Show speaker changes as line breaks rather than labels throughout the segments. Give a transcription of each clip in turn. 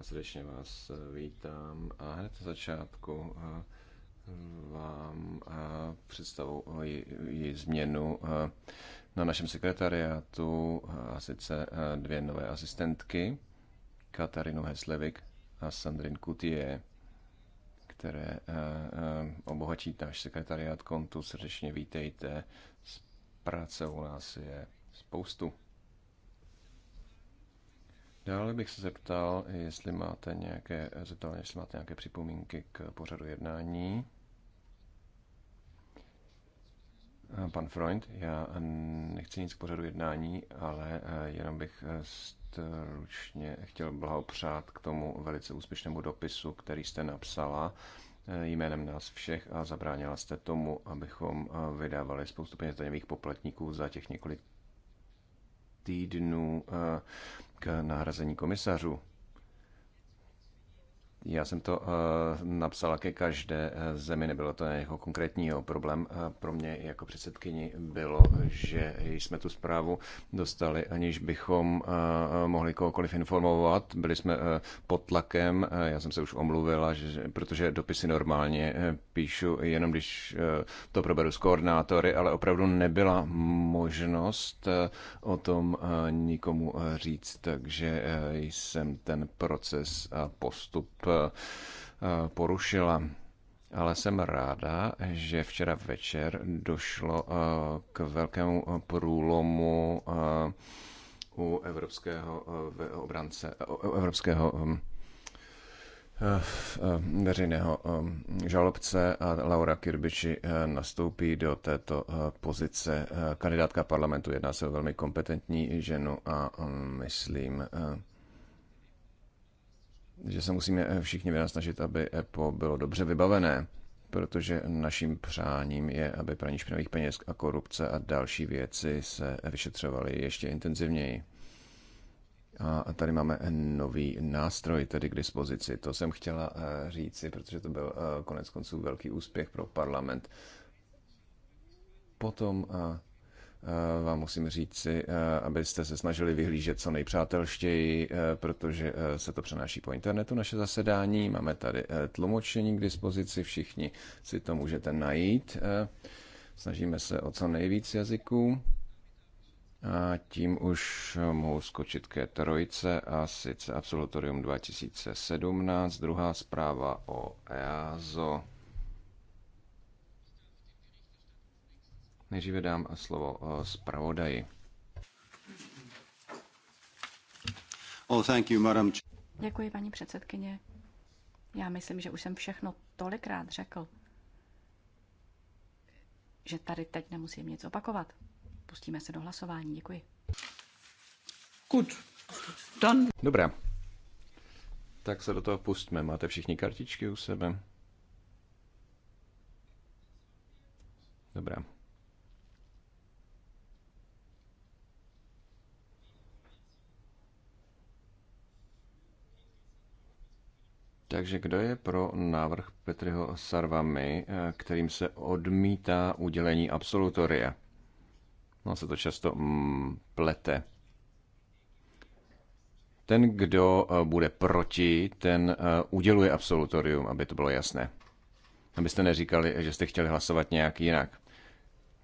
A srdečně vás eh, vítám a hned na začátku eh, vám eh, představuji změnu na našem sekretariátu a sice dvě nové asistentky, Katarinu Heslevik a Sandrin Kutie, které obohatí náš sekretariát kontu. Srdečně vítejte. práce u nás je spoustu. Dále bych se zeptal, jestli máte nějaké, zeptal, jestli máte nějaké připomínky k pořadu jednání. Pan Freund, já nechci nic k pořadu jednání, ale eh, jenom bych eh, stručně chtěl blahopřát k tomu velice úspěšnému dopisu, který jste napsala eh, jménem nás všech a zabránila jste tomu, abychom vydávali spoustu peněz daňových poplatníků za těch několik týdnů k nahrazení komisařů. Já jsem to eh, napsala ke každé eh, zemi, nebylo to jako jeho konkrétního. Problém eh, pro mě jako předsedkyni bylo, že jsme tu zprávu dostali, aniž bychom mohli kohokoliv informovat. Byli jsme pod tlakem, já jsem se už omluvila, že, protože dopisy normálně píšu jenom, když to proberu s koordinátory, ale opravdu nebyla možnost o tom nikomu říct, takže jsem ten proces a postup Eh, porušila. Ale jsem ráda, že včera večer došlo eh, k velkému průlomu eh, u evropského obrance, evropského hm, veřejného hm, žalobce a Laura Kirbiči nastoupí do této pozice kandidátka parlamentu. Jedná se o velmi kompetentní ženu a hm, myslím, že se musíme eh, všichni snažit, aby EPO bylo dobře vybavené, protože naším přáním je, aby praní špinavých peněz a korupce a další věci se vyšetřovaly ještě intenzivněji. A tady máme nový nástroj tedy k dispozici. To jsem chtěla eh, říci, protože to byl eh, konec konců velký úspěch pro parlament. Potom Eh, vám musím si, eh, abyste se snažili vyhlížet co nejpřátelštěji, eh, protože se to přenáší po internetu naše zasedání. Máme tady tlumočení k dispozici, všichni si to můžete najít. Snažíme se o co nejvíc jazyků. A tím už mohu skočit ke trojce a sice Absolutorium 2017, druhá zpráva o EASO. než dám slovo eh, zpravodaji.
Oh, thank you, madam. Děkuji, paní předsedkyně. Já myslím, že už jsem všechno tolikrát řekl, že tady teď nemusím nic opakovat. Pustíme se do hlasování. Děkuji. Good. Done.
Dobrá. Tak se do toho pustíme. Máte všichni kartičky u sebe? Dobrá. Takže kdo je pro návrh Petriho Sarvamy, eh, kterým se odmítá udělení absolutoria? No se to často mm, plete. Ten, kdo eh, bude proti, ten eh, uděluje absolutorium, aby to bylo jasné. Abyste neříkali, že jste chtěli hlasovat nějak jinak.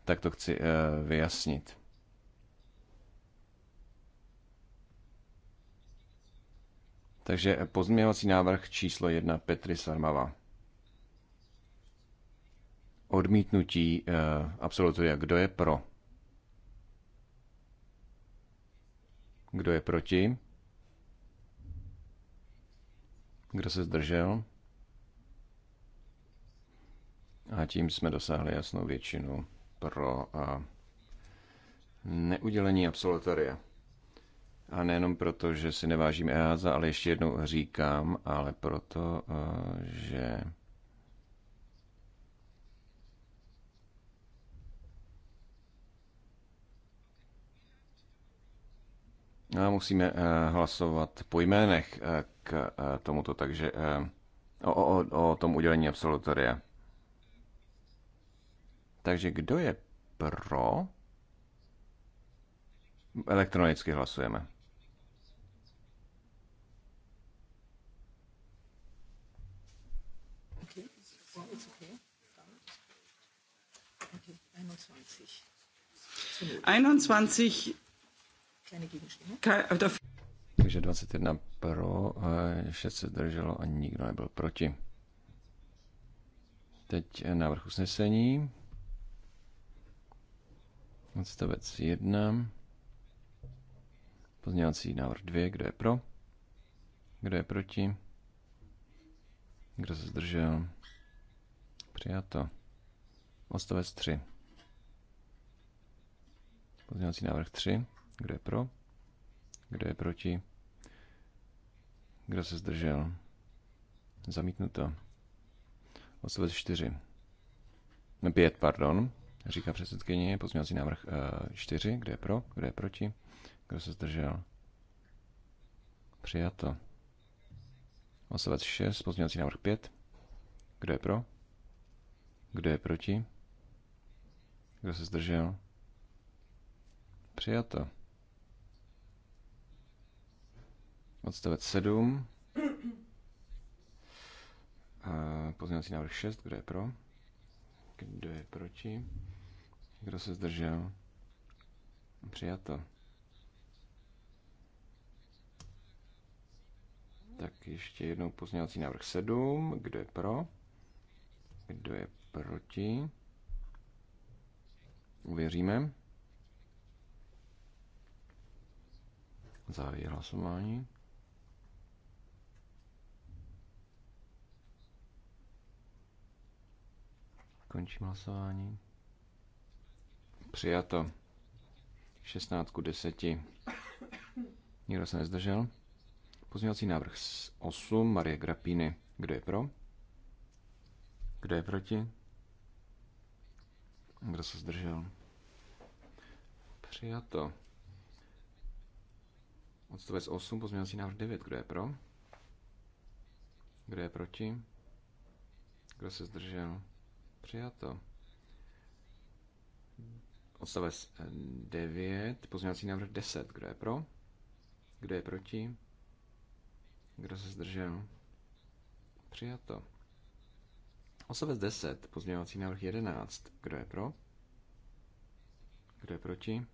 Tak to chci vyjasnit. Takže pozměňovací návrh číslo 1 Petry Sarmava. Odmítnutí eh, absolutoria. Kdo je pro? Kdo je proti? Kdo se zdržel? A tím jsme dosáhli jasnou většinu pro a eh, neudělení absolutoria. A nejenom proto, že si nevážím EASA, ale ještě jednou říkám, ale proto, eh, že A musíme eh, hlasovat po jménech eh, k tomuto, takže o, o, o tom udělení absolutoria. Takže kdo je pro? Elektronicky hlasujeme. 21 takže 21 pro, 6 eh, se zdrželo a nikdo nebyl proti. Teď eh, návrh usnesení. Odstavec 1. Pozměňovací návrh 2. Kdo je pro? Kdo je proti? Kdo se zdržel? Přijato. Odstavec 3. Pozměňovací návrh 3. Kdo je pro? Kdo je proti? Kdo se zdržel? Zamítnuto. Odstavec 4. 5, pardon. Říká předsedkyně. Pozměňovací návrh 4. Eh, Kdo je pro? Kdo je proti? Kdo se zdržel? Přijato. Odstavec 6. Pozměňovací návrh 5. Kdo je pro? Kdo je proti? Kdo se zdržel? Přijato. Odstavec 7. A Pozměňovací návrh 6. Kdo je pro? Kdo je proti? Kdo se zdržel? Přijato. Tak ještě jednou pozměňovací návrh 7. Kdo je pro? Kdo je proti? Uvěříme. Zahajuji hlasování. Končím hlasování. Přijato. 16 k 10. Nikdo se nezdržel. Pozměňovací návrh 8 Marie Grapíny. Kdo je pro? Kdo je proti? Kdo se zdržel? Přijato. Odstavec 8, pozměňovací návrh 9. Kdo je pro? Kdo je proti? Kdo se zdržel? Přijato. Odstavec 9, eh, pozměňovací návrh 10. Kdo je pro? Kdo je proti? Kdo se zdržel? Přijato. Odstavec 10, pozměňovací návrh 11. Kdo je pro? Kdo je proti?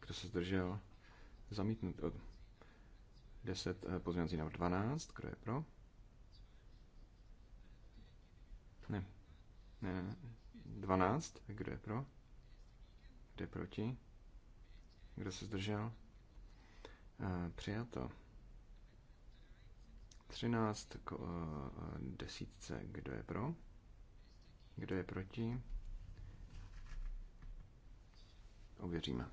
Kdo se zdržel? Zamítnut 10 eh, pozměňovací návrh 12. Kdo je pro? Ne. ne. Ne. 12. Kdo je pro? Kdo je proti? Kdo se zdržel? Eh, přijato. 13 k eh, desítce. Kdo je pro? Kdo je proti? Ověříme.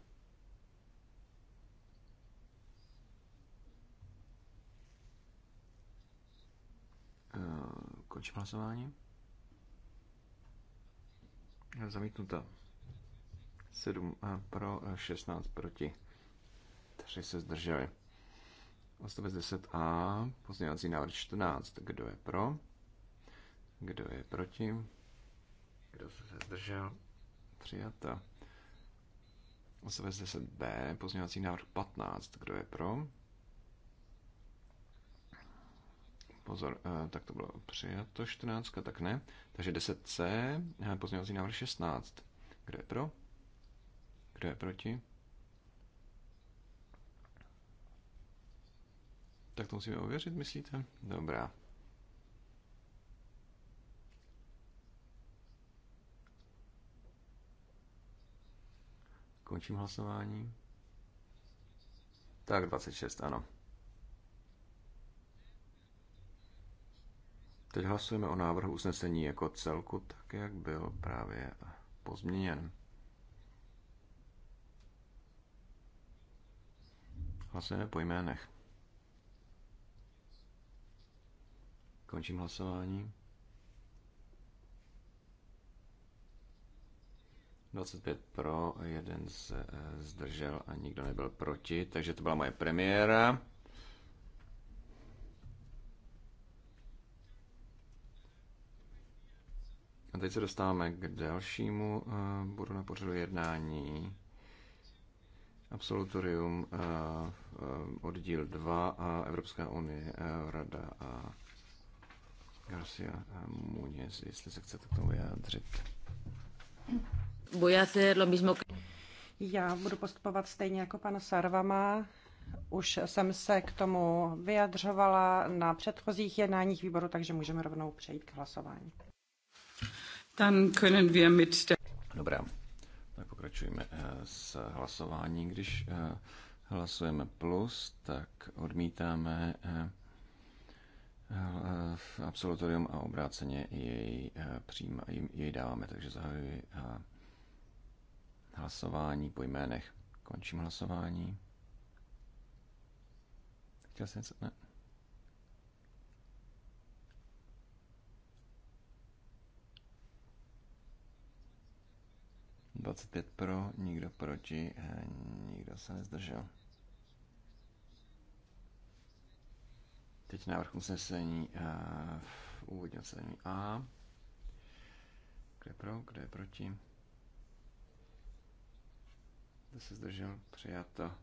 Eh, končím hlasování. Zamítnuta. 7 eh, pro, 16 eh, proti. 3 se zdrželi. Odstavec 10a, pozměňovací návrh 14. Kdo je pro? Kdo je proti? Kdo se zdržel? Přijata. Odstavec 10b, pozměňovací návrh 15. Kdo je pro? Pozor, eh, tak to bylo přijato 14, tak ne. Takže 10C, eh, pozměňovací návrh 16. Kdo je pro? Kdo je proti? Tak to musíme ověřit, myslíte? Dobrá. Končím hlasování. Tak 26, ano. Teď hlasujeme o návrhu usnesení jako celku, tak jak byl právě pozměněn. Hlasujeme po jménech. Končím hlasování. 25 pro, jeden se eh, zdržel a nikdo nebyl proti, takže to byla moje premiéra. A teď se dostáváme k dalšímu eh, bodu na pořadu jednání. Absolutorium eh, eh, oddíl 2 a Evropská unie, Rada a Garcia Muniz, jestli se chcete k tomu vyjádřit.
Já budu postupovat stejně jako pan Sarvama. Už jsem se k tomu vyjadřovala na předchozích jednáních výboru, takže můžeme rovnou přejít k hlasování. Dann können wir mit der... Dobrá, tak
pokračujeme eh, s hlasováním. Když eh, hlasujeme plus, tak odmítáme eh, v absolutorium a obráceně jej, přijma, jej dáváme, takže zahajuji hlasování po jménech. Končím hlasování. Chtěl jsem něco? Ne. 25 pro, nikdo proti, eh, nikdo se nezdržel. Teď návrh usnesení eh, v úvodní usnesení A. Kde je pro, kde je proti? Kdo se zdržel? Přijato.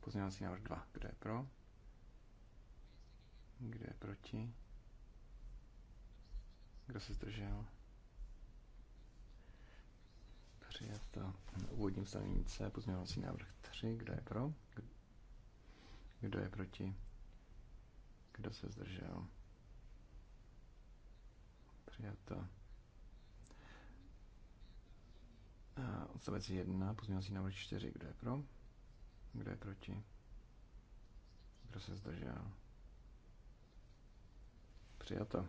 Pozměňovací návrh 2. Kde je pro? Kde je proti? Kdo se zdržel? Přijato eh, úvodní ustanovení C, pozměňovací návrh 3. Kdo je pro? Kdo je proti? Kdo se zdržel? Přijato. A eh, odstavec 1, pozměňovací návrh 4. Kdo je pro? Kdo je proti? Kdo se zdržel? Přijato.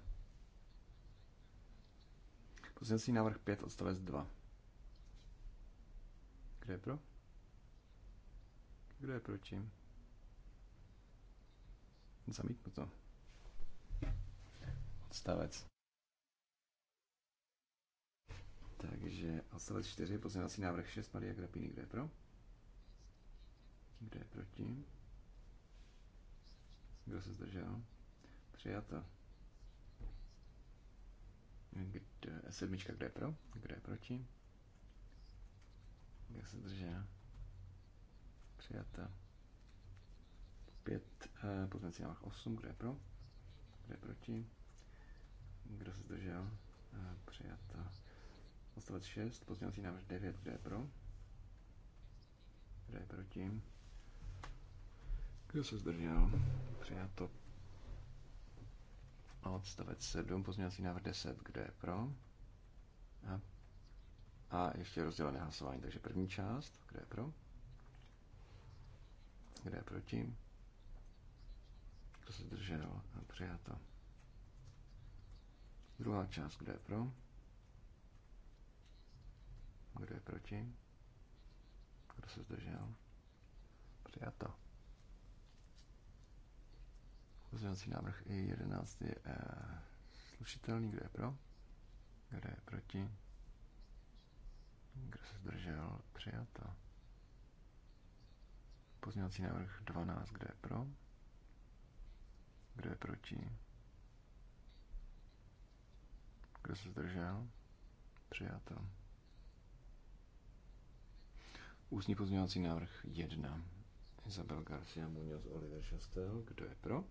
Pozměňovací návrh 5, odstavec 2. Kdo je pro? Kdo je proti? Zamítnu to. Odstavec. Takže odstavec 4, pozměňovací návrh 6, Maria Grapini, kdo je pro? Kdo je proti? Kdo se zdržel? Přijato. Kde, sedmička, kde je pro? Kde je proti? jak se drží. No? Přijata. 5, eh, pozměnací osm 8, kdo je pro? Kdo je proti? Kdo se zdržel? Eh, přijata. Odstavec 6, pozměnací návrh 9, kdo je pro? Kdo je proti? Kdo se zdržel? Přijato. Odstavec 7, pozměňovací návrh 10, kdo je pro? A a ještě rozdělené hlasování. Takže první část, kde je pro? Kde je proti? Kdo se držel? Přijato. Druhá část, kde je pro? Kdo je proti? Kdo se zdržel? Přijato. Pozvěnací návrh I11 je eh, slušitelný. Kdo je pro? Přijato. Pozměňovací návrh 12, kde je pro? Kdo je proti? Kdo se zdržel? Přijato. Ústní pozměňovací návrh 1. Isabel Garcia Muñoz Oliver Chastel. Kdo je pro?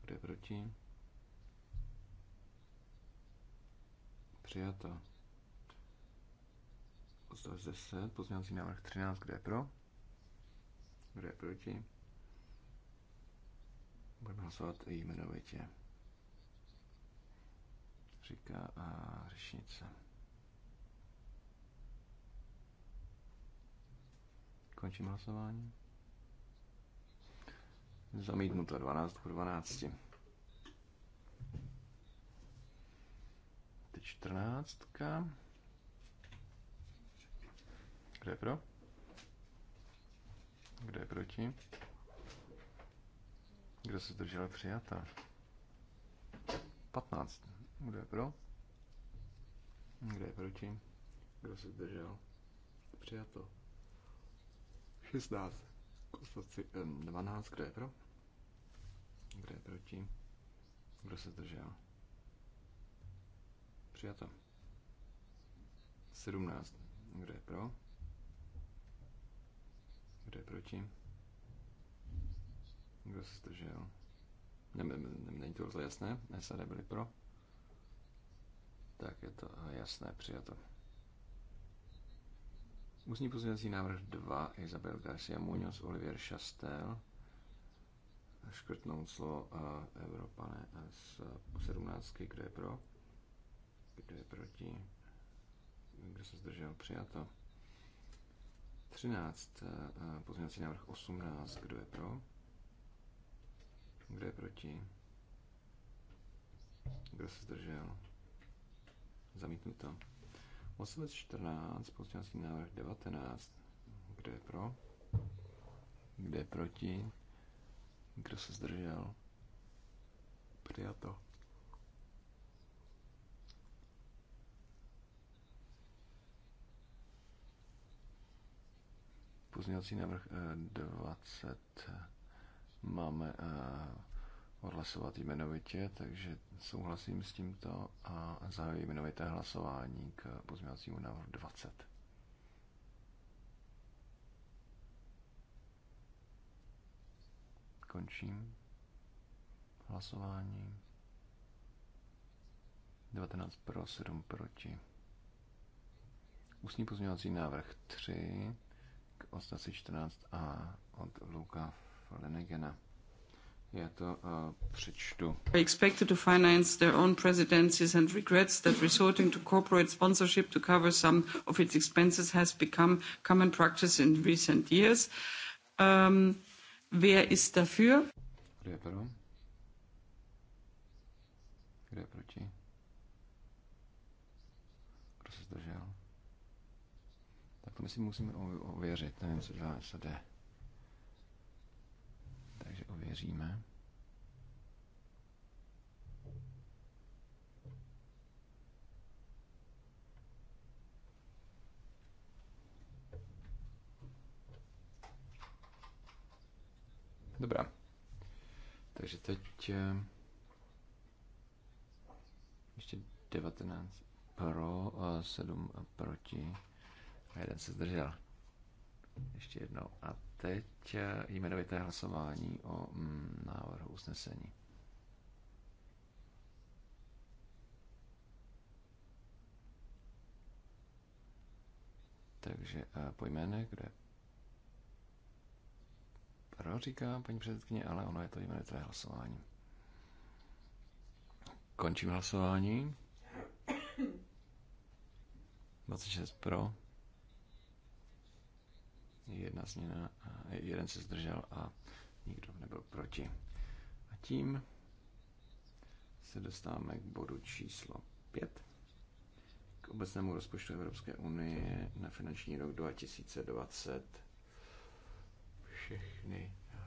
Kdo je proti? Přijato odstavec 10, pozměňovací návrh 13, kde je pro? Kde je proti? Budeme hlasovat jmenovitě. Říká a řešnice. Končím hlasování. Zamítnuto 12 po 12. Teď 14. Kdo je pro? Kdo je proti? Kdo se zdržel přijata? 15. Kdo je pro? Kdo je proti? Kdo se zdržel? Přijato. 16. Kostaci, 12. Kdo je pro? Kdo je proti? Kdo se zdržel? Přijato. 17. Kdo je pro? Kdo je proti? Kdo se zdržel? Není to tohle jasné? SAD byli pro? Tak je to jasné, přijato. Ústní pozměňovací návrh 2 Isabel Garcia Muñoz, Olivier Chastel škrtnout slovo Evropané z 17. Kdo je pro? Kdo je proti? Kdo se zdržel? Přijato. 13, eh, eh, pozměňovací návrh 18, kdo je pro? Kdo je proti? Kdo se zdržel? Zamítnuto. Odstavec 14, pozměňovací návrh 19, kdo je pro? Kdo je proti? Kdo se zdržel? Přijato. Pozměňovací návrh 20 eh, máme eh, odhlasovat jmenovitě, takže souhlasím s tímto a zahajuji jmenovité hlasování k pozměňovacímu návrhu 20. Končím hlasování. 19 pro, 7 proti. Ústní pozměňovací návrh 3 odstavci 14a od Luka Lenegena. Já to uh, přečtu.
Are expected to finance their own presidencies and regrets that resorting to corporate sponsorship to cover some of its expenses has become common practice in recent years. Um, wer ist dafür?
Kdo je pro? Kdo je proti? Kdo se zdržel? To my si musíme ověřit, nevím, co dělá SAD. Takže ověříme. Dobrá. Takže teď eh, ještě 19 pro, a 7 proti. A jeden se zdržel. Ještě jednou. A teď eh, jmenovité hlasování o mm, návrhu usnesení. Takže po jménech, kde pro, říká paní předsedkyně, ale ono je to jmenovité hlasování. Končím hlasování. 26 pro, jedna změna, jeden se zdržel a nikdo nebyl proti. A tím se dostáváme k bodu číslo 5, k obecnému rozpočtu Evropské unie na finanční rok 2020. Všechny eh,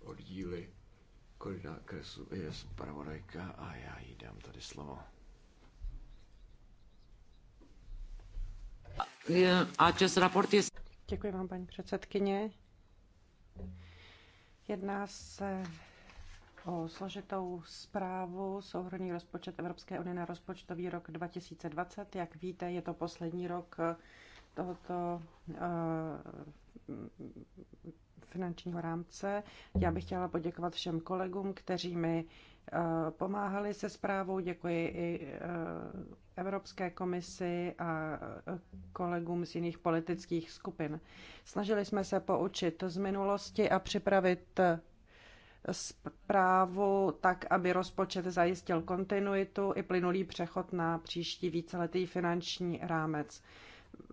oddíly koridá kresu je zpravodajka a já jí dám tady slovo.
just report este Děkuji vám, paní předsedkyně. Jedná se o složitou zprávu souhrný rozpočet Evropské unie na rozpočtový rok 2020. Jak víte, je to poslední rok eh, tohoto eh, finančního rámce. Já bych chtěla poděkovat všem kolegům, kteří mi Eh, pomáhali se zprávou. Děkuji i eh, Evropské komisi a eh, kolegům z jiných politických skupin. Snažili jsme se poučit z minulosti a připravit zprávu tak, aby rozpočet zajistil kontinuitu i plynulý přechod na příští víceletý finanční rámec.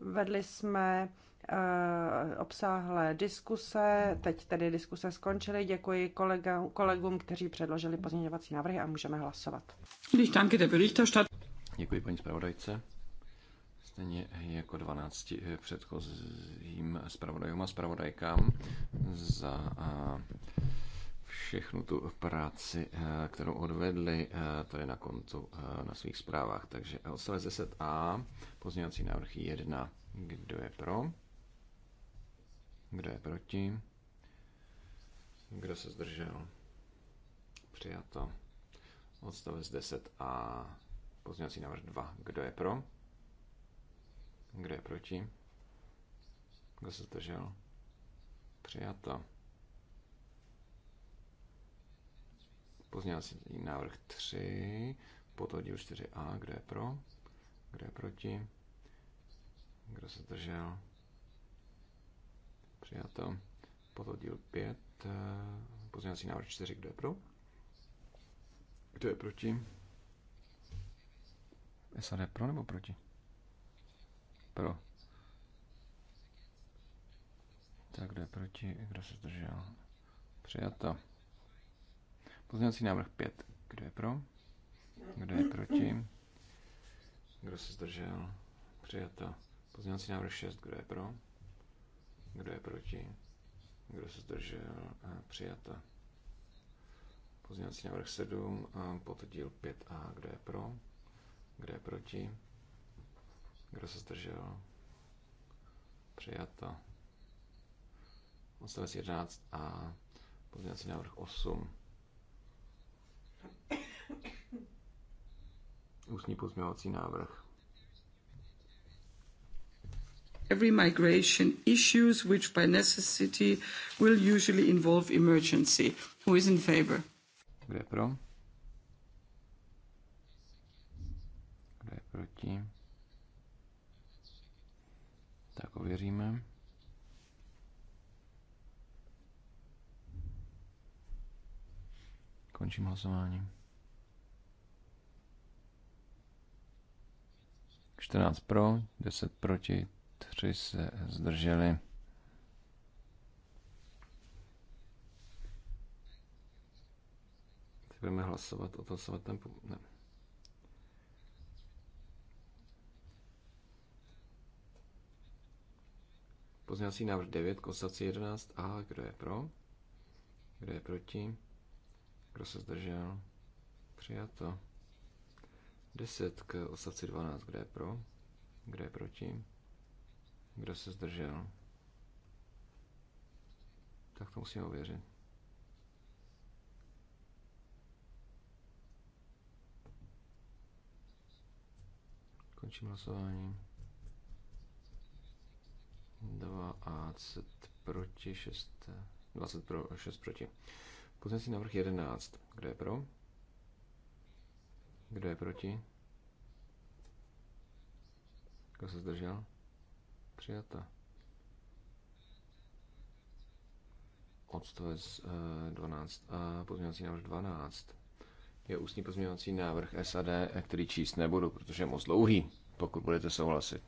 Vedli jsme Eh, obsáhlé diskuse. Teď tedy diskuse skončily. Děkuji kolega, kolegům, kteří předložili pozměňovací návrhy a můžeme hlasovat.
Děkuji paní zpravodajce. Stejně jako 12 eh, předchozím zpravodajům a zpravodajkám za eh, všechnu tu práci, kterou odvedli to je na kontu na svých zprávách. Takže l 10a, pozměňovací návrh 1. Kdo je pro? Kdo je proti? Kdo se zdržel? Přijato. Odstavec 10 a pozměňovací návrh 2. Kdo je pro? Kdo je proti? Kdo se zdržel? Přijato. Pozměňovací návrh 3, pod oddíl 4a, kdo je pro, kdo je proti, kdo se zdržel, Přijato. Pododíl 5. Eh, pozměňovací návrh 4. Kdo je pro? Kdo je proti? SAD pro nebo proti? Pro. Tak kdo je proti? Kdo se zdržel? Přijato. Pozměňovací návrh 5. Kdo je pro? Kdo je proti? Kdo se zdržel? Přijato. Pozměňovací návrh 6. Kdo je pro? Kdo je proti? Kdo se zdržel? a Přijata. Pozměňovací návrh 7, a díl 5a. Kdo je pro? Kdo je proti? Kdo se zdržel? Přijata. Odstavec 11a. Pozměňovací návrh 8. Ústní pozměňovací návrh
every
migration issues which by necessity will usually involve emergency. Who is in favor?
Kdo je pro? Kdo je proti? Tak ověříme. Končím hlasování. 14 pro, 10 proti, kteří se zdrželi. Budeme hlasovat, o tom svatém Ne. Pozměňovací návrh 9, konstaci 11 a kdo je pro? Kdo je proti? Kdo se zdržel? Přijato. 10 k odstavci 12, kdo je pro? Kdo je proti? Kdo se zdržel? Tak to musíme ověřit. Končím hlasování. 20 proti 6. 20 pro 6 proti. si návrh 11. Kdo je pro? Kdo je proti? Kdo se zdržel? Přijata. Odstavec 12 eh, a pozměňovací návrh 12 je ústní pozměňovací návrh SAD, eh, který číst nebudu, protože je moc dlouhý, pokud budete souhlasit.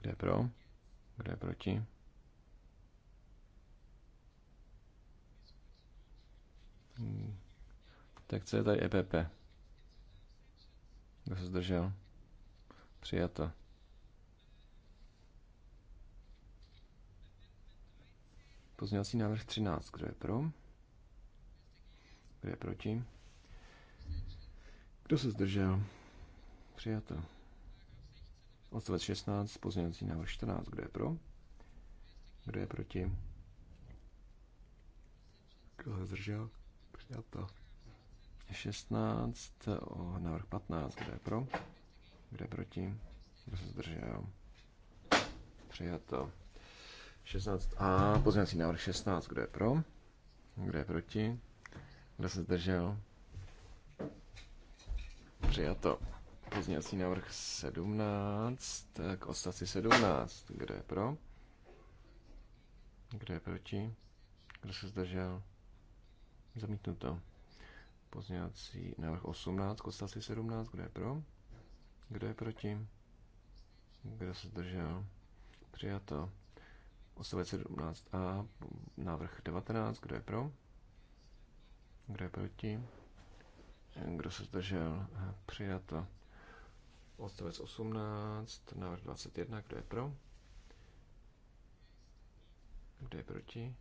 Kde je pro? Kde je proti? Hmm. Tak co je tady EPP? Kdo se zdržel? Přijato. Pozměňovací návrh 13. Kdo je pro? Kdo je proti? Kdo se zdržel? Přijato. Odstavec 16, pozměňovací návrh 14. Kdo je pro? Kdo je proti? Kdo se zdržel? Přijato. 16, o návrh 15, kde je pro, kde je proti, kdo se zdržel, přijato. 16a, pozměňovací návrh 16, kdo je pro, kdo je proti, kdo se zdržel, přijato. Pozměňovací návrh 17 tak odstavci 17. Kdo je pro? Kdo je proti? Kdo se zdržel? Zamítnuto. Pozměňovací návrh 18 k odstavci 17. Kdo je pro? Kdo je proti? Kdo se zdržel? Přijato. Odstavec 17a, návrh 19. Kdo je pro? Kdo je proti? Kdo se zdržel? Přijato. Odstavec 18, návrh 21. Kdo je pro? Kdo je proti?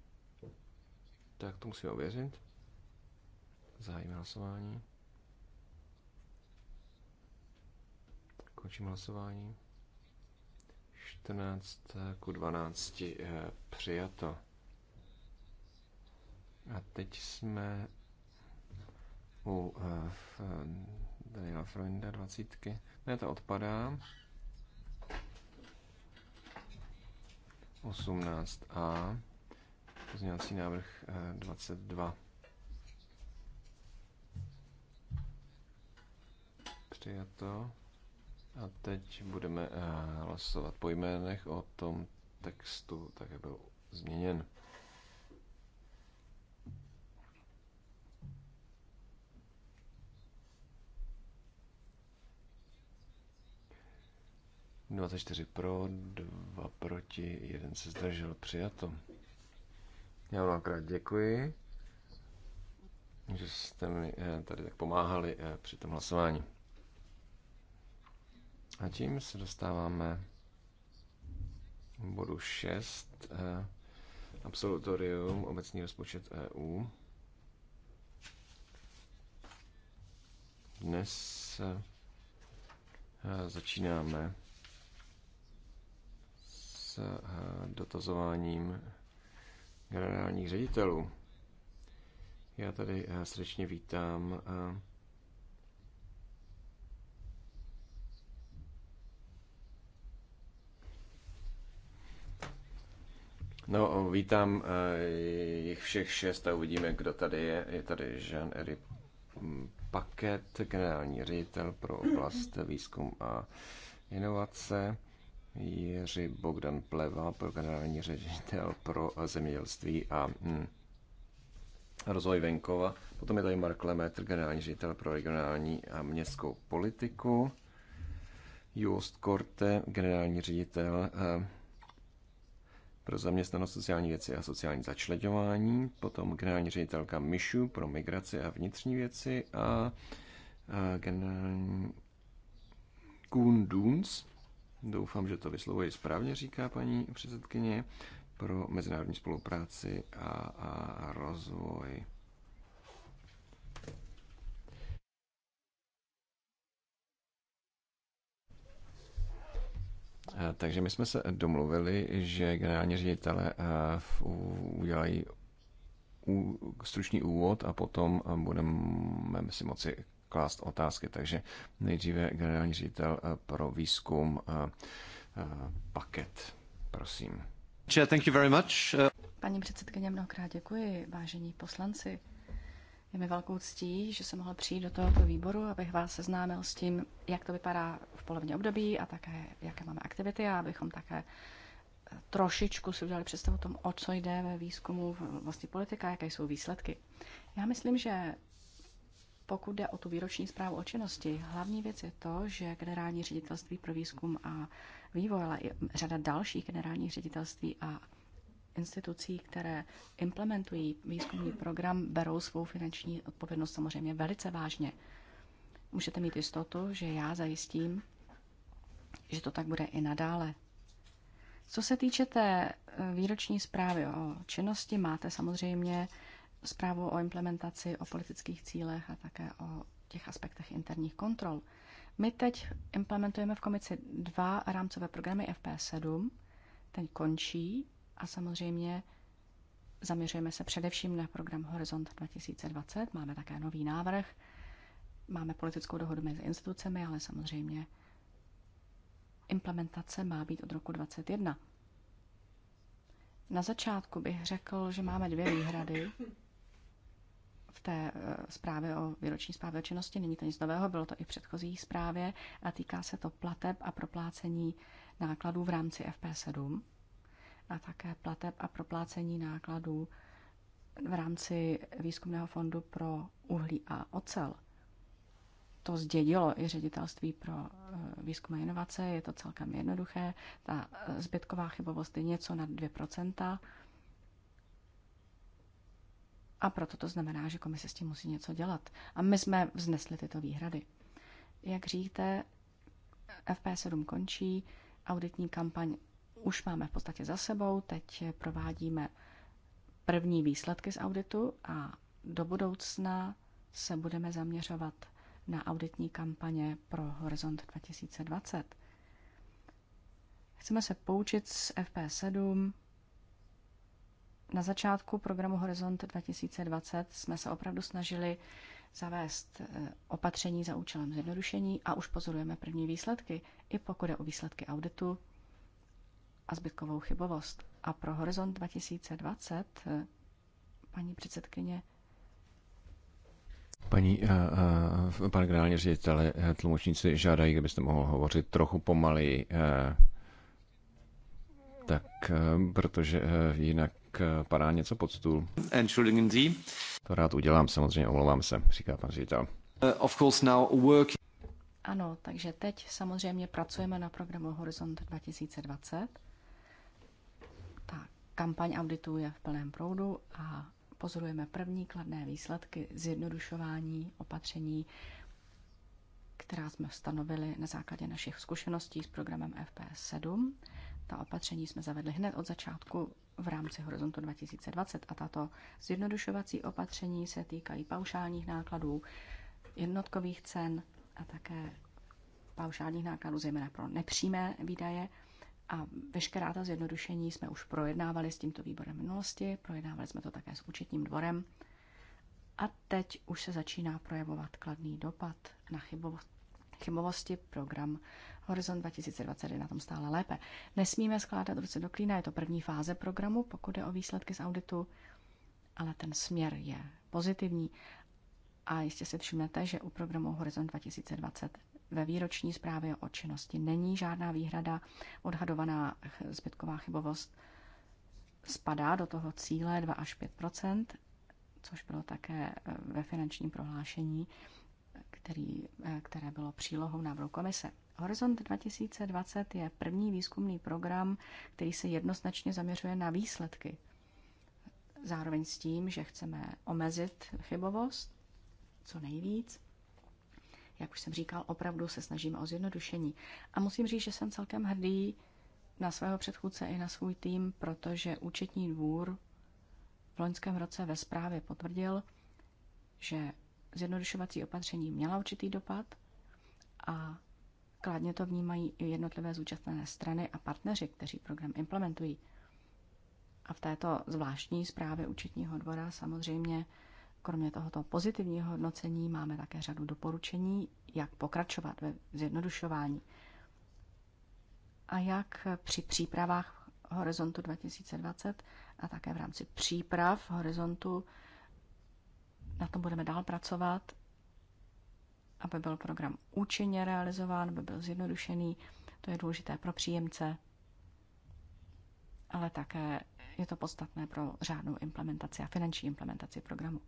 Tak to musíme ověřit. Zahájím hlasování. Končím hlasování. 14 ku 12 eh, přijato. A teď jsme u eh, eh, Daniela Freunda 20. Ne, to odpadá. 18a. Pozměňovací návrh 22. Přijato. A teď budeme eh, hlasovat po jménech o tom textu, tak jak byl změněn. čtyři pro, dva proti, jeden se zdržel, přijato. Já vám krát děkuji, že jste mi eh, tady tak pomáhali eh, při tom hlasování. A tím se dostáváme bodu 6, eh, absolutorium, obecní rozpočet EU. Dnes eh, začínáme s eh, dotazováním generálních ředitelů. Já tady srdečně vítám No, vítám eh, jich všech šest a uvidíme, kdo tady je. Je tady Jean-Eri Paket, generální ředitel pro oblast výzkum a inovace. Jiří Bogdan Pleva, pro generální ředitel pro zemědělství a hm, rozvoj venkova. Potom je tady Mark Lemetr, generální ředitel pro regionální a městskou politiku. Just Korte, generální ředitel eh, pro zaměstnanost sociální věci a sociální začleňování, potom generální ředitelka Mišu pro migraci a vnitřní věci a generální Kuhn Duns, doufám, že to vyslovuje správně, říká paní předsedkyně, pro mezinárodní spolupráci a, a rozvoj. Eh, takže my jsme se domluvili, že generální ředitele eh, udělají stručný úvod a potom eh, budeme si moci klást otázky. Takže nejdříve generální ředitel pro výzkum paket. Prosím. Thank you very much.
Paní předsedkyně, mnohokrát děkuji, vážení poslanci. Je mi velkou ctí, že jsem mohl přijít do tohoto výboru, abych vás seznámil s tím, jak to vypadá v polovině období a také, jaké máme aktivity a abychom také eh, trošičku si udělali představu o tom, o co jde ve výzkumu v oblasti politika, jaké jsou výsledky. Já myslím, že pokud jde o tu výroční zprávu o činnosti, hlavní věc je to, že generální ředitelství pro výzkum a vývoj, ale i řada dalších generálních ředitelství a institucí, které implementují výzkumný program, berou svou finanční odpovědnost samozřejmě velice vážně. Můžete mít jistotu, že já zajistím, že to tak bude i nadále. Co se týče té e, výroční zprávy o činnosti, máte samozřejmě zprávu o implementaci, o politických cílech a také o těch aspektech interních kontrol. My teď implementujeme v komici dva rámcové programy FP7. Ten končí a samozřejmě zaměřujeme se především na program Horizont 2020. Máme také nový návrh. Máme politickou dohodu mezi institucemi, ale samozřejmě implementace má být od roku 2021. Na začátku bych řekl, že máme dvě výhrady v té eh, zprávě o výroční zprávě o činnosti. Není to nic nového, bylo to i v předchozí zprávě a týká se to plateb a proplácení nákladů v rámci FP7 a také plateb a proplácení nákladů v rámci výzkumného fondu pro uhlí a ocel. To zdědilo i ředitelství pro eh, výzkum a inovace, je to celkem jednoduché. Ta eh, zbytková chybovost je něco nad 2%. A proto to znamená, že komise s tím musí něco dělat. A my jsme vznesli tyto výhrady. Jak říkáte, FP7 končí, auditní kampaň už máme v podstatě za sebou. Teď provádíme první výsledky z auditu a do budoucna se budeme zaměřovat na auditní kampaně pro Horizont 2020. Chceme se poučit z FP7. Na začátku programu Horizont 2020 jsme se opravdu snažili zavést eh, opatření za účelem zjednodušení a už pozorujeme první výsledky, i pokud je o výsledky auditu, a zbytkovou chybovost. A pro Horizont 2020, eh, paní předsedkyně,
Paní, uh, uh, pane generální ředitele, tlumočníci žádají, kdybyste mohl hovořit trochu pomaleji, uh, tak, uh, protože uh, jinak uh, padá něco pod stůl.
Entschuldigen Sie.
To rád udělám, samozřejmě omlouvám se, říká pan ředitel.
Uh, of course now work.
Ano, takže teď samozřejmě pracujeme na programu Horizont 2020 Kampaň auditů je v plném proudu a pozorujeme první kladné výsledky zjednodušování opatření, která jsme stanovili na základě našich zkušeností s programem FPS 7. Ta opatření jsme zavedli hned od začátku v rámci Horizontu 2020 a tato zjednodušovací opatření se týkají paušálních nákladů, jednotkových cen a také paušálních nákladů, zejména pro nepřímé výdaje a veškerá ta zjednodušení jsme už projednávali s tímto výborem minulosti, projednávali jsme to také s účetním dvorem a teď už se začíná projevovat kladný dopad na chybovosti program Horizon 2020 je na tom stále lépe. Nesmíme skládat ruce do klína, je to první fáze programu, pokud je o výsledky z auditu, ale ten směr je pozitivní. A jistě si všimnete, že u programu Horizon 2020 ve výroční zprávě o činnosti není žádná výhrada. Odhadovaná zbytková chybovost spadá do toho cíle 2 až 5 což bylo také e, ve finančním prohlášení, který, e, které bylo přílohou návrhu komise. Horizont 2020 je první výzkumný program, který se jednoznačně zaměřuje na výsledky. Zároveň s tím, že chceme omezit chybovost co nejvíc jak už jsem říkal, opravdu se snažíme o zjednodušení. A musím říct, že jsem celkem hrdý na svého předchůdce i na svůj tým, protože účetní dvůr v loňském roce ve zprávě potvrdil, že zjednodušovací opatření měla určitý dopad a kladně to vnímají i jednotlivé zúčastněné strany a partneři, kteří program implementují. A v této zvláštní zprávě účetního dvora samozřejmě Kromě tohoto pozitivního hodnocení máme také řadu doporučení, jak pokračovat ve zjednodušování a jak při přípravách Horizontu 2020 a také v rámci příprav Horizontu na tom budeme dál pracovat, aby byl program účinně realizován, aby byl zjednodušený. To je důležité pro příjemce, ale také je to podstatné pro řádnou implementaci a finanční implementaci programu.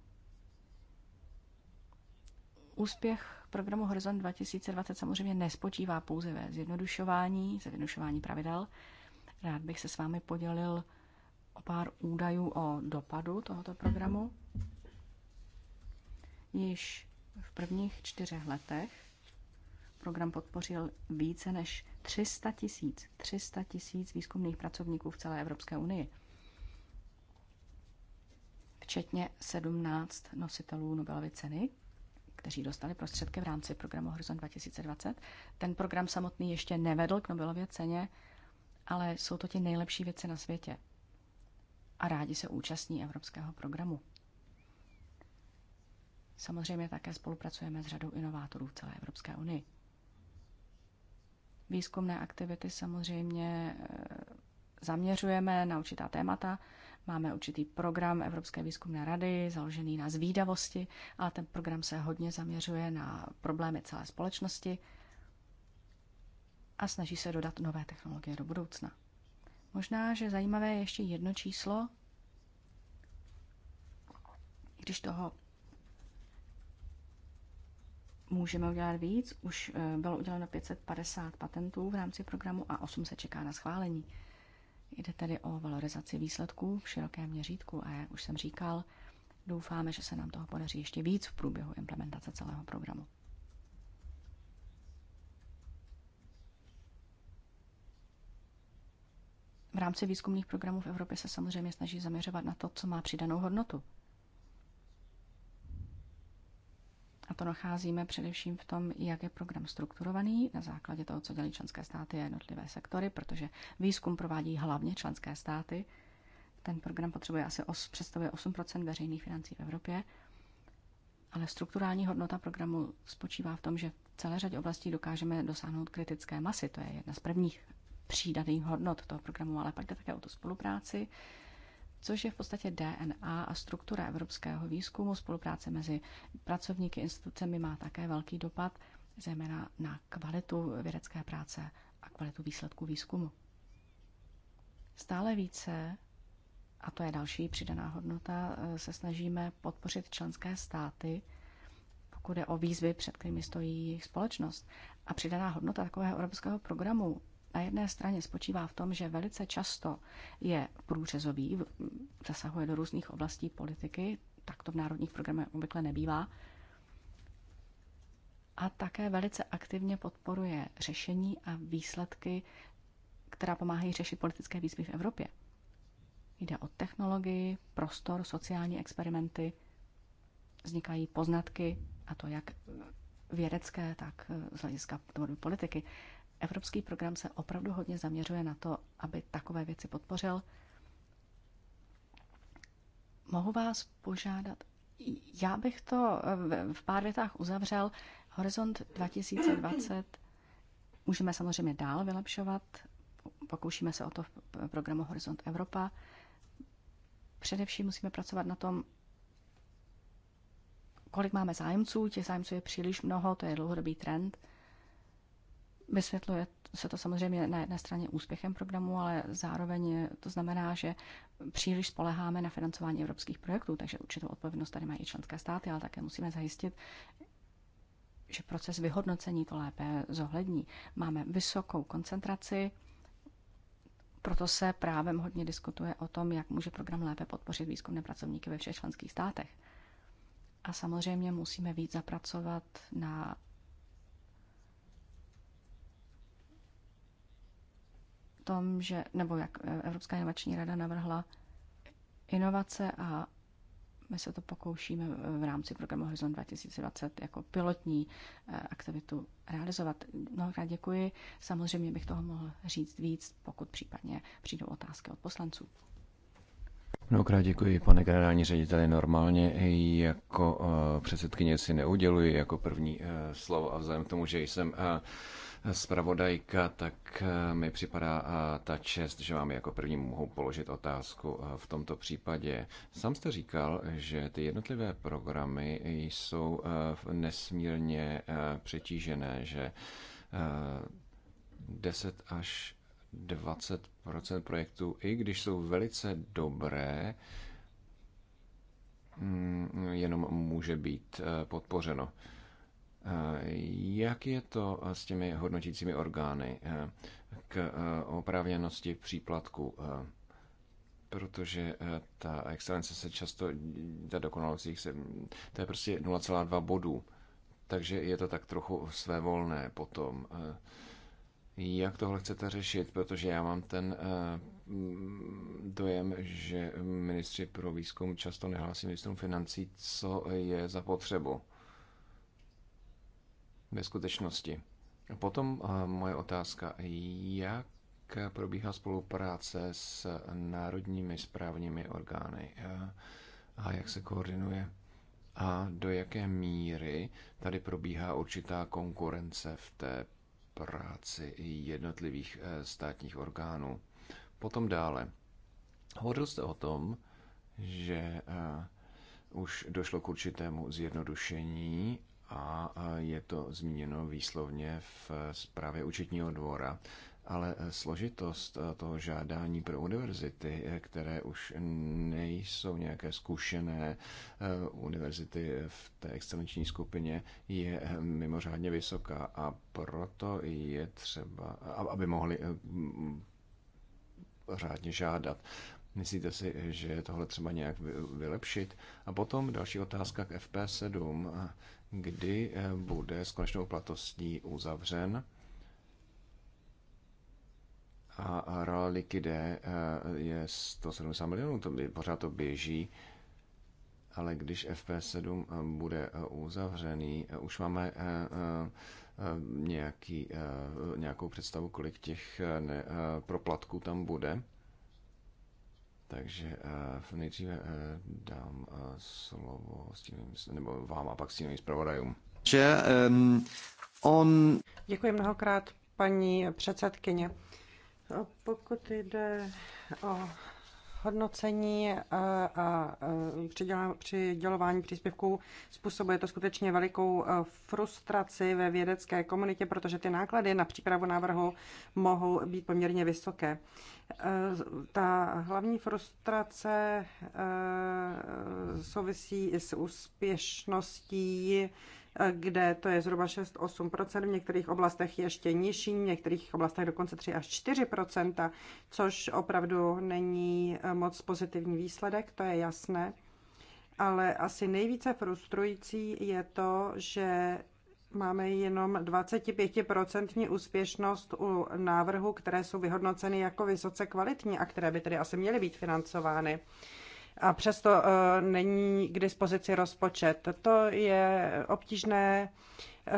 Úspěch programu Horizon 2020 samozřejmě nespočívá pouze ve zjednodušování, zjednodušování pravidel. Rád bych se s vámi podělil o pár údajů o dopadu tohoto programu. Již v prvních čtyřech letech program podpořil více než 300 tisíc 300 tisíc výzkumných pracovníků v celé Evropské unii, včetně 17 nositelů Nobelovy ceny kteří dostali prostředky v rámci programu Horizon 2020. Ten program samotný ještě nevedl k Nobelově ceně, ale jsou to ti nejlepší věci na světě. A rádi se účastní evropského programu. Samozřejmě také spolupracujeme s řadou inovátorů v celé Evropské unii. Výzkumné aktivity samozřejmě eh, zaměřujeme na určitá témata, Máme určitý program Evropské výzkumné rady, založený na zvídavosti, a ten program se hodně zaměřuje na problémy celé společnosti a snaží se dodat nové technologie do budoucna. Možná, že zajímavé je ještě jedno číslo, když toho můžeme udělat víc. Už eh, bylo uděleno 550 patentů v rámci programu a 8 se čeká na schválení. Jde tedy o valorizaci výsledků v širokém měřítku a jak už jsem říkal, doufáme, že se nám toho podaří ještě víc v průběhu implementace celého programu. V rámci výzkumných programů v Evropě se samozřejmě snaží zaměřovat na to, co má přidanou hodnotu. A to nacházíme především v tom, jak je program strukturovaný na základě toho, co dělají členské státy a jednotlivé sektory, protože výzkum provádí hlavně členské státy. Ten program potřebuje asi os, představuje 8 veřejných financí v Evropě. Ale strukturální hodnota programu spočívá v tom, že v celé řadě oblastí dokážeme dosáhnout kritické masy. To je jedna z prvních přídaných hodnot toho programu, ale pak jde také o tu spolupráci, což je v podstatě DNA a struktura evropského výzkumu. Spolupráce mezi pracovníky institucemi má také velký dopad, zejména na kvalitu vědecké práce a kvalitu výsledků výzkumu. Stále více, a to je další přidaná hodnota, se snažíme podpořit členské státy, pokud je o výzvy, před kterými stojí jejich společnost. A přidaná hodnota takového evropského programu na jedné straně spočívá v tom, že velice často je průřezový, zasahuje do různých oblastí politiky, tak to v národních programech obvykle nebývá, a také velice aktivně podporuje řešení a výsledky, která pomáhají řešit politické výzvy v Evropě. Jde o technologii, prostor, sociální experimenty, vznikají poznatky, a to jak vědecké, tak eh, z hlediska tvorby politiky. Evropský program se opravdu hodně zaměřuje na to, aby takové věci podpořil. Mohu vás požádat, já bych to v pár větách uzavřel. Horizont 2020 můžeme samozřejmě dál vylepšovat. Pokoušíme se o to v programu Horizont Evropa. Především musíme pracovat na tom, kolik máme zájemců. Těch zájemců je příliš mnoho, to je dlouhodobý trend – Vysvětluje se to samozřejmě na jedné straně úspěchem programu, ale zároveň to znamená, že příliš spoleháme na financování evropských projektů, takže určitou odpovědnost tady mají i členské státy, ale také musíme zajistit, že proces vyhodnocení to lépe zohlední. Máme vysokou koncentraci, proto se právem hodně diskutuje o tom, jak může program lépe podpořit výzkumné pracovníky ve všech členských státech. A samozřejmě musíme víc zapracovat na tom, že, nebo jak eh, Evropská inovační rada navrhla inovace a my se to pokoušíme eh, v rámci programu Horizon 2020 jako pilotní eh, aktivitu realizovat. Mnohokrát děkuji. Samozřejmě bych toho mohl říct víc, pokud případně přijdou otázky od poslanců.
Mnohokrát děkuji, pane generální řediteli. Normálně jako eh, předsedkyně si neuděluji jako první eh, slovo a vzhledem k tomu, že jsem eh, zpravodajka, tak mi připadá ta čest, že vám jako první mohu položit otázku v tomto případě. Sám jste říkal, že ty jednotlivé programy jsou nesmírně přetížené, že 10 až 20% projektů, i když jsou velice dobré, mm, jenom může být eh, podpořeno. Eh, jak je to eh, s těmi hodnotícími orgány k oprávněnosti příplatku? Protože ta excelence se často, ta dokonalost se, to je prostě 0,2 bodů. Takže je to tak trochu svévolné potom jak tohle chcete řešit, protože já mám ten eh, mm, dojem, že ministři pro výzkum často nehlásí ministrům financí, co je za potřebu ve skutečnosti. A potom eh, moje otázka, jak probíhá spolupráce s národními správními orgány eh, a jak se koordinuje a do jaké míry tady probíhá určitá konkurence v té práci jednotlivých eh, státních orgánů. Potom dále. Hovořil jste o tom, že eh, už došlo k určitému zjednodušení a eh, je to zmíněno výslovně v zprávě účetního dvora ale eh, složitost eh, toho žádání pro univerzity, eh, které už nejsou nějaké zkušené univerzity v té excelenční skupině, je mimořádně vysoká a proto je třeba, aby mohli řádně žádat. Myslíte si, že je tohle třeba nějak vylepšit? A potom další otázka k FP7. Kdy bude s konečnou platostí uzavřen? a Rala Liquide eh, je 170 milionů, to by, pořád to běží, ale když FP7 eh, bude eh, uzavřený, už máme nějaký, nějakou představu, kolik těch ne, proplatků tam bude. Takže nejdříve dám slovo s tím, nebo vám a pak s tím zpravodajům. um,
on... Děkuji mnohokrát, paní předsedkyně. Pokud jde o hodnocení eh, a eh, dělování příspěvků způsobuje to skutečně velikou eh, frustraci ve vědecké komunitě, protože ty náklady na přípravu návrhu mohou být poměrně vysoké. Ta hlavní frustrace souvisí s úspěšností kde to je zhruba 6-8%, v některých oblastech ještě nižší, v některých oblastech dokonce 3 až 4%, což opravdu není eh, moc pozitivní výsledek, to je jasné. Ale asi nejvíce frustrující je to, že máme jenom 25% úspěšnost u návrhů, které jsou vyhodnoceny jako vysoce kvalitní a které by tedy asi měly být financovány a přesto eh, není k dispozici rozpočet. To je obtížné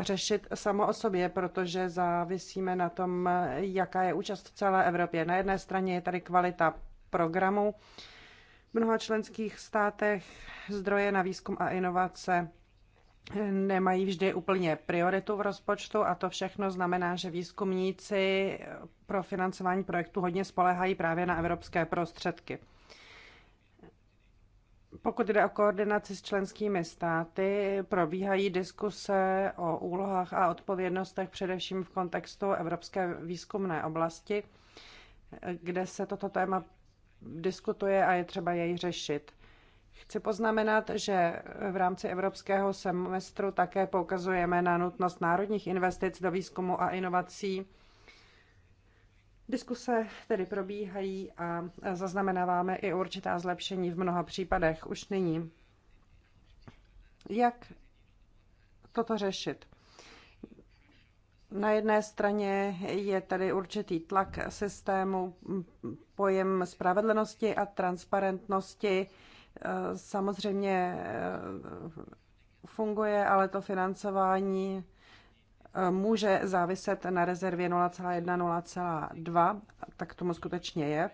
řešit samo o sobě, protože závisíme na tom, jaká je účast v celé Evropě. Na jedné straně je tady kvalita programu v mnoha členských státech, zdroje na výzkum a inovace nemají vždy úplně prioritu v rozpočtu a to všechno znamená, že výzkumníci pro financování projektu hodně spolehají právě na evropské prostředky. Pokud jde o koordinaci s členskými státy, probíhají diskuse o úlohách a odpovědnostech především v kontextu Evropské výzkumné oblasti, kde se toto téma diskutuje a je třeba jej řešit. Chci poznamenat, že v rámci evropského semestru také poukazujeme na nutnost národních investic do výzkumu a inovací Diskuse tedy probíhají a zaznamenáváme i určitá zlepšení v mnoha případech už nyní. Jak toto řešit? Na jedné straně je tady určitý tlak systému, pojem spravedlnosti a transparentnosti eh, samozřejmě eh, funguje, ale to financování může záviset na rezervě 0,1, 0,2, tak tomu skutečně je.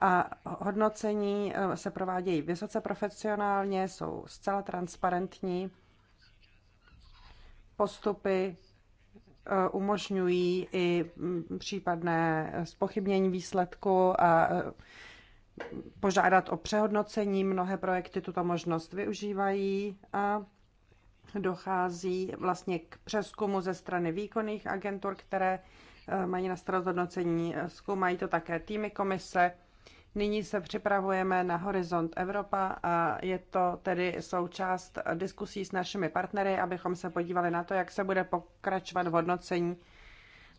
A hodnocení eh, se provádějí vysoce profesionálně, jsou zcela transparentní. Postupy eh, umožňují i mm, případné spochybnění výsledku a eh, požádat o přehodnocení. Mnohé projekty tuto možnost využívají a dochází vlastně k přeskumu ze strany výkonných agentur, které eh, mají na starost hodnocení, eh, zkoumají to také týmy komise. Nyní se připravujeme na Horizont Evropa a je to tedy součást diskusí s našimi partnery, abychom se podívali na to, jak se bude pokračovat v hodnocení,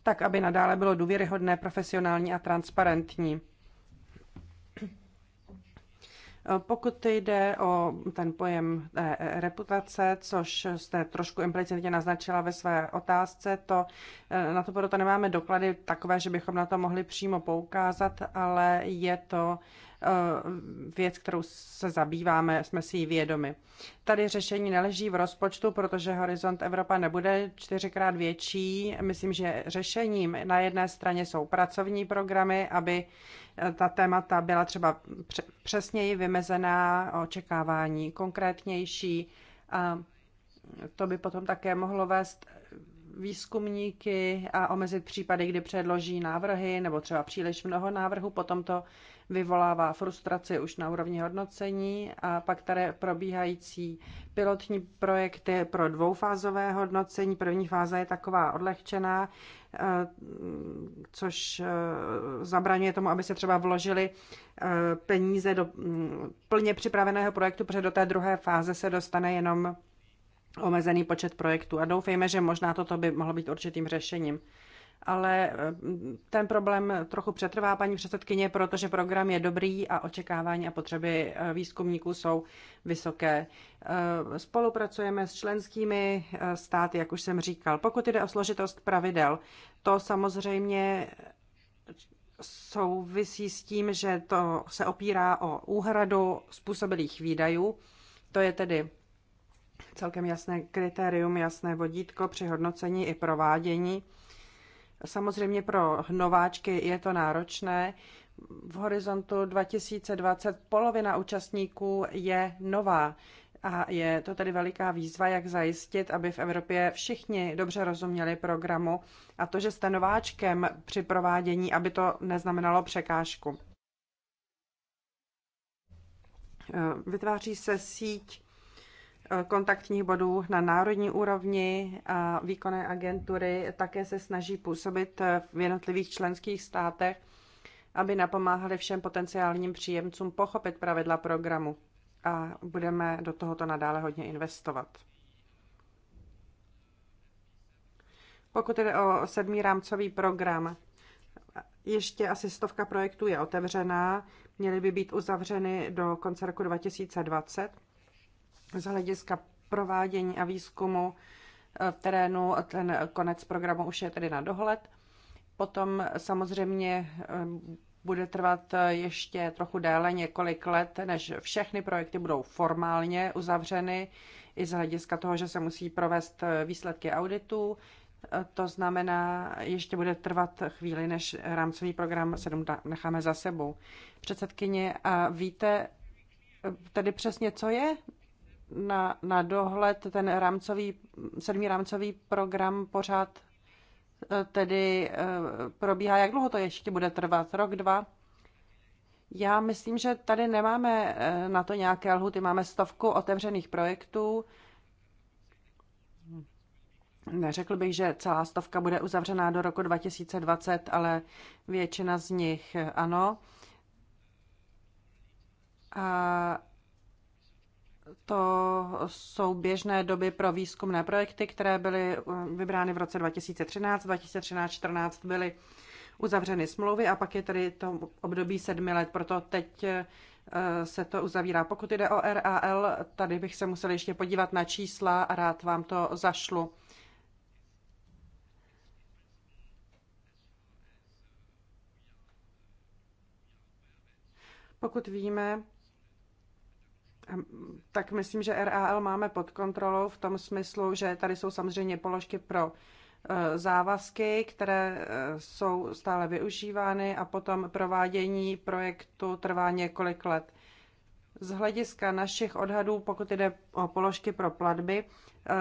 tak aby nadále bylo důvěryhodné, profesionální a transparentní. Eh, pokud jde o ten pojem eh, reputace, což jste trošku implicitně naznačila ve své otázce, to eh, na to proto nemáme doklady takové, že bychom na to mohli přímo poukázat, ale je to Eh, věc, kterou se zabýváme, jsme si ji vědomi. Tady řešení neleží v rozpočtu, protože Horizont Evropa nebude čtyřikrát větší. Myslím, že řešením na jedné straně jsou pracovní programy, aby eh, ta témata byla třeba přesněji vymezená, očekávání konkrétnější. A to by potom také mohlo vést výzkumníky a omezit případy, kdy předloží návrhy nebo třeba příliš mnoho návrhů, potom to vyvolává frustraci už na úrovni hodnocení a pak tady probíhající pilotní projekty pro dvoufázové hodnocení. První fáze je taková odlehčená, eh, což eh, zabraňuje tomu, aby se třeba vložili eh, peníze do mm, plně připraveného projektu, protože do té druhé fáze se dostane jenom omezený počet projektů a doufejme, že možná toto by mohlo být určitým řešením ale eh, ten problém trochu přetrvá, paní předsedkyně, protože program je dobrý a očekávání a potřeby eh, výzkumníků jsou vysoké. Eh, spolupracujeme s členskými státy, jak už jsem říkal. Pokud jde o složitost pravidel, to samozřejmě souvisí s tím, že to se opírá o úhradu způsobilých výdajů. To je tedy celkem jasné kritérium, jasné vodítko při hodnocení i provádění Samozřejmě pro nováčky je to náročné. V horizontu 2020 polovina účastníků je nová. A je to tedy veliká výzva, jak zajistit, aby v Evropě všichni dobře rozuměli programu a to, že jste nováčkem při provádění, aby to neznamenalo překážku. Vytváří se síť Eh, kontaktních bodů na národní úrovni a výkonné agentury také se snaží působit eh, v jednotlivých členských státech, aby napomáhali všem potenciálním příjemcům pochopit pravidla programu. A budeme do tohoto nadále hodně investovat. Pokud jde o sedmý rámcový program, ještě asi stovka projektů je otevřená, měly by být uzavřeny do konce roku 2020 z hlediska provádění a výzkumu eh, v terénu. Ten konec programu už je tedy na dohled. Potom samozřejmě eh, bude trvat eh, ještě trochu déle, několik let, než všechny projekty budou formálně uzavřeny, i z hlediska toho, že se musí provést výsledky auditů. To znamená, ještě bude trvat chvíli, než rámcový program 7 necháme za sebou. Předsedkyně, a víte tedy přesně, co je na, na dohled ten rámcový, sedmý rámcový program pořád eh, tedy eh, probíhá. Jak dlouho to ještě bude trvat? Rok, dva? Já myslím, že tady nemáme eh, na to nějaké lhuty. Máme stovku otevřených projektů. Neřekl bych, že celá stovka bude uzavřená do roku 2020, ale většina z nich ano. A to jsou běžné doby pro výzkumné projekty, které byly um, vybrány v roce 2013. 2013-2014 byly uzavřeny smlouvy a pak je tedy to období sedmi let, proto teď eh, se to uzavírá. Pokud jde o RAL, tady bych se musel ještě podívat na čísla a rád vám to zašlu. Pokud víme, tak myslím, že RAL máme pod kontrolou v tom smyslu, že tady jsou samozřejmě položky pro e, závazky, které e, jsou stále využívány a potom provádění projektu trvá několik let. Z hlediska našich odhadů, pokud jde o položky pro platby, e,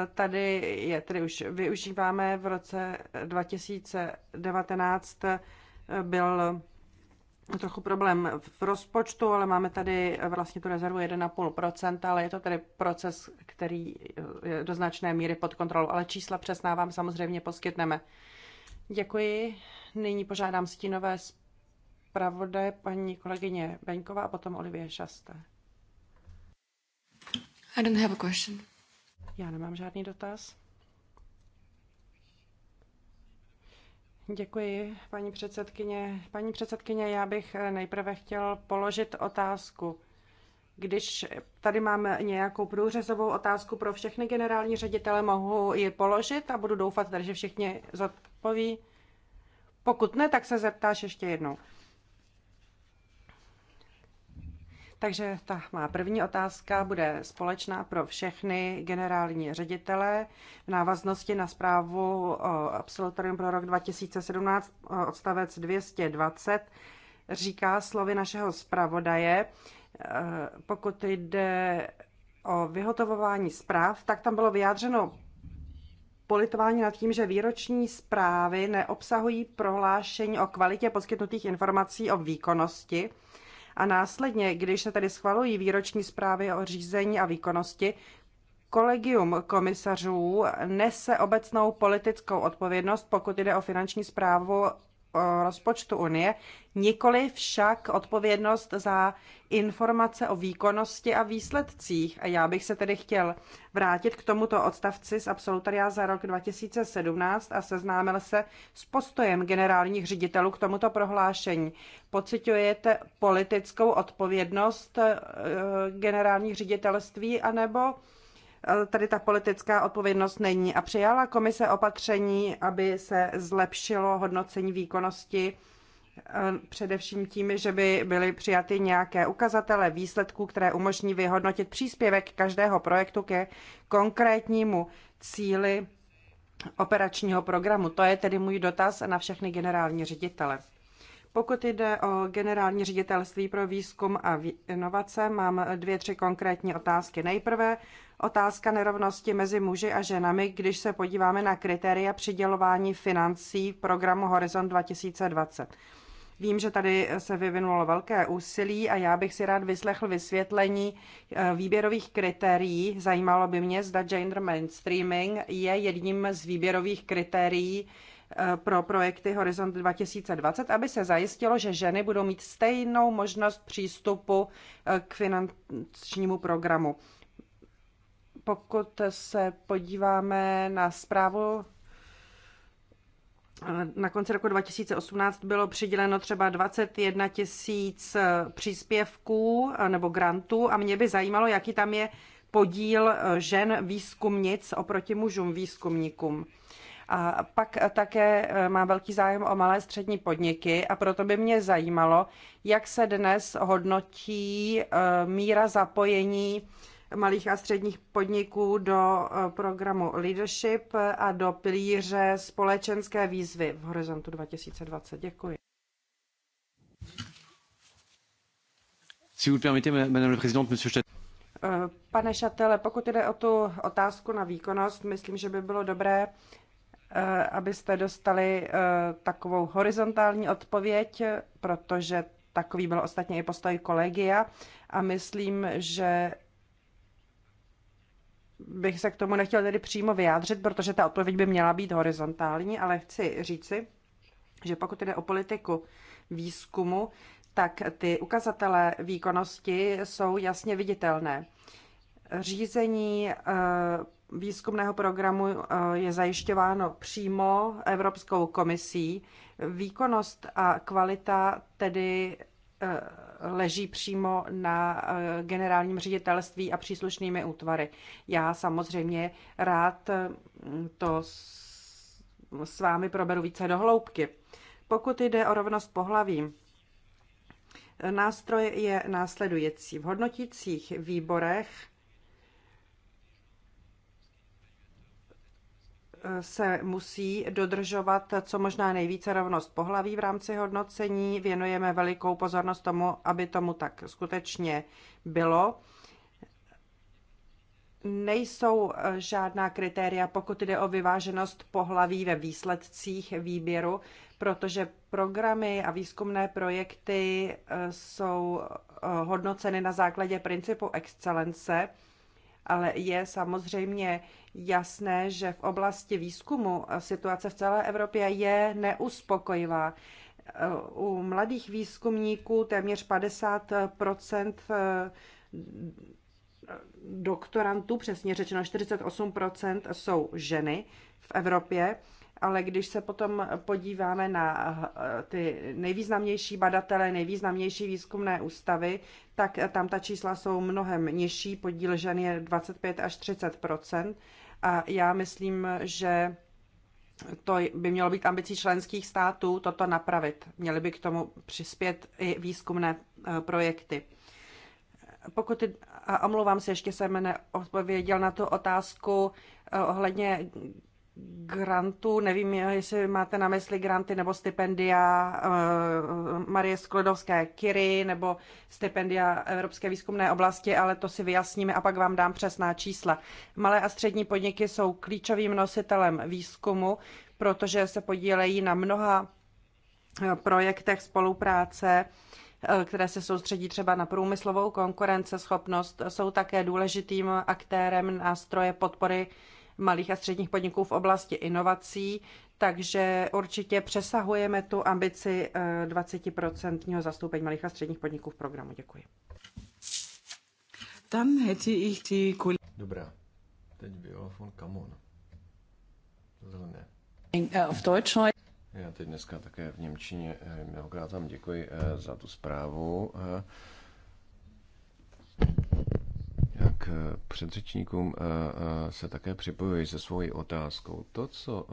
tady je, tedy už využíváme v roce 2019 byl No, trochu problém v rozpočtu, ale máme tady vlastně tu rezervu 1,5%, ale je to tedy proces, který je do značné míry pod kontrolou, ale čísla přesná vám samozřejmě poskytneme. Děkuji. Nyní požádám stínové zpravodaje paní kolegyně Beňková a potom Olivie Šaste. I don't have a question. Já nemám žádný dotaz. Děkuji, paní předsedkyně. Paní předsedkyně, já bych nejprve chtěl položit otázku. Když tady mám nějakou průřezovou otázku pro všechny generální ředitele, mohu ji položit a budu doufat, že všichni zodpoví. Pokud ne, tak se zeptáš ještě jednou. Takže ta má první otázka bude společná pro všechny generální ředitele v návaznosti na zprávu o absolutorium pro rok 2017 odstavec 220 říká slovy našeho zpravodaje, eh, pokud jde o vyhotovování zpráv, tak tam bylo vyjádřeno politování nad tím, že výroční zprávy neobsahují prohlášení o kvalitě poskytnutých informací o výkonnosti, a následně, když se tedy schvalují výroční zprávy o řízení a výkonnosti, kolegium komisařů nese obecnou politickou odpovědnost, pokud jde o finanční zprávu Eh, rozpočtu Unie, nikoli však odpovědnost za informace o výkonnosti a výsledcích. A já bych se tedy chtěl vrátit k tomuto odstavci z absolutaria za rok 2017 a seznámil se s postojem generálních ředitelů k tomuto prohlášení. Pocitujete politickou odpovědnost eh, generálních ředitelství anebo Eh, tady ta politická odpovědnost není. A přijala komise opatření, aby se zlepšilo hodnocení výkonnosti eh, především tím, že by byly přijaty nějaké ukazatele výsledků, které umožní vyhodnotit příspěvek každého projektu ke konkrétnímu cíli operačního programu. To je tedy můj dotaz na všechny generální ředitele. Pokud jde o generální ředitelství pro výzkum a inovace, mám dvě, tři konkrétní otázky. Nejprve otázka nerovnosti mezi muži a ženami, když se podíváme na kritéria přidělování financí programu Horizon 2020. Vím, že tady se vyvinulo velké úsilí a já bych si rád vyslechl vysvětlení eh, výběrových kritérií. Zajímalo by mě, zda gender mainstreaming je jedním z výběrových kritérií Eh, pro projekty Horizont 2020, aby se zajistilo, že ženy budou mít stejnou možnost přístupu eh, k finančnímu programu. Pokud se podíváme na zprávu eh, na konci roku 2018 bylo přiděleno třeba 21 tisíc příspěvků nebo grantů a mě by zajímalo, jaký tam je podíl žen výzkumnic oproti mužům výzkumníkům. A pak také eh, má velký zájem o malé střední podniky a proto by mě zajímalo, jak se dnes hodnotí eh, míra zapojení malých a středních podniků do eh, programu Leadership a do pilíře společenské výzvy v horizontu 2020. Děkuji.
Si vous permettez, Madame la Présidente, Monsieur
Pane Šatele, pokud jde o tu otázku na výkonnost, myslím, že by bylo dobré Eh, abyste dostali eh, takovou horizontální odpověď, protože takový byl ostatně i postoj kolegia a myslím, že bych se k tomu nechtěl tedy přímo vyjádřit, protože ta odpověď by měla být horizontální, ale chci říci, že pokud jde o politiku výzkumu, tak ty ukazatele výkonnosti jsou jasně viditelné. Řízení eh, výzkumného programu eh, je zajišťováno přímo Evropskou komisí. Výkonnost a kvalita tedy eh, leží přímo na eh, generálním ředitelství a příslušnými útvary. Já samozřejmě rád hm, to s vámi proberu více dohloubky. Pokud jde o rovnost pohlaví, nástroj je následující. V hodnotících výborech se musí dodržovat co možná nejvíce rovnost pohlaví v rámci hodnocení. Věnujeme velikou pozornost tomu, aby tomu tak skutečně bylo. Nejsou eh, žádná kritéria, pokud jde o vyváženost pohlaví ve výsledcích výběru, protože programy a výzkumné projekty eh, jsou eh, hodnoceny na základě principu excelence, ale je samozřejmě jasné, že v oblasti výzkumu situace v celé Evropě je neuspokojivá. U mladých výzkumníků téměř 50 eh, doktorantů, přesně řečeno 48 jsou ženy v Evropě ale když se potom podíváme na eh, ty nejvýznamnější badatele, nejvýznamnější výzkumné ústavy, tak tam ta čísla jsou mnohem nižší, podíl žen je 25 až 30 a já myslím, že to by mělo být ambicí členských států toto napravit. Měly by k tomu přispět i výzkumné e, projekty. Pokud, a omlouvám se, ještě jsem neodpověděl na tu otázku e, ohledně grantů, nevím, jestli máte na mysli granty nebo stipendia eh, Marie Sklodovské Kiry nebo stipendia Evropské výzkumné oblasti, ale to si vyjasníme a pak vám dám přesná čísla. Malé a střední podniky jsou klíčovým nositelem výzkumu, protože se podílejí na mnoha eh, projektech spolupráce, eh, které se soustředí třeba na průmyslovou konkurenceschopnost, jsou také důležitým aktérem nástroje podpory malých a středních podniků v oblasti inovací, takže určitě přesahujeme tu ambici 20% eh, zastoupení malých a středních podniků v programu. Děkuji. Tam hätte ich die Kul- Dobrá, teď
bylo von Kamon. Zelené. Eh, v Já teď dneska také v Němčině eh, mnohokrát vám děkuji za tu zprávu. Eh, předřečníkům eh, eh, se také připojuji se svojí otázkou. To, co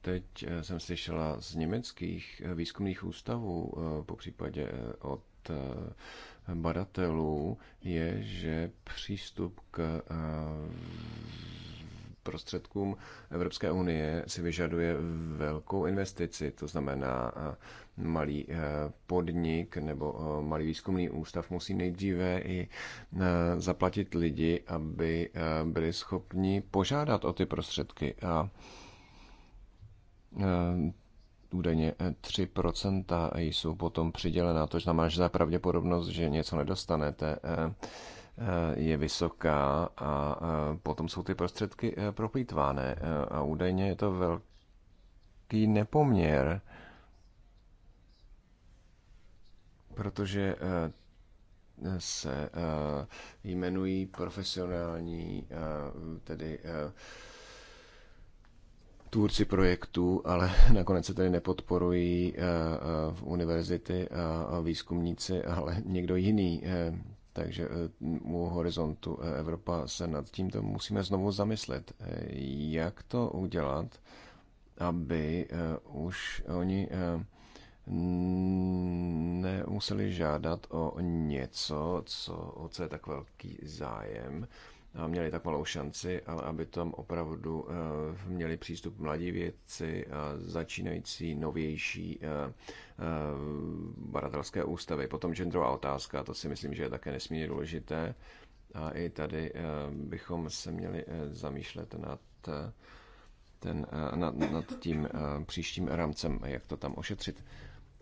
teď jsem slyšela z německých výzkumných ústavů, po případě od badatelů, je, že přístup k prostředkům Evropské unie si vyžaduje velkou investici, to znamená malý eh, podnik nebo eh, malý výzkumný ústav musí nejdříve i eh, zaplatit lidi, aby byli schopni požádat o ty prostředky. A údajně 3% jsou potom přidělená, to znamená, že ta pravděpodobnost, že něco nedostanete, Eh, je vysoká a eh, potom jsou ty prostředky eh, proplýtvány. A údajně je to velký nepoměr, protože se jmenují profesionální, tedy tvůrci projektů, ale nakonec se tedy nepodporují v univerzity a výzkumníci, ale někdo jiný. Takže eh, u horizontu eh, Evropa se nad tímto musíme znovu zamyslet. Eh, jak to udělat, aby už oni nemuseli žádat o něco, co, o co je tak velký zájem, a měli tak malou šanci, ale aby tam opravdu měli přístup mladí vědci a začínající novější Eh, badatelské ústavy. Potom genderová otázka, to si myslím, že je také nesmírně důležité. A i tady eh, bychom se měli eh, zamýšlet nad, ten, nad, nad tím příštím rámcem, jak to tam ošetřit.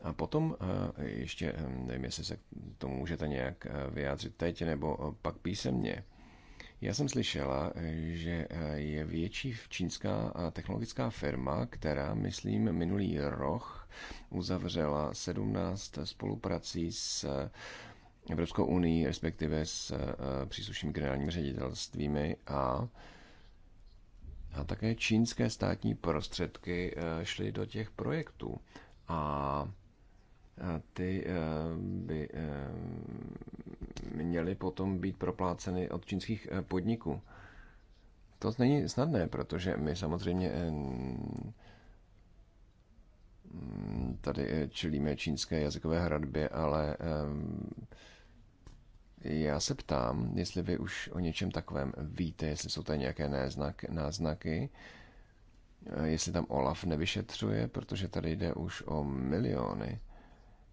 A potom ještě, nevím, jestli se k tomu můžete nějak vyjádřit teď nebo pak písemně. Já jsem slyšela, že je větší čínská technologická firma, která, myslím, minulý rok uzavřela 17 spoluprací s eh, Evropskou unii, respektive s eh, příslušnými generálními ředitelstvími a a také čínské státní prostředky eh, šly do těch projektů. A ty by měly potom být propláceny od čínských podniků. To není snadné, protože my samozřejmě tady eh, čelíme čínské jazykové hradbě, ale ehm, já se ptám, jestli vy už o něčem takovém víte, jestli jsou tady nějaké náznaky, náznaky eh, jestli tam Olaf nevyšetřuje, protože tady jde už o miliony.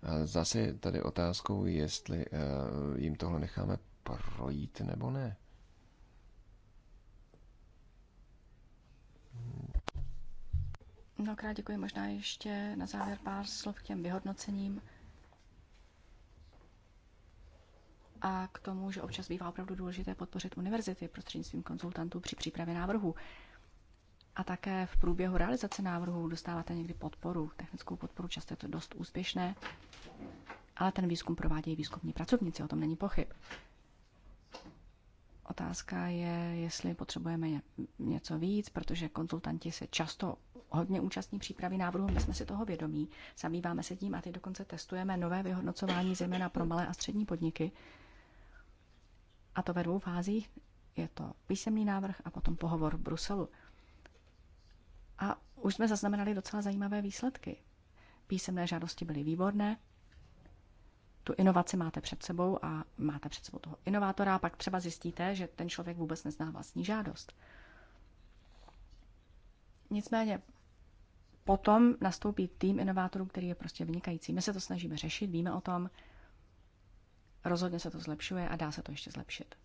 A zase tady otázkou, jestli eh, jim tohle necháme projít nebo ne.
Mnohokrát děkuji. Možná ještě na závěr pár slov k těm vyhodnocením a k tomu, že občas bývá opravdu důležité podpořit univerzity prostřednictvím konzultantů při přípravě návrhu. A také v průběhu realizace návrhu dostáváte někdy podporu, technickou podporu, často je to dost úspěšné, ale ten výzkum provádějí výzkumní pracovníci, o tom není pochyb. Otázka je, jestli potřebujeme něco víc, protože konzultanti se často hodně účastní přípravy návrhu, my jsme si toho vědomí, zabýváme se tím a teď dokonce testujeme nové vyhodnocování zejména pro malé a střední podniky. A to ve dvou fázích. Je to písemný návrh a potom pohovor v Bruselu. A už jsme zaznamenali docela zajímavé výsledky. Písemné žádosti byly výborné, tu inovaci máte před sebou a máte před sebou toho inovátora a pak třeba zjistíte, že ten člověk vůbec nezná vlastní žádost. Nicméně potom nastoupí tým inovátorů, který je prostě vynikající. My se to snažíme řešit, víme o tom, rozhodně se to zlepšuje a dá se to ještě zlepšit.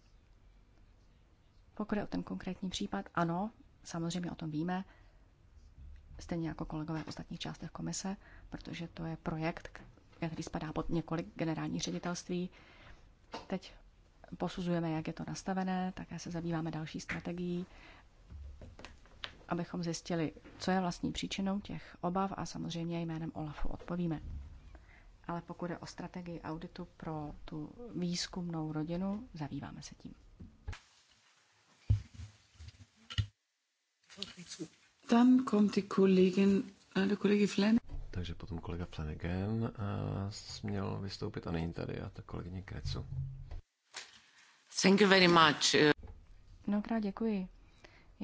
Pokud je o ten konkrétní případ, ano, samozřejmě o tom víme, stejně jako kolegové v ostatních částech komise, protože to je projekt, který spadá pod několik generálních ředitelství. Teď posuzujeme, jak je to nastavené, také se zabýváme další strategií abychom zjistili, co je vlastní příčinou těch obav a samozřejmě jménem OLAFu odpovíme. Ale pokud je o strategii auditu pro tu výzkumnou rodinu, zabýváme se tím.
Tam kommt die Kollegin, äh, der Kollege Flanagan.
Takže potom kolega Flanagan äh, směl vystoupit a není tady, a ta kolegyně Krecu.
Thank you very much. Mnohokrát děkuji.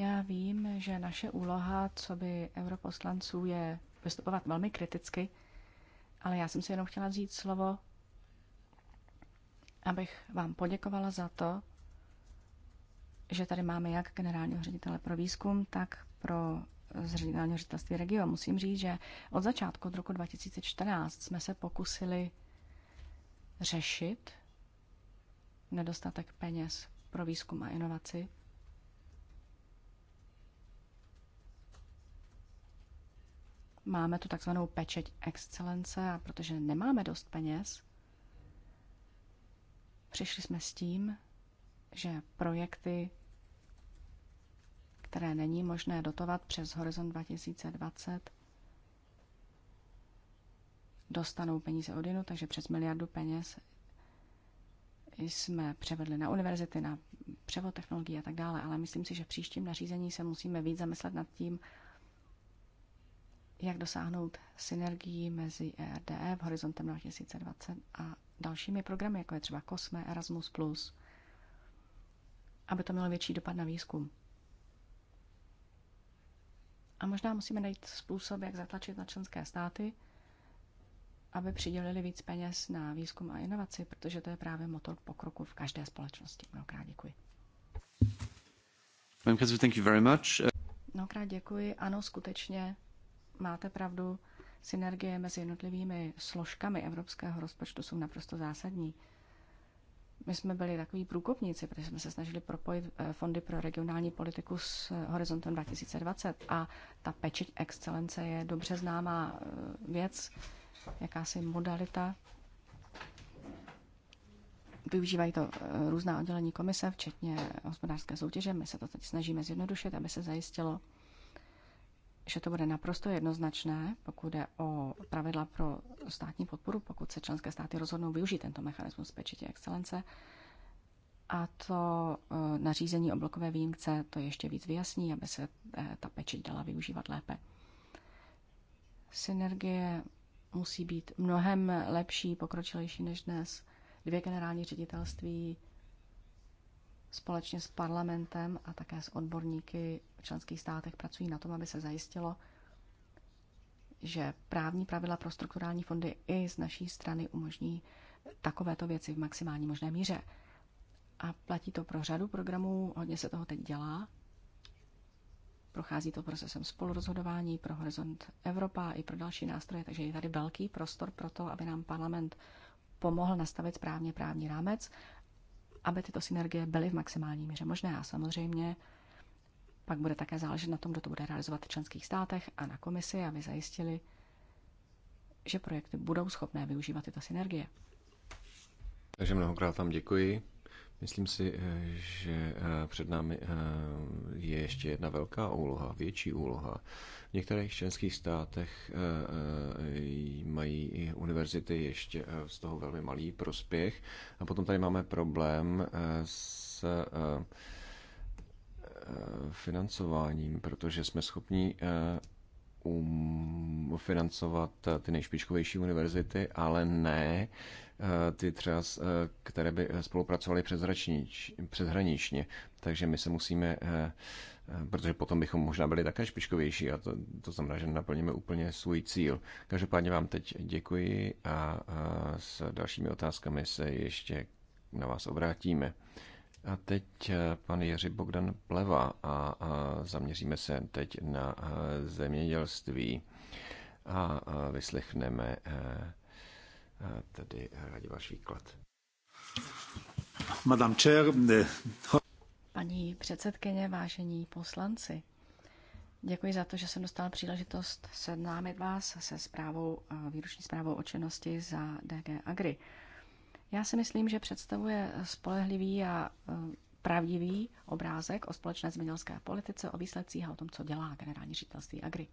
Já vím, že naše úloha, co by europoslanců, je vystupovat velmi kriticky, ale já jsem si jenom chtěla vzít slovo, abych vám poděkovala za to, že tady máme jak generálního ředitele pro výzkum, tak pro zředitelního ředitelství regio. Musím říct, že od začátku od roku 2014 jsme se pokusili řešit nedostatek peněz pro výzkum a inovaci Máme tu takzvanou pečeť excelence a protože nemáme dost peněz, přišli jsme s tím, že projekty, které není možné dotovat přes Horizon 2020, dostanou peníze od jinu, takže přes miliardu peněz jsme převedli na univerzity, na převod technologií a tak dále, ale myslím si, že v příštím nařízení se musíme víc zamyslet nad tím, jak dosáhnout synergii mezi ERDF, e Horizontem 2020 a dalšími programy, jako je třeba COSME, Erasmus+, aby to mělo větší dopad na výzkum. A možná musíme najít způsob, jak zatlačit na členské státy, aby přidělili víc peněz na výzkum a inovaci, protože to je právě motor pokroku v každé společnosti. Mnohokrát děkuji. Mnohokrát děkuji. Ano, skutečně máte pravdu, synergie mezi jednotlivými složkami evropského rozpočtu jsou naprosto zásadní. My jsme byli takový průkopníci, protože jsme se snažili propojit eh, fondy pro regionální politiku s eh, Horizontem 2020 a ta pečeť excelence je dobře známá eh, věc, jakási modalita. Využívají to různá oddělení komise, včetně hospodářské soutěže. My se to teď snažíme zjednodušit, aby se zajistilo, že to bude naprosto jednoznačné, pokud je o pravidla pro státní podporu, pokud se členské státy rozhodnou využít tento mechanismus pečetí excelence. A to e, nařízení o blokové výjimce to ještě víc vyjasní, aby se e, ta pečeť dala využívat lépe. Synergie musí být mnohem lepší, pokročilejší než dnes. Dvě generální ředitelství společně s parlamentem a také s odborníky v členských státech pracují na tom, aby se zajistilo, že právní pravidla pro strukturální fondy i z naší strany umožní takovéto věci v maximální možné míře. A platí to pro řadu programů, hodně se toho teď dělá. Prochází to procesem spolurozhodování pro Horizont Evropa i pro další nástroje, takže je tady velký prostor pro to, aby nám parlament pomohl nastavit správně právní rámec aby tyto synergie byly v maximální míře možné. A samozřejmě pak bude také záležet na tom, kdo to bude realizovat v členských státech a na komisi, aby zajistili, že projekty budou schopné využívat tyto synergie.
Takže mnohokrát vám děkuji. Myslím si, eh, že eh, před námi eh, je ještě jedna velká úloha, větší úloha. V některých členských státech mají i univerzity ještě z toho velmi malý prospěch. A potom tady máme problém s financováním, protože jsme schopni um, financovat eh, ty nejšpičkovější univerzity, ale ne eh, ty třeba, eh, které by spolupracovaly přeshraničně. Takže my se musíme, protože potom bychom možná byli také špičkovější a to, to znamená, že naplníme úplně svůj cíl. Každopádně vám teď děkuji a, a s dalšími otázkami se ještě na vás obrátíme. A teď eh, pan Jiří Bogdan Pleva a, zaměříme se teď na eh, zemědělství a vyslechneme eh, tedy váš výklad.
Madame Chair,
Paní předsedkyně, vážení poslanci, děkuji za to, že jsem dostal příležitost seznámit vás se zprávou, výroční zprávou o činnosti za DG Agri. Já si myslím, že představuje spolehlivý a e, pravdivý obrázek o společné zemědělské politice, o výsledcích a o tom, co dělá generální ředitelství Agri.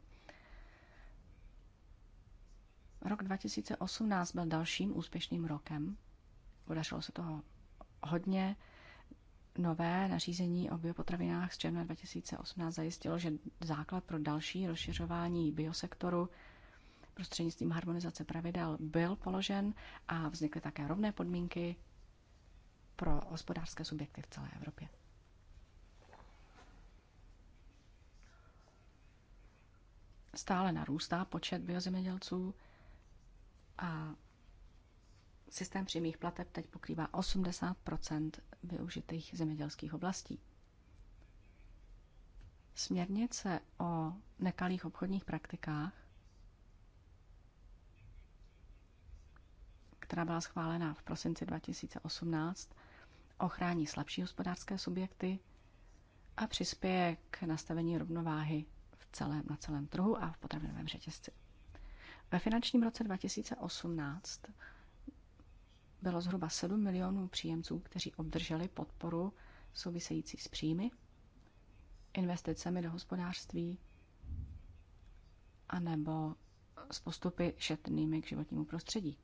Rok 2018 byl dalším úspěšným rokem. Podařilo se toho hodně. Nové nařízení o biopotravinách z června 2018 zajistilo, že základ pro další rozšiřování biosektoru prostřednictvím harmonizace pravidel byl položen a vznikly také rovné podmínky pro hospodářské subjekty v celé Evropě. Stále narůstá počet biozemědělců a systém přímých plateb teď pokrývá 80 využitých zemědělských oblastí. Směrnice o nekalých obchodních praktikách která byla schválena v prosinci 2018, ochrání slabší hospodářské subjekty a přispěje k nastavení rovnováhy v celém, na celém trhu a v potravinovém řetězci. Ve finančním roce 2018 bylo zhruba 7 milionů příjemců, kteří obdrželi podporu související s příjmy, investicemi do hospodářství anebo s postupy šetrnými k životnímu prostředí.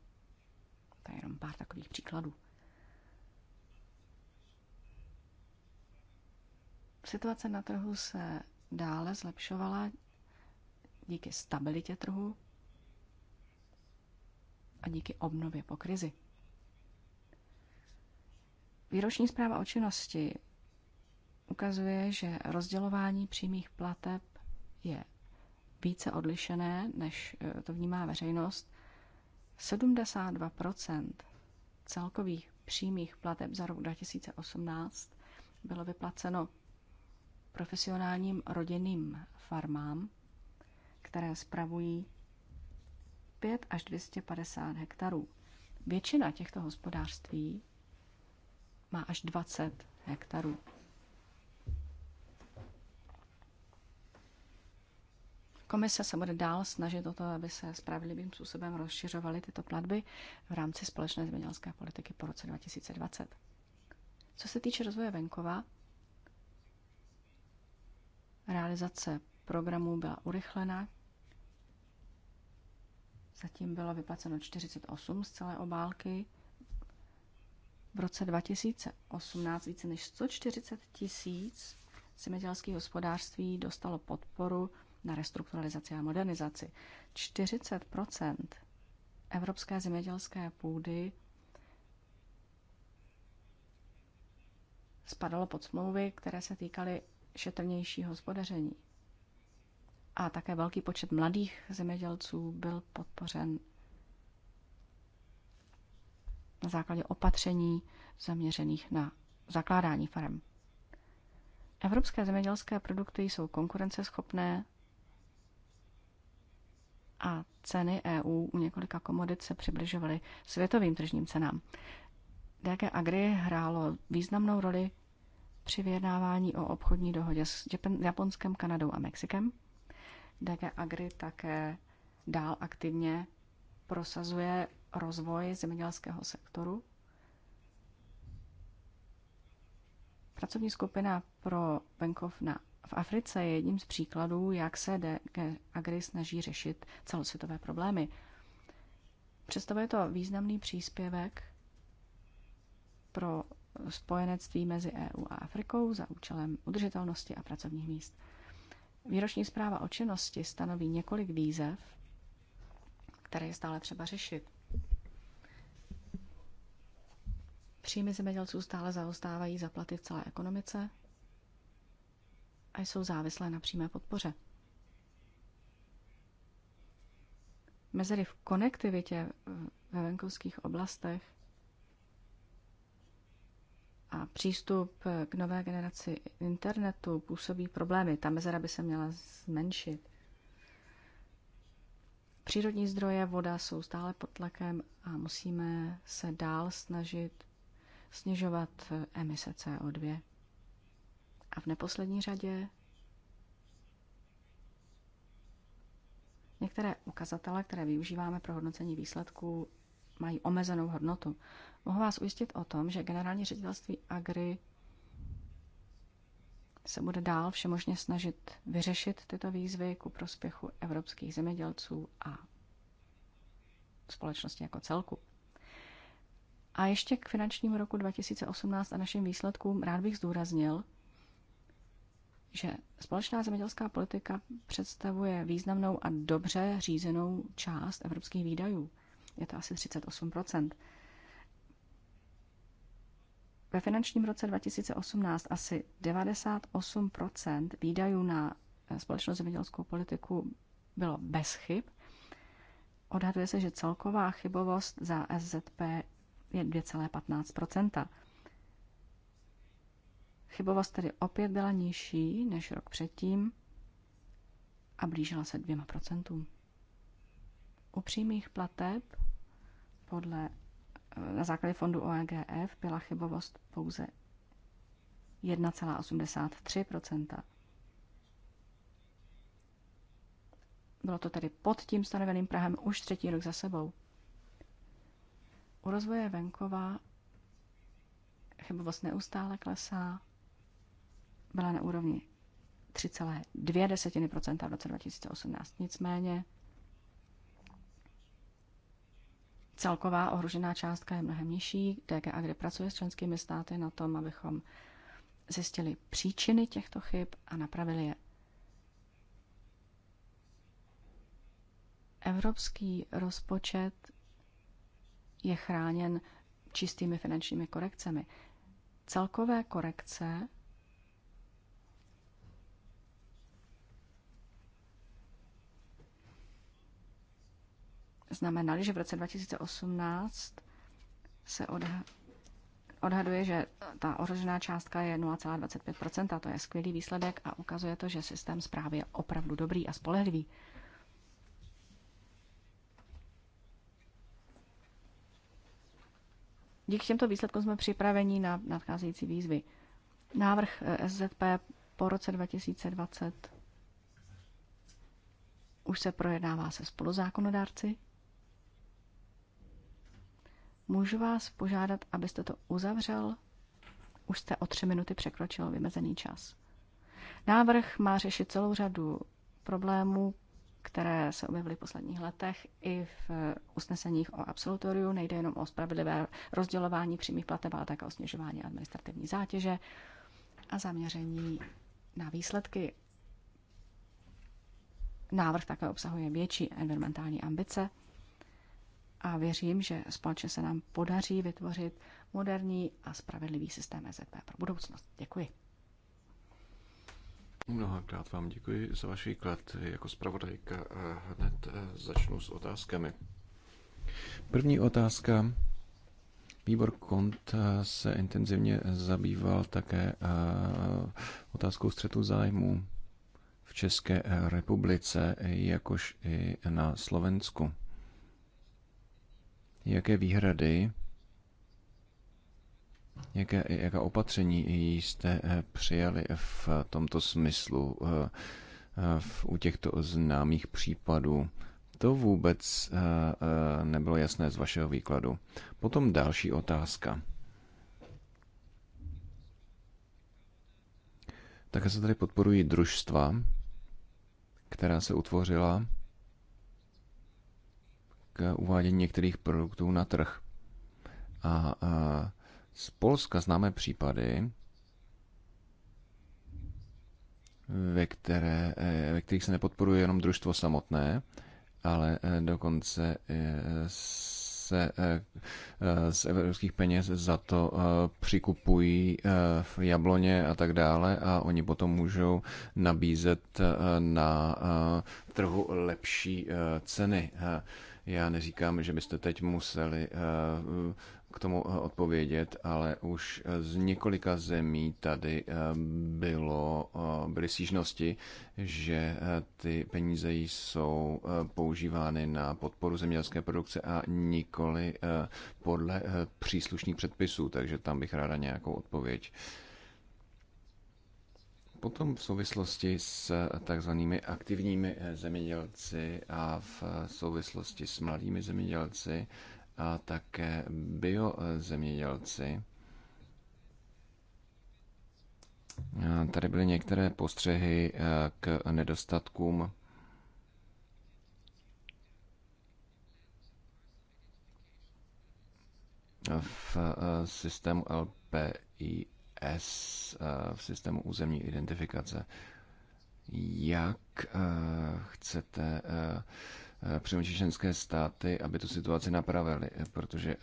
To je jenom pár takových příkladů. Situace na trhu se dále zlepšovala díky stabilitě trhu a díky obnově po krizi. Výroční zpráva o činnosti ukazuje, že rozdělování přímých plateb je více odlišené, než eh, to vnímá veřejnost 72 celkových přímých plateb za rok 2018 bylo vyplaceno profesionálním rodinným farmám, které spravují 5 až 250 hektarů. Většina těchto hospodářství má až 20 hektarů. Komise se bude dál snažit o to, aby se spravedlivým způsobem rozšiřovaly tyto platby v rámci společné zemědělské politiky po roce 2020. Co se týče rozvoje venkova, realizace programů byla urychlena. Zatím bylo vyplaceno 48 z celé obálky. V roce 2018 více než 140 tisíc zemědělských hospodářství dostalo podporu na restrukturalizaci a modernizaci. 40 evropské zemědělské půdy spadalo pod smlouvy, které se týkaly šetrnějšího hospodaření. A také velký počet mladých zemědělců byl podpořen na základě opatření zaměřených na zakládání farem. Evropské zemědělské produkty jsou konkurenceschopné a ceny EU u několika komodit se přibližovaly světovým tržním cenám. DG Agri hrálo významnou roli při vyjednávání o obchodní dohodě s Japonskem, Kanadou a Mexikem. DG Agri také dál aktivně prosazuje rozvoj zemědělského sektoru. Pracovní skupina pro venkov na v Africe je jedním z příkladů, jak se DG Agri snaží řešit celosvětové problémy. Představuje to významný příspěvek pro spojenectví mezi EU a Afrikou za účelem udržitelnosti a pracovních míst. Výroční zpráva o činnosti stanoví několik výzev, které je stále třeba řešit. Příjmy zemědělců stále zaostávají za platy v celé ekonomice, a jsou závislé na přímé podpoře. Mezery v konektivitě eh, ve venkovských oblastech a přístup eh, k nové generaci internetu působí problémy. Ta mezera by se měla zmenšit. Přírodní zdroje, voda jsou stále pod tlakem a musíme se dál snažit snižovat eh, emise CO2. A v neposlední řadě některé ukazatele, které využíváme pro hodnocení výsledků, mají omezenou hodnotu. Mohu vás ujistit o tom, že generální ředitelství Agri se bude dál všemožně snažit vyřešit tyto výzvy ku prospěchu evropských zemědělců a společnosti jako celku. A ještě k finančnímu roku 2018 a našim výsledkům rád bych zdůraznil, že společná zemědělská politika představuje významnou a dobře řízenou část evropských výdajů. Je to asi 38 Ve finančním roce 2018 asi 98 výdajů na eh, společnou zemědělskou politiku bylo bez chyb. Odhaduje se, že celková chybovost za SZP je 2,15 Chybovost tedy opět byla nižší než rok předtím a blížila se dvěma procentům. U přímých plateb podle, eh, na základě fondu OEGF byla chybovost pouze 1,83 Bylo to tedy pod tím stanoveným Prahem už třetí rok za sebou. U rozvoje venkova chybovost neustále klesá byla na úrovni 3,2 v roce 2018. Nicméně celková ohrožená částka je mnohem nižší. DG kde pracuje s členskými státy na tom, abychom zjistili příčiny těchto chyb a napravili je. Evropský rozpočet je chráněn čistými finančními korekcemi. Celkové korekce znamenaly, že v roce 2018 se odha- odhaduje, že ta ohrožená částka je 0,25%, a to je skvělý výsledek a ukazuje to, že systém zprávy je opravdu dobrý a spolehlivý. Díky těmto výsledkům jsme připraveni na nadcházející výzvy. Návrh eh, SZP po roce 2020 už se projednává se spoluzákonodárci. Můžu vás požádat, abyste to uzavřel? Už jste o tři minuty překročil vymezený čas. Návrh má řešit celou řadu problémů, které se objevily v posledních letech i v usneseních o absolutoriu. Nejde jenom o spravedlivé rozdělování přímých plateb, ale také o snižování administrativní zátěže a zaměření na výsledky. Návrh také obsahuje větší environmentální ambice – a věřím, že společně se nám podaří vytvořit moderní a spravedlivý systém EZP pro budoucnost. Děkuji.
Mnohokrát vám děkuji za vaši klad Jako zpravodajka eh, hned eh, začnu s otázkami. První otázka. Výbor Kont eh, se intenzivně zabýval také otázkou střetu zájmů v České republice, jakož i na Slovensku jaké výhrady, jaké, jaká opatření jste eh, přijali v tomto smyslu eh, eh, v, u těchto známých případů. To vůbec nebylo jasné z vašeho výkladu. Potom další otázka. Také se tady podporují družstva, která se utvořila k uvádění některých produktů na trh. A, a z Polska známe případy, ve, které, e, ve kterých se nepodporuje jenom družstvo samotné, ale e, dokonce e, se z evropských peněz za to přikupují v jabloně a tak dále a oni potom můžou nabízet na trhu lepší ceny. Já neříkám, že byste teď museli eh, k tomu eh, odpovědět, ale už eh, z několika zemí tady bylo, byly stížnosti, že ty peníze jsou používány na podporu zemědělské produkce a nikoli podle příslušných předpisů, takže tam bych ráda nějakou odpověď. Potom v souvislosti s eh, takzvanými aktivními eh, zemědělci a v eh, souvislosti s mladými zemědělci a také biozemědělci. Tady byly některé postřehy k nedostatkům v systému LPI s eh, v systému územní identifikace. Jak eh, chcete eh, přinutit členské státy, aby tu situaci napravili, protože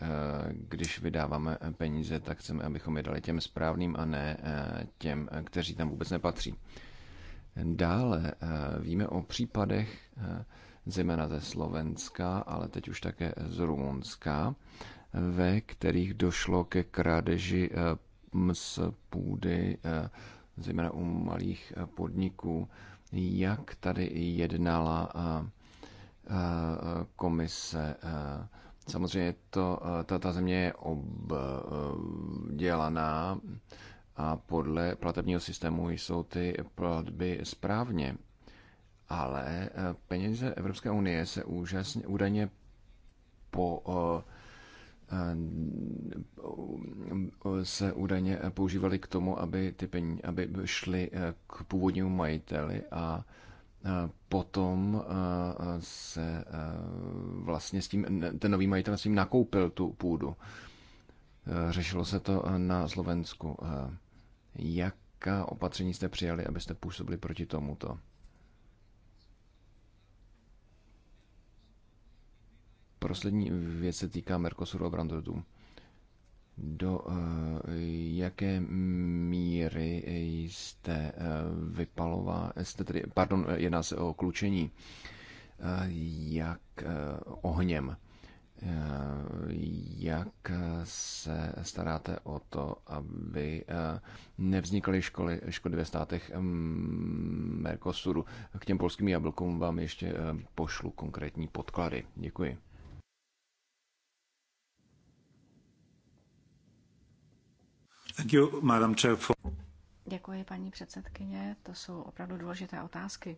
když vydáváme peníze, tak chceme, abychom je dali těm správným a ne těm, kteří tam vůbec nepatří. Dále víme o případech, zejména ze Slovenska, ale teď už také z Rumunska, ve kterých došlo ke krádeži z půdy, eh, zejména u malých eh, podniků, jak tady jednala eh, komise. Samozřejmě to, ta, ta země je obdělaná a podle platebního systému jsou ty platby správně. Ale peníze Evropské unie se úžasně, údajně po uh, se údajně používaly k tomu, aby ty peníze, aby šly eh, k původnímu majiteli a eh, potom eh, se vlastně s tím, ten nový majitel s tím nakoupil tu půdu. Řešilo se to na Slovensku. Jaká opatření jste přijali, abyste působili proti tomuto? poslední věc se týká Mercosuru a Brandotu. Do eh, jaké míry jste eh, vypalová, jste tedy, pardon, jedná se o klučení, eh, jak ohněm, jak se staráte o to, aby nevznikly školy, škody ve státech mm, Mercosuru. K těm polským jablkům vám ještě pošlu konkrétní podklady. Děkuji.
Děkuji, paní předsedkyně. To jsou opravdu důležité otázky.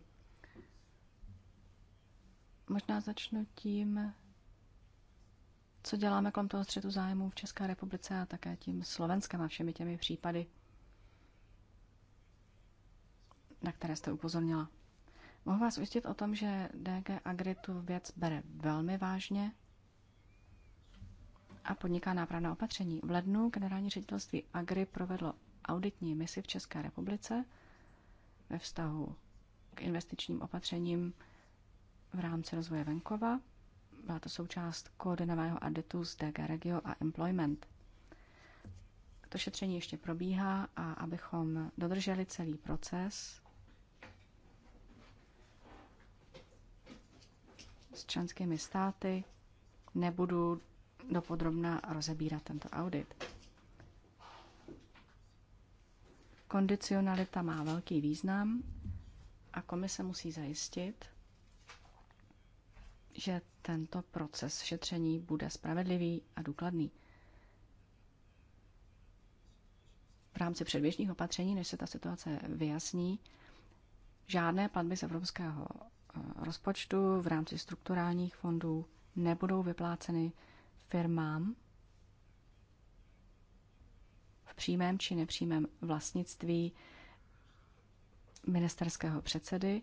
Možná začnu tím, co děláme kolem toho střetu zájmů v České republice a také tím Slovenskem a všemi těmi případy, na které jste upozornila. Mohu vás ujistit o tom, že DG Agri tu věc bere velmi vážně a podniká nápravná opatření. V lednu generální ředitelství Agri provedlo auditní misi v České republice ve vztahu k investičním opatřením v rámci rozvoje venkova. Byla to součást koordinovaného auditu z DG Regio a Employment. To šetření ještě probíhá a abychom dodrželi celý proces, s členskými státy nebudu dopodrobná rozebírat tento audit. Kondicionalita má velký význam a komise musí zajistit, že tento proces šetření bude spravedlivý a důkladný. V rámci předběžných opatření, než se ta situace vyjasní, žádné platby z evropského eh, rozpočtu v rámci strukturálních fondů nebudou vypláceny firmám v přímém či nepřímém vlastnictví ministerského předsedy.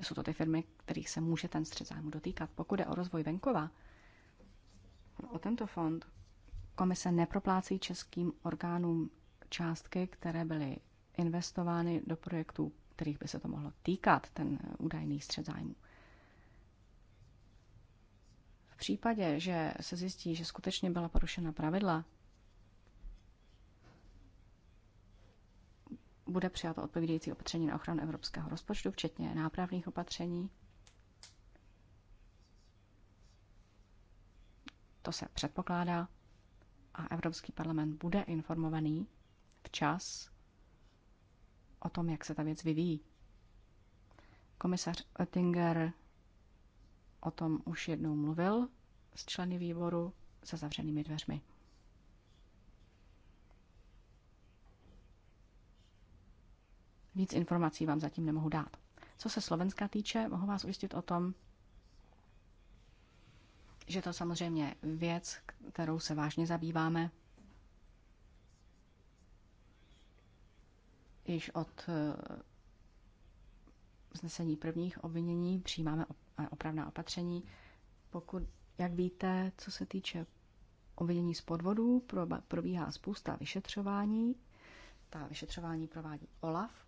Jsou to ty firmy, kterých se může ten střed zájmu dotýkat. Pokud je o rozvoj venkova, o tento fond komise neproplácí českým orgánům částky, které byly investovány do projektů, kterých by se to mohlo týkat, ten údajný střed zájmu případě, že se zjistí, že skutečně byla porušena pravidla, bude přijato odpovídající opatření na ochranu evropského rozpočtu, včetně nápravných opatření. To se předpokládá a Evropský parlament bude informovaný včas o tom, jak se ta věc vyvíjí. Komisař Oettinger o tom už jednou mluvil s členy výboru za zavřenými dveřmi. Víc informací vám zatím nemohu dát. Co se Slovenska týče, mohu vás ujistit o tom, že to samozřejmě věc, kterou se vážně zabýváme. Již od eh, vznesení prvních obvinění přijímáme opravná opatření. Pokud, jak víte, co se týče obvinění z podvodů, probíhá spousta vyšetřování. Ta vyšetřování provádí OLAF.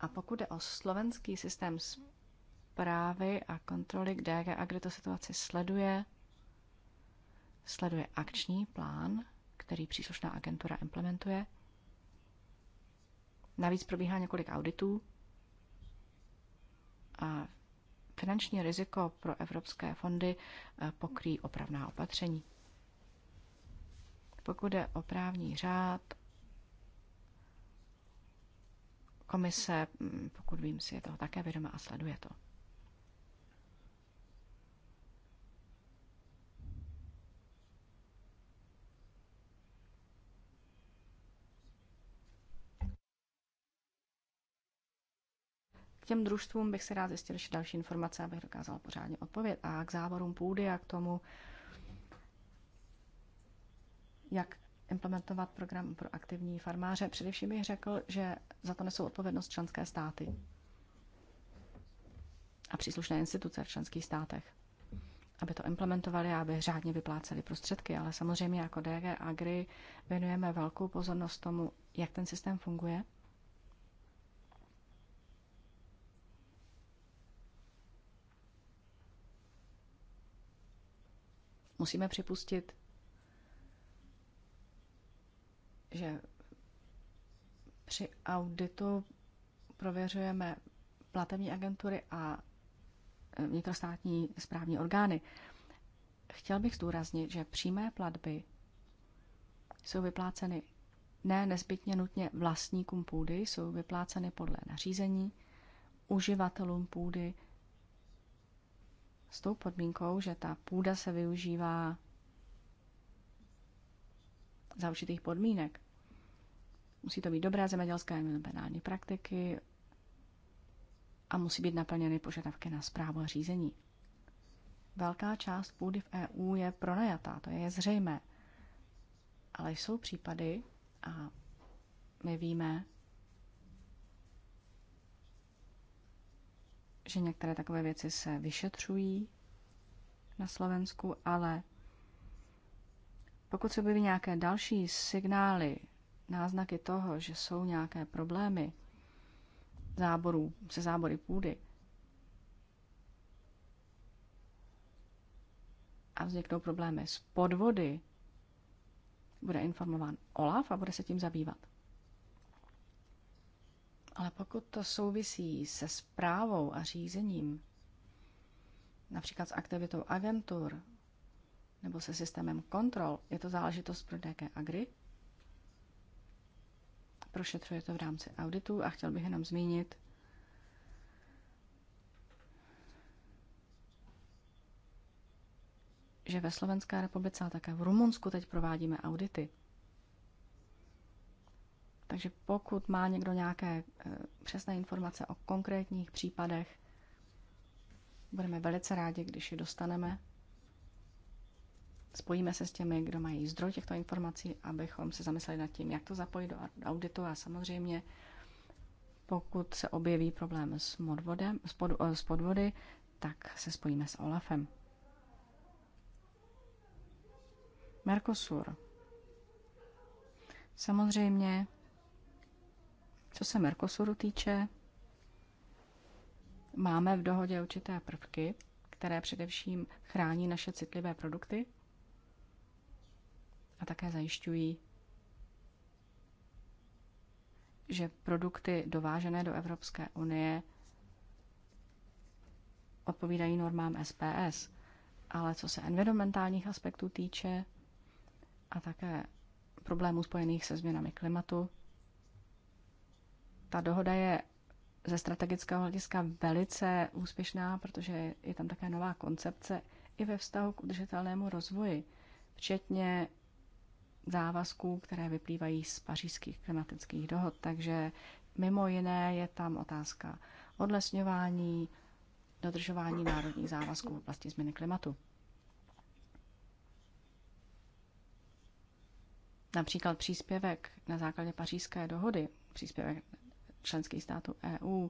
A pokud jde o slovenský systém zprávy a kontroly, kde a kde to situaci sleduje, sleduje akční plán, který příslušná agentura implementuje. Navíc probíhá několik auditů a finanční riziko pro evropské fondy eh, pokryjí opravná opatření. Pokud je o právní řád, komise, mm, pokud vím, si je toho také vědoma a sleduje to. K těm družstvům bych si rád zjistil ještě další informace, abych dokázal pořádně odpovědět. A k závorům půdy a k tomu, jak implementovat program pro aktivní farmáře. Především bych řekl, že za to nesou odpovědnost členské státy a příslušné instituce v členských státech, aby to implementovali a aby řádně vypláceli prostředky. Ale samozřejmě jako DG Agri věnujeme velkou pozornost tomu, jak ten systém funguje – Musíme připustit, že při auditu prověřujeme platební agentury a eh, vnitrostátní správní orgány. Chtěl bych zdůraznit, že přímé platby jsou vypláceny ne nezbytně nutně vlastníkům půdy, jsou vypláceny podle nařízení, uživatelům půdy s tou podmínkou, že ta půda se využívá za určitých podmínek. Musí to být dobré zemědělské environmentální praktiky a musí být naplněny požadavky na zprávu a řízení. Velká část půdy v EU je pronajatá, to je zřejmé. Ale jsou případy, a my víme, že některé takové věci se vyšetřují na Slovensku, ale pokud se objeví nějaké další signály, náznaky toho, že jsou nějaké problémy záborů, se zábory půdy, a vzniknou problémy s podvody, bude informován OLAF a bude se tím zabývat. Ale pokud to souvisí se zprávou a řízením, například s aktivitou agentur nebo se systémem kontrol, je to záležitost pro DK Agri. Prošetřuje to v rámci auditu a chtěl bych jenom zmínit, že ve Slovenské republice a také v Rumunsku teď provádíme audity. Takže pokud má někdo nějaké eh, přesné informace o konkrétních případech, budeme velice rádi, když je dostaneme. Spojíme se s těmi, kdo mají zdroj těchto informací, abychom se zamysleli nad tím, jak to zapojit do auditu a samozřejmě pokud se objeví problém s, modvodem, s, pod, eh, s podvody, tak se spojíme s OLAFem. Mercosur. Samozřejmě co se Mercosuru týče, máme v dohodě určité prvky, které především chrání naše citlivé produkty a také zajišťují, že produkty dovážené do Evropské unie odpovídají normám SPS. Ale co se environmentálních aspektů týče a také problémů spojených se změnami klimatu, ta dohoda je ze strategického hlediska velice úspěšná, protože je tam také nová koncepce i ve vztahu k udržitelnému rozvoji, včetně závazků, které vyplývají z pařížských klimatických dohod. Takže mimo jiné je tam otázka odlesňování, dodržování národních závazků v oblasti změny klimatu. Například příspěvek na základě pařížské dohody, příspěvek členských států EU.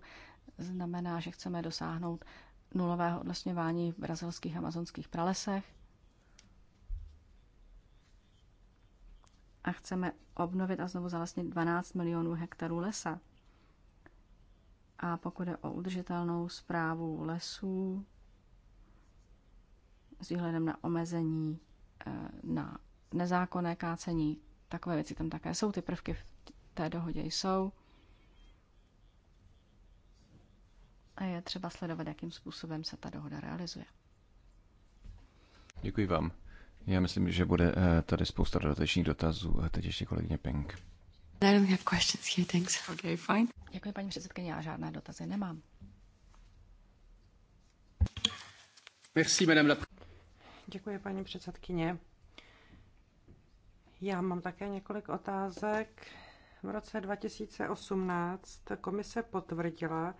Znamená, že chceme dosáhnout nulového odlesňování v brazilských amazonských pralesech a chceme obnovit a znovu zalesnit 12 milionů hektarů lesa. A pokud je o udržitelnou zprávu lesů s výhledem na omezení eh, na nezákonné kácení, takové věci tam také jsou, ty prvky v té dohodě jsou. a je třeba sledovat, jakým způsobem se ta dohoda realizuje.
Děkuji vám. Já myslím, že bude eh, tady spousta dodatečných dotazů. Eh, teď ještě kolegyně Peng.
I don't have questions here, thanks. Okay, fine. Děkuji, paní předsedkyně,
já žádné dotazy nemám.
Merci, madame la...
Děkuji, paní předsedkyně. Já mám také několik otázek. V roce 2018 komise potvrdila,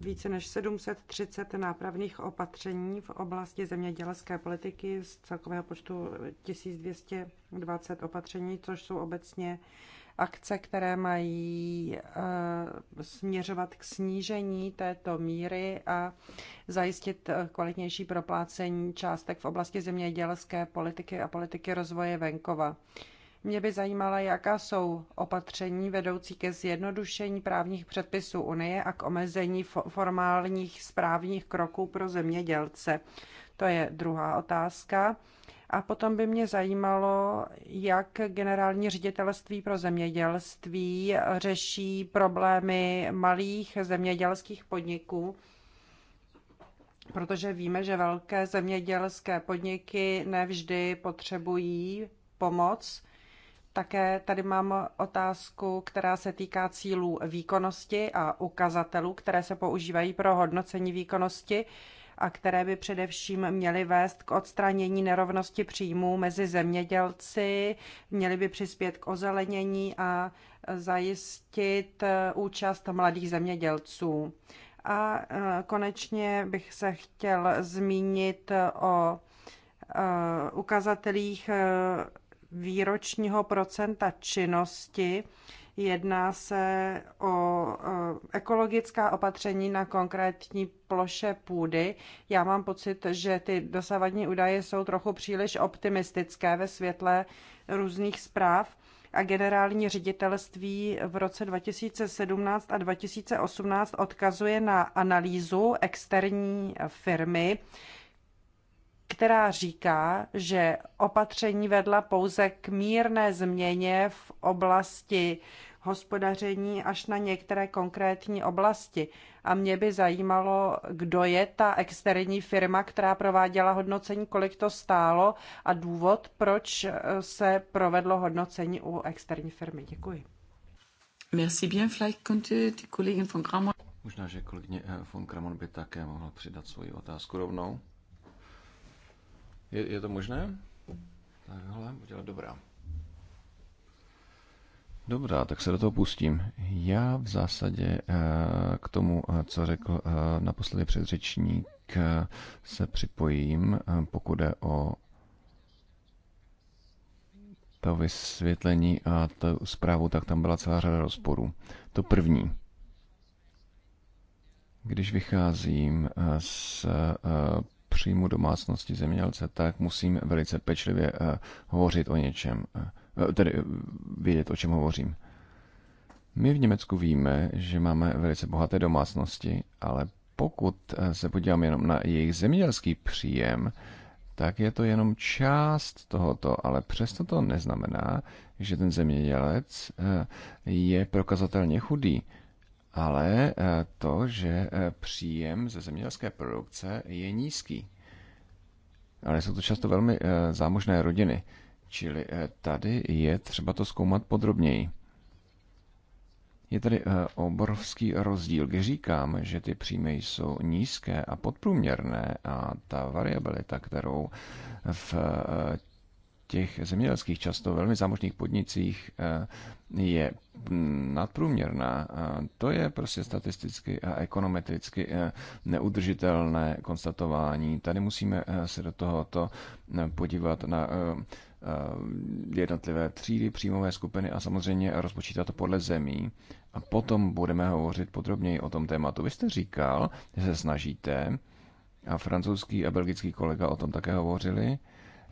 více než 730 nápravných opatření v oblasti zemědělské politiky z celkového počtu 1220 opatření, což jsou obecně akce, které mají eh, směřovat k snížení této míry a zajistit kvalitnější proplácení částek v oblasti zemědělské politiky a politiky rozvoje venkova. Mě by zajímala, jaká jsou opatření vedoucí ke zjednodušení právních předpisů Unie a k omezení formálních správních kroků pro zemědělce. To je druhá otázka. A potom by mě zajímalo, jak generální ředitelství pro zemědělství řeší problémy malých zemědělských podniků, protože víme, že velké zemědělské podniky nevždy potřebují pomoc také tady mám otázku, která se týká cílů výkonnosti a ukazatelů, které se používají pro hodnocení výkonnosti a které by především měly vést k odstranění nerovnosti příjmů mezi zemědělci, měly by přispět k ozelenění a zajistit účast mladých zemědělců. A e, konečně bych se chtěl zmínit o e, ukazatelích e, výročního procenta činnosti. Jedná se o e, ekologická opatření na konkrétní ploše půdy. Já mám pocit, že ty dosavadní údaje jsou trochu příliš optimistické ve světle různých zpráv a generální ředitelství v roce 2017 a 2018 odkazuje na analýzu externí firmy, která říká, že opatření vedla pouze k mírné změně v oblasti hospodaření až na některé konkrétní oblasti. A mě by zajímalo, kdo je ta externí firma, která prováděla hodnocení, kolik to stálo a důvod, proč eh, se provedlo hodnocení u externí firmy. Děkuji. Merci bien, vielleicht könnte die Kollegin von
Možná, že kolegyně eh, von Kramon by také mohla přidat svoji otázku rovnou. Je, je to možné? Takhle, udělat dobrá. Dobrá, tak se do toho pustím. Já v zásadě eh, k tomu, eh, co řekl eh, naposledy předřečník, se připojím, pokud je o to vysvětlení a tu zprávu, tak tam byla celá řada rozporů. To první. Když vycházím z příjmu domácnosti zemědělce, tak musím velice pečlivě eh, hovořit o něčem, eh, eh, tedy vědět, o čem hovořím. My v Německu víme, že máme velice bohaté domácnosti, ale pokud se podívám jenom na jejich zemědělský příjem, tak je to jenom část tohoto, ale přesto to neznamená, že ten zemědělec je prokazatelně chudý ale eh, to, že eh, příjem ze zemědělské produkce je nízký. Ale jsou to často velmi eh, zámožné rodiny, čili tady je třeba to zkoumat podrobněji. Je tady obrovský rozdíl, když říkám, že ty příjmy jsou nízké a podprůměrné a ta variabilita, kterou v těch zemědělských, často velmi zámožných podnicích eh, je nadprůměrná. To je prostě statisticky a ekonometricky eh, neudržitelné konstatování. Tady musíme eh, se do tohoto podívat na jednotlivé třídy, příjmové skupiny a samozřejmě rozpočítat to podle zemí. A potom budeme hovořit podrobněji o tom tématu. Vy jste říkal, že se snažíte, a francouzský a belgický kolega o tom také hovořili,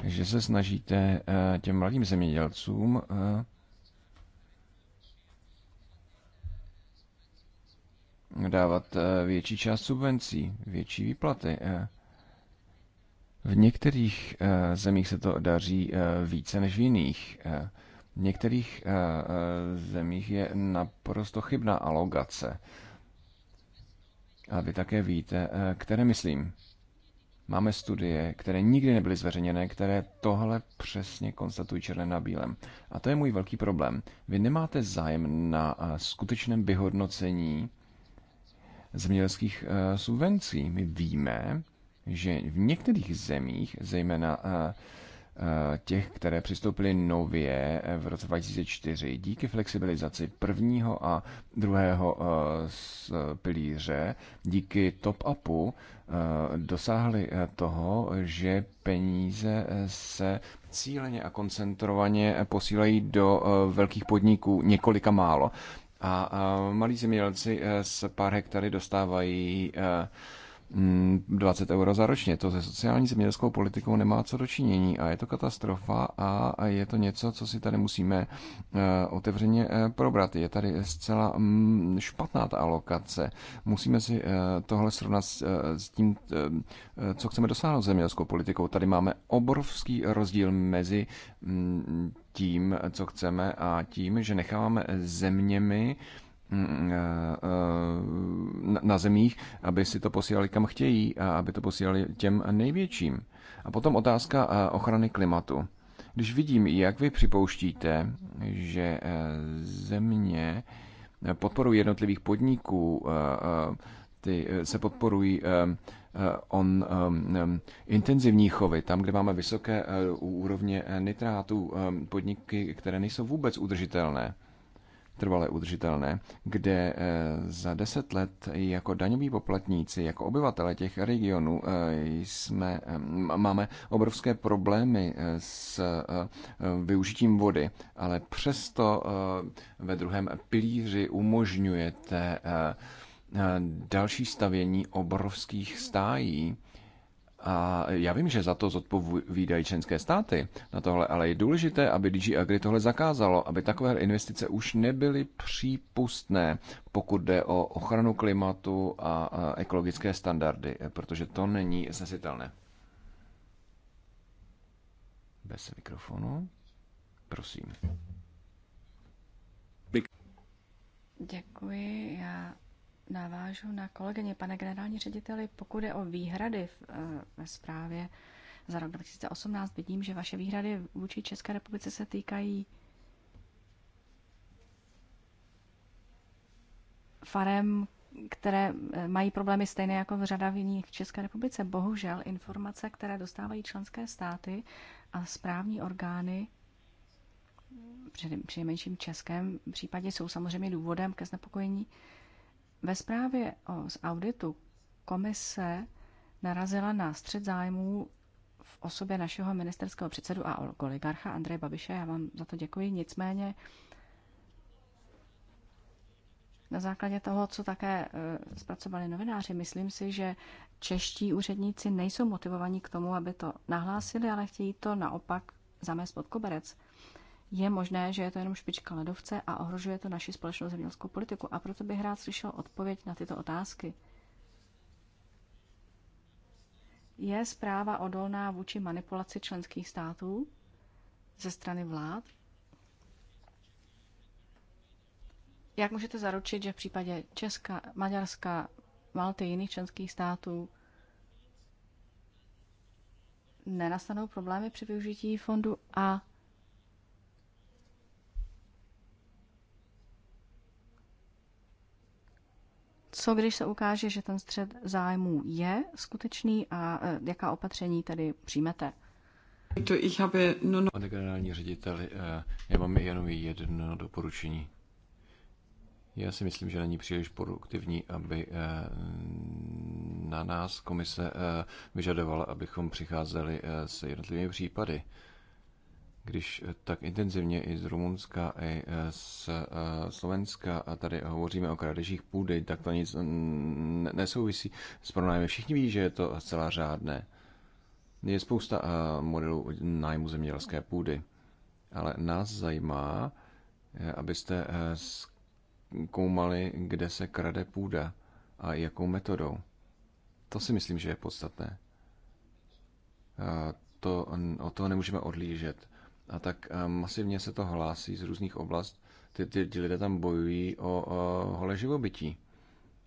takže se snažíte eh, těm mladým zemědělcům eh, dávat eh, větší část subvencí, větší výplaty. V některých zemích se to daří více než v jiných. V některých zemích je naprosto chybná alokace. A vy také víte, které myslím. Máme studie, které nikdy nebyly zveřejněné, které tohle přesně konstatují černé na bílém. A to je můj velký problém. Vy nemáte zájem na eh, skutečném vyhodnocení zemědělských eh, subvencí. My víme, že v některých zemích, zejména eh, Eh, těch, které přistoupily nově eh, v roce 2004 díky flexibilizaci prvního a druhého z eh, pilíře, díky top-upu dosáhly toho, že peníze se cíleně a koncentrovaně posílají do velkých podniků několika málo. A malí zemědělci s pár hektary dostávají 20 mm, euro za ročně. To se sociální zemědělskou politikou nemá co dočinění a je to katastrofa a je to něco, co si tady musíme eh, otevřeně eh, probrat. Je tady zcela mm, špatná ta alokace. Musíme si eh, tohle srovnat s tím, co chceme dosáhnout zemědělskou politikou. Tady máme obrovský rozdíl mezi mm, tím, co chceme a tím, že necháváme zeměmi Mm, mm, eh, eh, na zemích, aby si to posílali kam chtějí a aby to posílali těm největším. A potom otázka eh, ochrany klimatu. Když vidím, jak vy připouštíte, že země podporují jednotlivých podniků, ty se podporují on intenzivní chovy, tam, kde máme vysoké úrovně nitrátů, podniky, které nejsou vůbec udržitelné, trvale udržitelné, kde eh, za deset let jako daňoví poplatníci, jako obyvatele těch regionů eh, jsme, eh, máme obrovské problémy s využitím vody, ale přesto ve druhém pilíři umožňujete další stavění obrovských stájí a já vím, že za to zodpovídají členské státy na tohle, ale je důležité, aby DG Agri tohle zakázalo, aby takové investice už nebyly přípustné, pokud jde o ochranu klimatu a ekologické standardy, protože to není snesitelné. Bez mikrofonu. Prosím.
Děkuji, já navážu na kolegyně. Pane generální řediteli, pokud je o výhrady eh, ve zprávě za rok 2018, vidím, že vaše výhrady vůči České republice se týkají farem, které eh, mají problémy stejné jako v řada v jiných v České republice. Bohužel informace, které dostávají členské státy a správní orgány, přinejmenším českém případě, jsou samozřejmě důvodem ke znepokojení. Ve zprávě o, z auditu komise narazila na střed zájmů v osobě našeho ministerského předsedu a oligarcha Andreje Babiše. Já vám za to děkuji. Nicméně na základě toho, co také e, zpracovali novináři, myslím si, že čeští úředníci nejsou motivovaní k tomu, aby to nahlásili, ale chtějí to naopak zamést pod koberec. Je možné, že je to jenom špička ledovce a ohrožuje to naši společnou zemědělskou politiku. A proto bych rád slyšel odpověď na tyto otázky. Je zpráva odolná vůči manipulaci členských států ze strany vlád? Jak můžete zaručit, že v případě Česka, Maďarska, Malty, jiných členských států nenastanou problémy při využití fondu a co když se ukáže, že ten střed zájmů je skutečný a e, jaká opatření tedy přijmete?
To Pane generální řediteli, e, já mám jenom jedno doporučení. Já si myslím, že není příliš produktivní, aby e, na nás komise vyžadovala, abychom přicházeli s jednotlivými případy když eh, tak intenzivně i z Rumunska, i eh, z eh, Slovenska a tady hovoříme o krádežích půdy, tak to nic nesouvisí s pronájmem. Všichni ví, že je to zcela řádné. Je spousta modelů nájmu zemědělské půdy, ale nás zajímá, abyste zkoumali, kde se krade půda a jakou metodou. To si myslím, že je podstatné. To, o toho nemůžeme odlížet a tak eh, masivně se to hlásí z různých oblast. Ty, ty, ty lidé tam bojují o, o hole živobytí,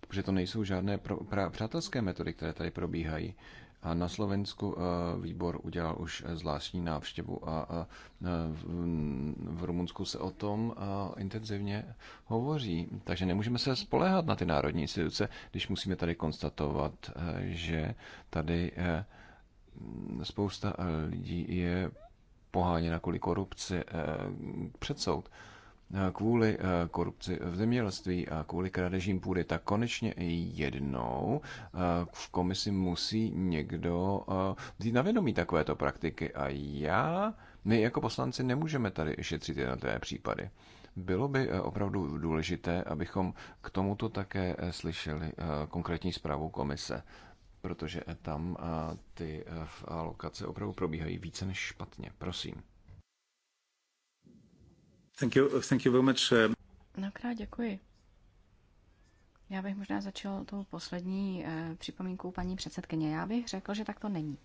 protože to nejsou žádné pro, pra, přátelské metody, které tady probíhají. A na Slovensku eh, výbor udělal už zvláštní návštěvu a eh, v Rumunsku se o tom intenzivně hovoří. Takže nemůžeme se spoléhat na ty národní instituce, když musíme tady konstatovat, že tady spousta lidí je poháněna kvůli korupci eh, před soud eh, kvůli eh, korupci v zemědělství a kvůli krádežím půdy, tak konečně jednou v komisi musí někdo vzít na vědomí takovéto praktiky. A já, my jako poslanci nemůžeme tady šetřit jednotlivé případy. Bylo by opravdu důležité, abychom k tomuto také slyšeli konkrétní zprávu komise protože tam ty e, alokace opravdu probíhají více než špatně. Prosím. Thank
you, thank you very much. Eh.
Mnohokrát děkuji. Já bych možná začal tou poslední eh, připomínkou paní předsedkyně. Já bych řekl, že tak to není.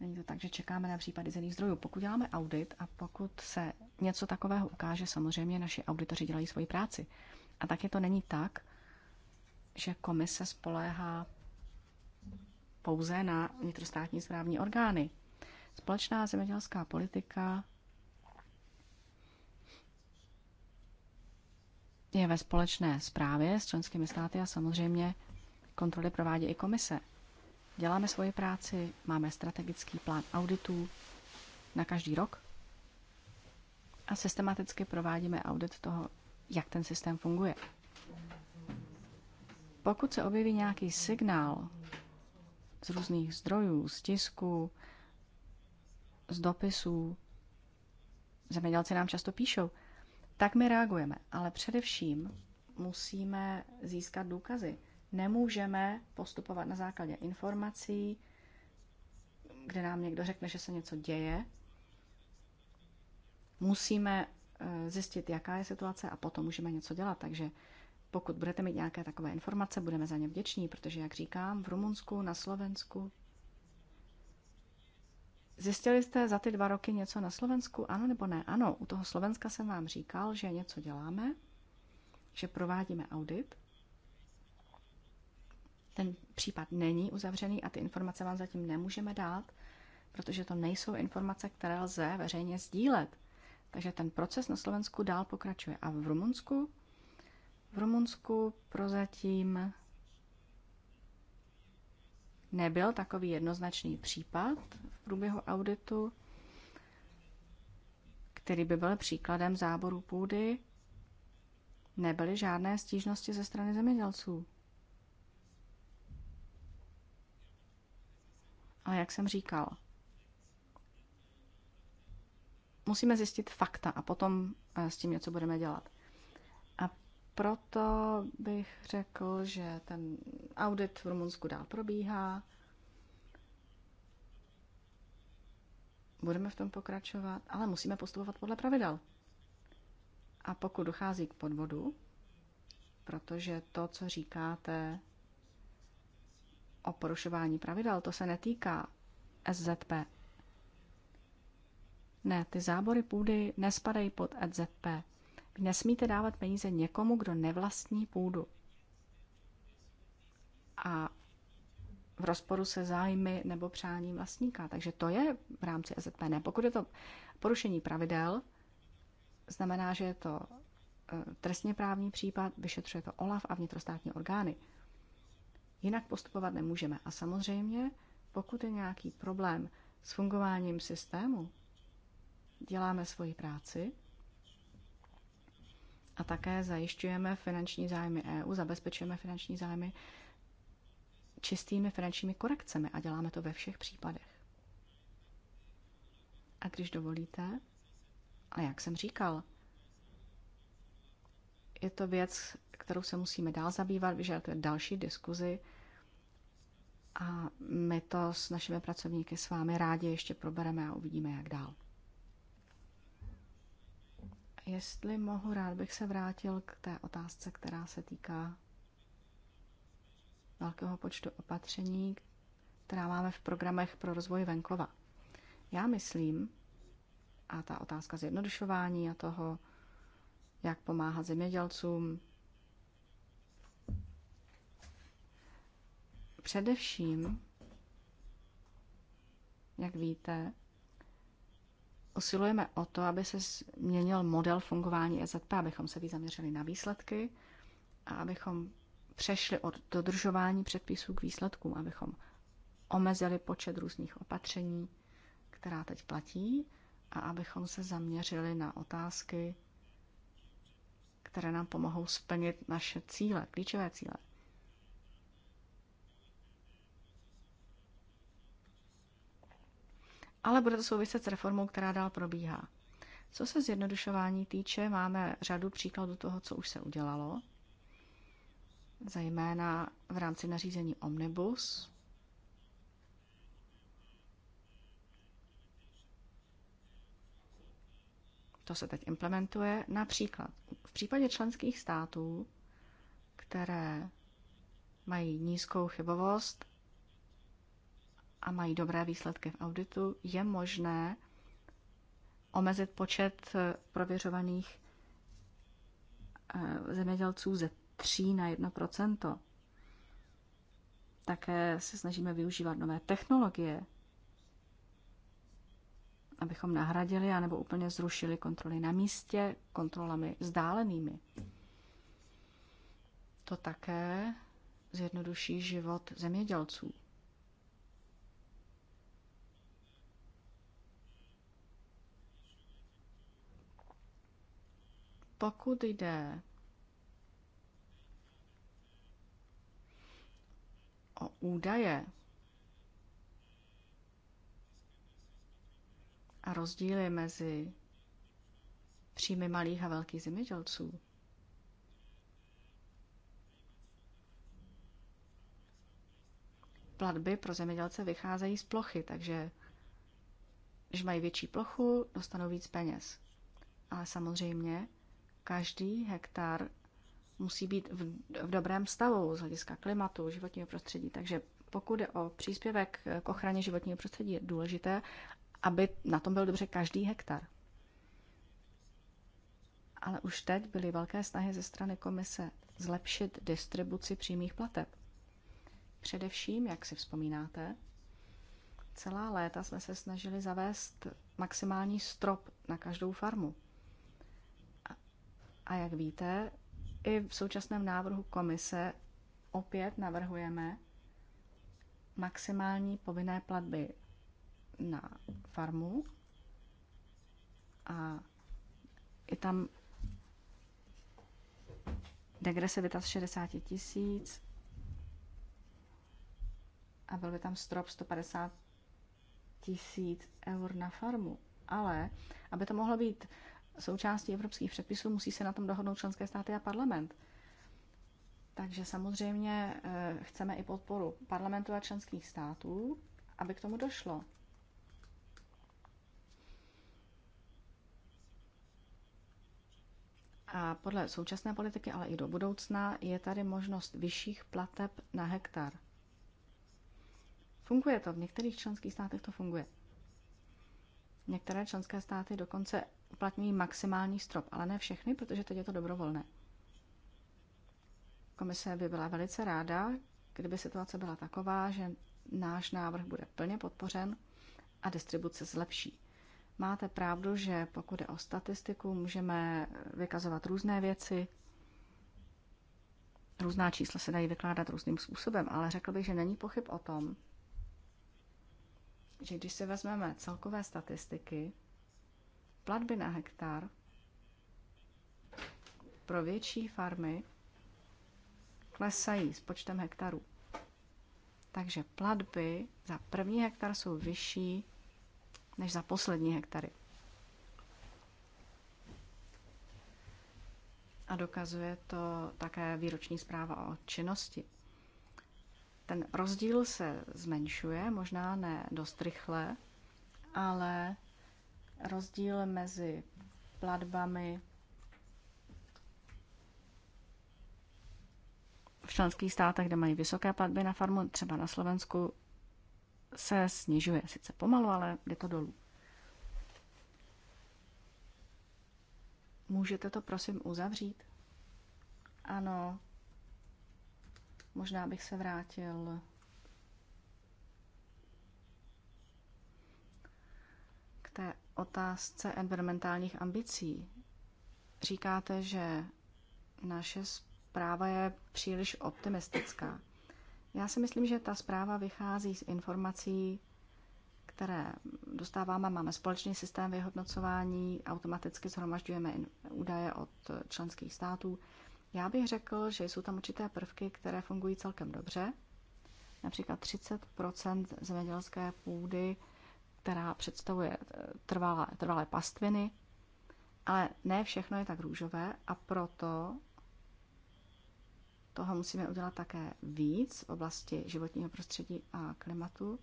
Není to tak, že čekáme na případy z jiných zdrojů. Pokud děláme audit a pokud se něco takového ukáže, samozřejmě naši auditoři dělají svoji práci. A taky to není tak, že komise spoléhá pouze na vnitrostátní správní orgány. Společná zemědělská politika je ve společné správě s členskými státy a samozřejmě kontroly provádí i komise. Děláme svoji práci, máme strategický plán auditů na každý rok a systematicky provádíme audit toho, jak ten systém funguje. Pokud se objeví nějaký signál z různých zdrojů, z tisku, z dopisů, zemědělci nám často píšou, tak my reagujeme. Ale především musíme získat důkazy. Nemůžeme postupovat na základě informací, kde nám někdo řekne, že se něco děje. Musíme eh, zjistit, jaká je situace a potom můžeme něco dělat. Takže pokud budete mít nějaké takové informace, budeme za ně vděční, protože, jak říkám, v Rumunsku, na Slovensku. Zjistili jste za ty dva roky něco na Slovensku? Ano nebo ne? Ano, u toho Slovenska jsem vám říkal, že něco děláme, že provádíme audit. Ten případ není uzavřený a ty informace vám zatím nemůžeme dát, protože to nejsou informace, které lze veřejně sdílet. Takže ten proces na Slovensku dál pokračuje. A v Rumunsku v Rumunsku prozatím nebyl takový jednoznačný případ v průběhu auditu, který by byl příkladem záboru půdy. Nebyly žádné stížnosti ze strany zemědělců. Ale jak jsem říkal, musíme zjistit fakta a potom eh, s tím něco budeme dělat. Proto bych řekl, že ten audit v Rumunsku dál probíhá. Budeme v tom pokračovat, ale musíme postupovat podle pravidel. A pokud dochází k podvodu, protože to, co říkáte o porušování pravidel, to se netýká SZP. Ne, ty zábory půdy nespadají pod SZP. Nesmíte dávat peníze někomu, kdo nevlastní půdu. A v rozporu se zájmy nebo přání vlastníka. Takže to je v rámci Ne, Pokud je to porušení pravidel, znamená, že je to e, trestně právní případ, vyšetřuje to OLAF a vnitrostátní orgány. Jinak postupovat nemůžeme. A samozřejmě, pokud je nějaký problém s fungováním systému, děláme svoji práci a také zajišťujeme finanční zájmy EU, zabezpečujeme finanční zájmy čistými finančními korekcemi a děláme to ve všech případech. A když dovolíte, a jak jsem říkal, je to věc, kterou se musíme dál zabývat, vyžaduje další diskuzi a my to s našimi pracovníky s vámi rádi ještě probereme a uvidíme, jak dál. Jestli mohu, rád bych se vrátil k té otázce, která se týká velkého počtu opatření, která máme v programech pro rozvoj venkova. Já myslím, a ta otázka zjednodušování a toho, jak pomáhat zemědělcům, především, jak víte, Usilujeme o to, aby se změnil model fungování EZP, abychom se víc zaměřili na výsledky a abychom přešli od dodržování předpisů k výsledkům, abychom omezili počet různých opatření, která teď platí, a abychom se zaměřili na otázky, které nám pomohou splnit naše cíle, klíčové cíle. ale bude to souviset s reformou, která dál probíhá. Co se zjednodušování týče, máme řadu příkladů toho, co už se udělalo, zejména v rámci nařízení Omnibus. To se teď implementuje. Například v případě členských států, které mají nízkou chybovost a mají dobré výsledky v auditu, je možné omezit počet eh, prověřovaných eh, zemědělců ze 3 na 1%. Také se snažíme využívat nové technologie, abychom nahradili anebo úplně zrušili kontroly na místě kontrolami vzdálenými. To také zjednoduší život zemědělců. Pokud jde o údaje a rozdíly mezi příjmy malých a velkých zemědělců, platby pro zemědělce vycházejí z plochy, takže když mají větší plochu, dostanou víc peněz. Ale samozřejmě Každý hektar musí být v, v dobrém stavu z hlediska klimatu, životního prostředí. Takže pokud je o příspěvek k ochraně životního prostředí, je důležité, aby na tom byl dobře každý hektar. Ale už teď byly velké snahy ze strany komise zlepšit distribuci přímých plateb. Především, jak si vzpomínáte, celá léta jsme se snažili zavést maximální strop na každou farmu. A jak víte, i v současném návrhu komise opět navrhujeme maximální povinné platby na farmu a je tam degresivita z 60 tisíc a byl by tam strop 150 tisíc eur na farmu. Ale aby to mohlo být součástí evropských předpisů, musí se na tom dohodnout členské státy a parlament. Takže samozřejmě eh, chceme i podporu parlamentu a členských států, aby k tomu došlo. A podle současné politiky, ale i do budoucna, je tady možnost vyšších plateb na hektar. Funguje to, v některých členských státech to funguje. Některé členské státy dokonce uplatňují maximální strop, ale ne všechny, protože teď je to dobrovolné. Komise by byla velice ráda, kdyby situace byla taková, že náš návrh bude plně podpořen a distribuce zlepší. Máte pravdu, že pokud je o statistiku, můžeme vykazovat různé věci. Různá čísla se dají vykládat různým způsobem, ale řekl bych, že není pochyb o tom, že když si vezmeme celkové statistiky, platby na hektar pro větší farmy klesají s počtem hektarů. Takže platby za první hektar jsou vyšší než za poslední hektary. A dokazuje to také výroční zpráva o činnosti. Ten rozdíl se zmenšuje, možná ne dost rychle, ale rozdíl mezi platbami v členských státech, kde mají vysoké platby na farmu, třeba na Slovensku, se snižuje. Sice pomalu, ale jde to dolů. Můžete to prosím uzavřít? Ano, Možná bych se vrátil k té otázce environmentálních ambicí. Říkáte, že naše zpráva je příliš optimistická. Já si myslím, že ta zpráva vychází z informací, které dostáváme. Máme společný systém vyhodnocování, automaticky zhromažďujeme údaje od členských států. Já bych řekl, že jsou tam určité prvky, které fungují celkem dobře. Například 30 zemědělské půdy, která představuje eh, trvalé, trvalé pastviny, ale ne všechno je tak růžové a proto toho musíme udělat také víc v oblasti životního prostředí a klimatu.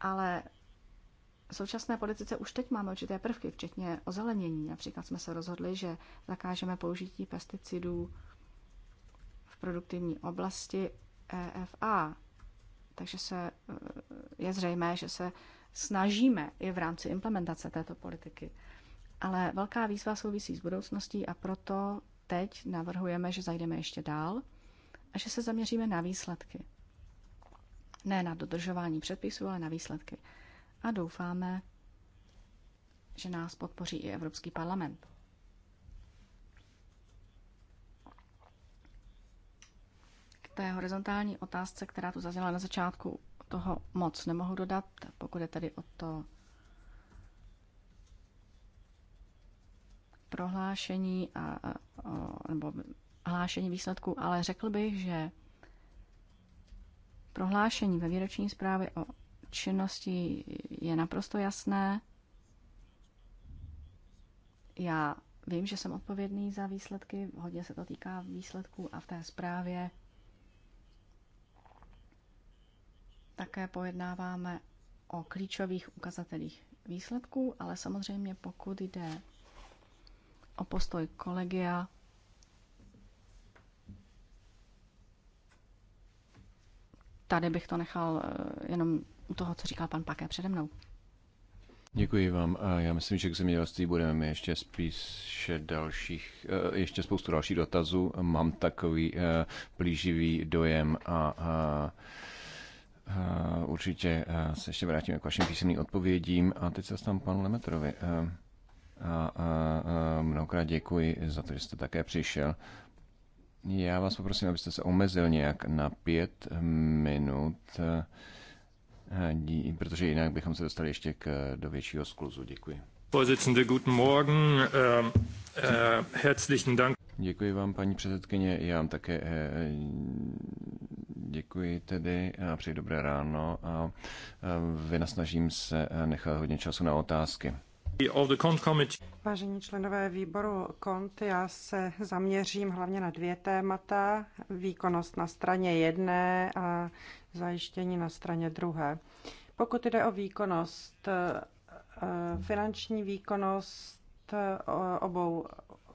Ale současné politice už teď máme určité prvky, včetně ozelenění. Například jsme se rozhodli, že zakážeme použití pesticidů v produktivní oblasti EFA. Takže se, eh, je zřejmé, že se snažíme i v rámci implementace této politiky. Ale velká výzva souvisí s budoucností a proto teď navrhujeme, že zajdeme ještě dál a že se zaměříme na výsledky. Ne na dodržování předpisů, ale na výsledky a doufáme, že nás podpoří i Evropský parlament. K té horizontální otázce, která tu zazněla na začátku, toho moc nemohu dodat, pokud je tady o to prohlášení a, a, nebo hlášení výsledků, ale řekl bych, že prohlášení ve výroční zprávě o činnosti je naprosto jasné. Já vím, že jsem odpovědný za výsledky, hodně se to týká výsledků a v té zprávě také pojednáváme o klíčových ukazatelích výsledků, ale samozřejmě pokud jde o postoj kolegia, tady bych to nechal eh, jenom u toho, co říkal pan Paké přede mnou.
Děkuji vám. Já myslím, že k zemědělství budeme mít ještě spíš dalších, eh, ještě spoustu dalších dotazů. Mám takový eh, plíživý dojem a, a určitě eh, se ještě vrátíme k vašim písemným odpovědím. A teď se tam panu Lemetrovi. A, a, a mnohokrát děkuji za to, že jste také přišel. Já vás poprosím, abyste se omezil nějak na pět minut protože jinak bychom se dostali ještě k, do většího skluzu. Děkuji.
guten Morgen. Ähm, äh, herzlichen Dank.
Děkuji vám, paní předsedkyně. Já vám také eh, děkuji tedy a přeji dobré ráno a vynasnažím se eh, nechat hodně času na otázky.
Vážení členové výboru KONT, já se zaměřím hlavně na dvě témata. Výkonnost na straně jedné a zajištění na straně druhé. Pokud jde o výkonnost, eh, finanční výkonnost eh, obou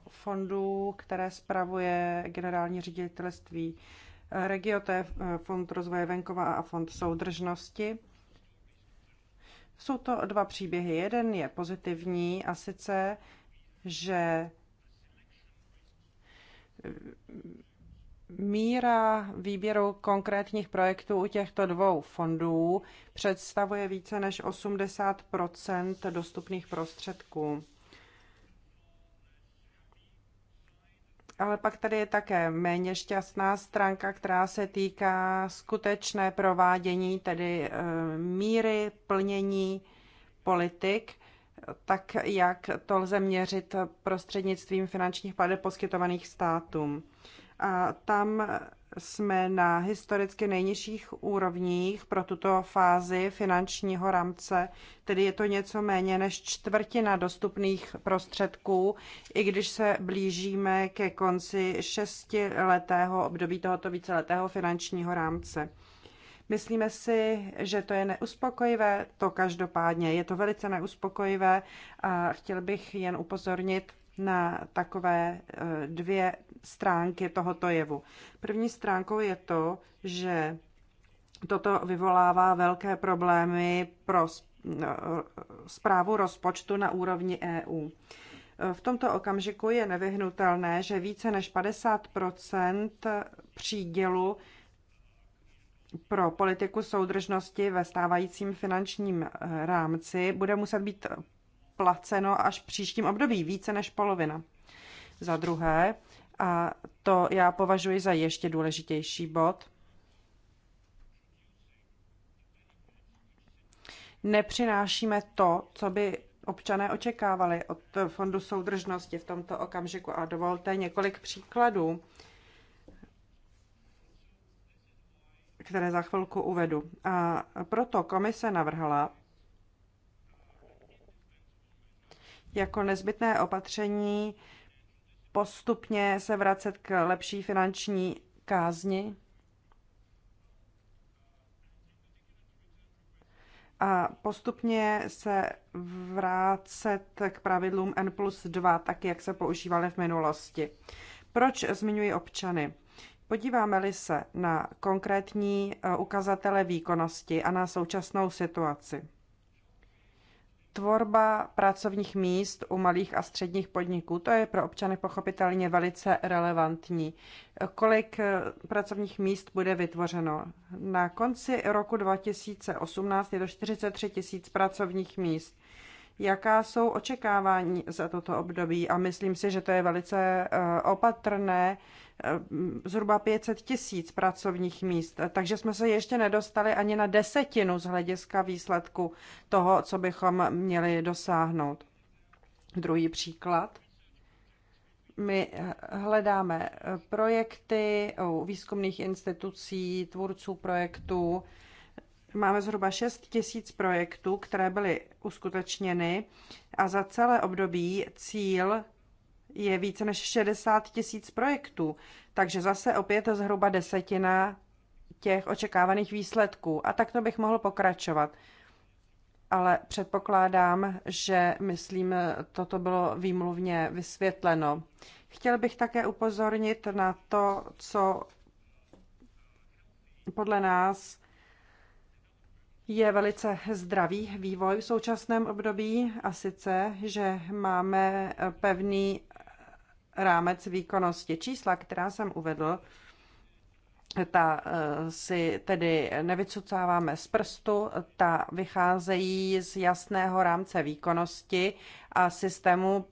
fondů, které spravuje generální ředitelství eh, Regio, to je Fond rozvoje venkova a Fond soudržnosti. Jsou to dva příběhy. Jeden je pozitivní a sice, že eh, míra výběru konkrétních projektů u těchto dvou fondů představuje více než 80 dostupných prostředků. Ale pak tady je také méně šťastná stránka, která se týká skutečné provádění, tedy eh, míry plnění politik, tak jak to lze měřit prostřednictvím finančních plateb poskytovaných státům. A tam jsme na historicky nejnižších úrovních pro tuto fázi finančního rámce, tedy je to něco méně než čtvrtina dostupných prostředků, i když se blížíme ke konci šestiletého období tohoto víceletého finančního rámce. Myslíme si, že to je neuspokojivé, to každopádně je to velice neuspokojivé a chtěl bych jen upozornit na takové eh, dvě stránky tohoto jevu. První stránkou je to, že toto vyvolává velké problémy pro zprávu eh, rozpočtu na úrovni EU. Eh, v tomto okamžiku je nevyhnutelné, že více než 50 přídělu pro politiku soudržnosti ve stávajícím finančním rámci bude muset být placeno až v příštím období, více než polovina. Za druhé, a to já považuji za ještě důležitější bod, nepřinášíme to, co by občané očekávali od Fondu soudržnosti v tomto okamžiku. A dovolte několik příkladů, které za chvilku uvedu. A proto komise navrhla, jako nezbytné opatření postupně se vracet k lepší finanční kázni. A postupně se vrátit k pravidlům N plus 2, tak jak se používaly v minulosti. Proč zmiňuji občany? Podíváme-li se na konkrétní eh, ukazatele výkonnosti a na současnou situaci tvorba pracovních míst u malých a středních podniků, to je pro občany pochopitelně velice relevantní. Kolik eh, pracovních míst bude vytvořeno? Na konci roku 2018 je to 43 tisíc pracovních míst jaká jsou očekávání za toto období. A myslím si, že to je velice eh, opatrné, eh, zhruba 500 tisíc pracovních míst. Takže jsme se ještě nedostali ani na desetinu z hlediska výsledku toho, co bychom měli dosáhnout. Druhý příklad my eh, hledáme projekty u výzkumných institucí, tvůrců projektů, Máme zhruba 6 tisíc projektů, které byly uskutečněny a za celé období cíl je více než 60 tisíc projektů, takže zase opět zhruba desetina těch očekávaných výsledků. A tak to bych mohl pokračovat. Ale předpokládám, že, myslím, toto bylo výmluvně vysvětleno. Chtěl bych také upozornit na to, co podle nás je velice zdravý vývoj v současném období a sice, že máme pevný rámec výkonnosti. Čísla, která jsem uvedl, ta eh, si tedy nevycucáváme z prstu, ta vycházejí z jasného rámce výkonnosti a systému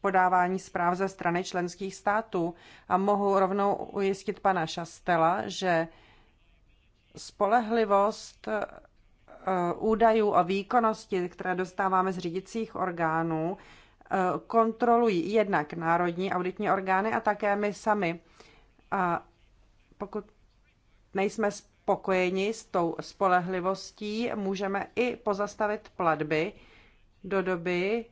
podávání zpráv ze strany členských států. A mohu rovnou ujistit pana Šastela, že spolehlivost Eh, údajů o výkonnosti, které dostáváme z řídicích orgánů, eh, kontrolují jednak národní auditní orgány a také my sami. A pokud nejsme spokojeni s tou spolehlivostí, můžeme i pozastavit platby do doby,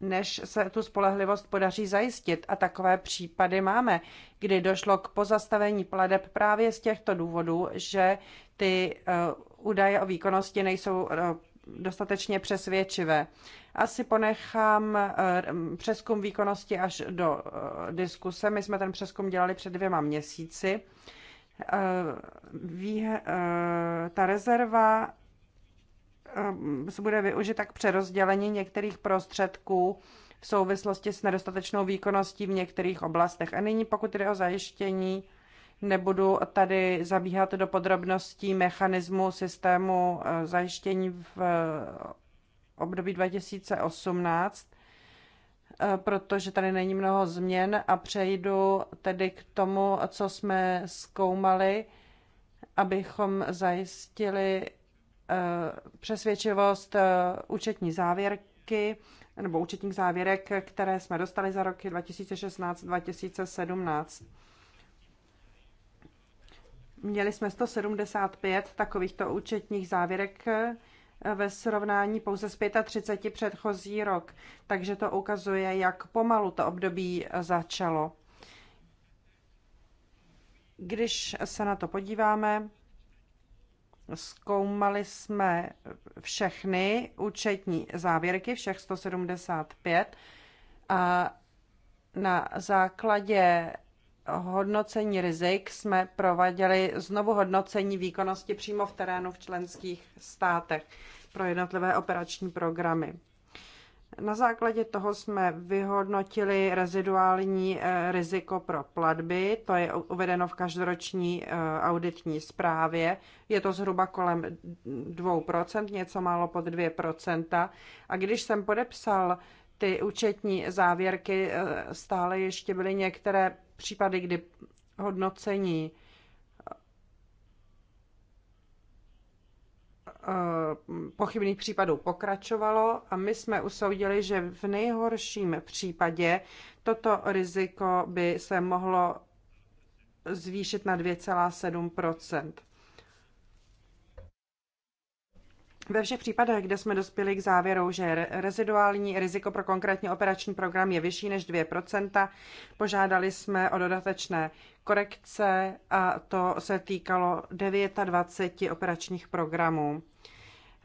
než se tu spolehlivost podaří zajistit. A takové případy máme, kdy došlo k pozastavení pladeb právě z těchto důvodů, že ty eh, údaje o výkonnosti nejsou eh, dostatečně přesvědčivé. Asi ponechám eh, přeskum výkonnosti až do eh, diskuse. My jsme ten přeskum dělali před dvěma měsíci. Ta rezerva se bude využita k přerozdělení některých prostředků v souvislosti s nedostatečnou výkonností v některých oblastech. A nyní, pokud jde o zajištění Nebudu tady zabíhat do podrobností mechanismu systému eh, zajištění v eh, období 2018, eh, protože tady není mnoho změn a přejdu tedy k tomu, co jsme zkoumali, abychom zajistili přesvědčivost účetní závěrky nebo účetních závěrek, které jsme dostali za roky 2016-2017. Měli jsme 175 takovýchto účetních závěrek eh, ve srovnání pouze s 35 předchozí rok, takže to ukazuje, jak pomalu to období začalo. Když se na to podíváme, zkoumali jsme všechny účetní závěrky, všech 175, a na základě hodnocení rizik jsme prováděli znovu hodnocení výkonnosti přímo v terénu v členských státech pro jednotlivé operační programy. Na základě toho jsme vyhodnotili reziduální eh, riziko pro platby, to je uvedeno v každoroční eh, auditní zprávě. Je to zhruba kolem 2%, něco málo pod 2%. A když jsem podepsal ty účetní závěrky, eh, stále ještě byly některé případy, kdy hodnocení eh, pochybných případů pokračovalo a my jsme usoudili, že v nejhorším případě toto riziko by se mohlo zvýšit na Ve všech případech, kde jsme dospěli k závěru, že reziduální riziko pro konkrétně operační program je vyšší než 2%, požádali jsme o dodatečné korekce a to se týkalo 29 operačních programů.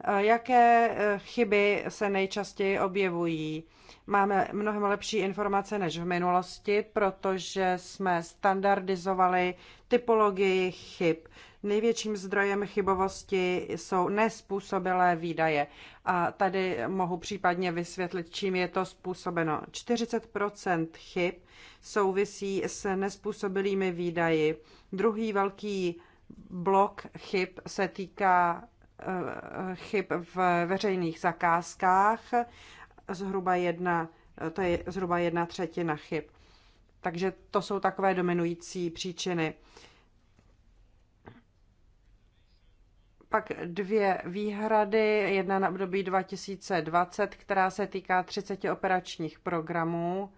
E, jaké e, chyby se nejčastěji objevují? Máme mnohem lepší informace než v minulosti, protože jsme standardizovali typologii chyb. Největším zdrojem chybovosti jsou nespůsobilé výdaje. A tady mohu případně vysvětlit, čím je to způsobeno. 40 chyb souvisí s nespůsobilými výdaji. Druhý velký blok chyb se týká eh, chyb v veřejných zakázkách, zhruba jedna, to je zhruba jedna třetina chyb. Takže to jsou takové dominující příčiny. pak dvě výhrady, jedna na období 2020, která se týká 30 operačních programů.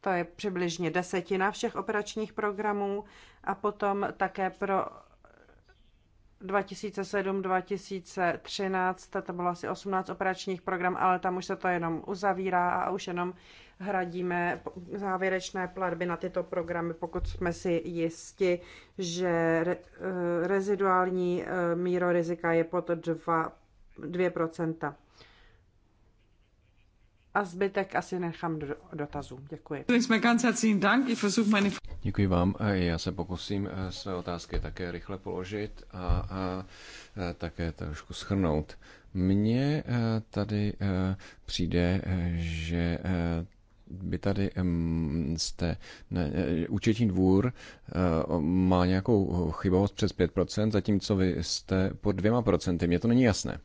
To je přibližně desetina všech operačních programů a potom také pro 2007-2013, to bylo asi 18 operačních program, ale tam už se to jenom uzavírá a už jenom hradíme závěrečné platby na tyto programy, pokud jsme si jisti, že re, eh, reziduální eh, míro rizika je pod 2, 2% a zbytek asi nechám do dotazů. Děkuji.
Děkuji vám. Já se pokusím své otázky také rychle položit a, a také trošku schrnout. Mně e, tady e, přijde, e, že by tady jste, ne, účetní dvůr má nějakou chybovost přes 5%, zatímco vy jste pod dvěma Mně to není jasné.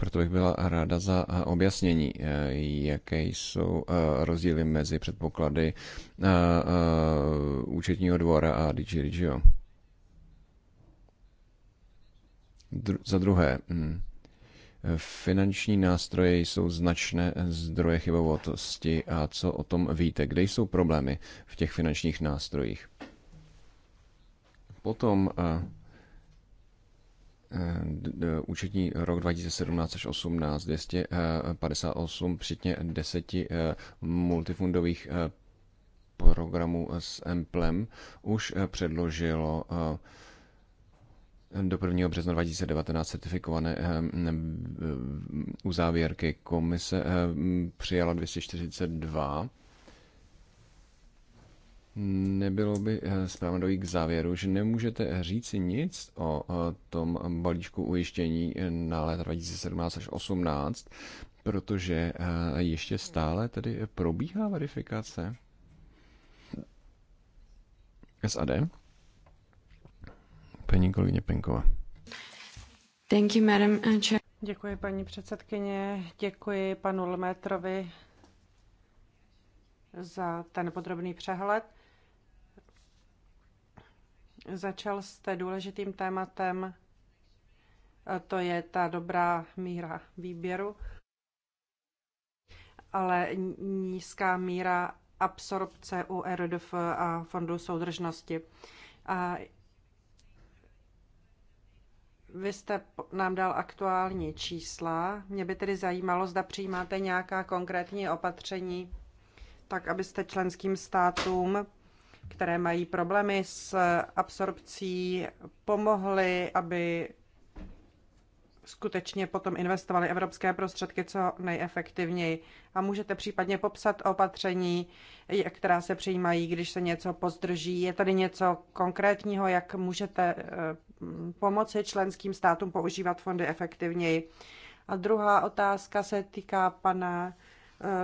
Proto bych byla ráda za eh, objasnění, eh, jaké jsou eh, rozdíly mezi předpoklady účetního dvora a DG Regio. za druhé, hm, finanční nástroje jsou značné zdroje chybovotosti a co o tom víte? Kde jsou problémy v těch finančních nástrojích? Potom E, účetní rok 2017 až 18 258 přitně deseti e, multifundových e, programů s Emplem už předložilo do 1. března 2019 certifikované uzávěrky. Komise přijala 242 nebylo by eh, správně dojít k závěru, že nemůžete říci nic o eh, tom balíčku ujištění eh, na léta 2017 až 2018, protože ještě stále tedy probíhá verifikace. SAD? Paní
kolegyně Penkova.
Thank you, madam.
Děkuji, paní předsedkyně. Děkuji panu Lmétrovi za ten podrobný přehled. Začal jste důležitým tématem, to je ta dobrá míra výběru, ale nízká míra absorpce u RDF a Fondu soudržnosti. A vy jste nám dal aktuální čísla. Mě by tedy zajímalo, zda přijímáte nějaká konkrétní opatření, tak abyste členským státům které mají problémy s absorpcí, pomohly, aby skutečně potom investovali evropské prostředky co nejefektivněji. A můžete případně popsat opatření, která se přijímají, když se něco pozdrží. Je tady něco konkrétního, jak můžete eh, pomoci členským státům používat fondy efektivněji? A druhá otázka se týká pana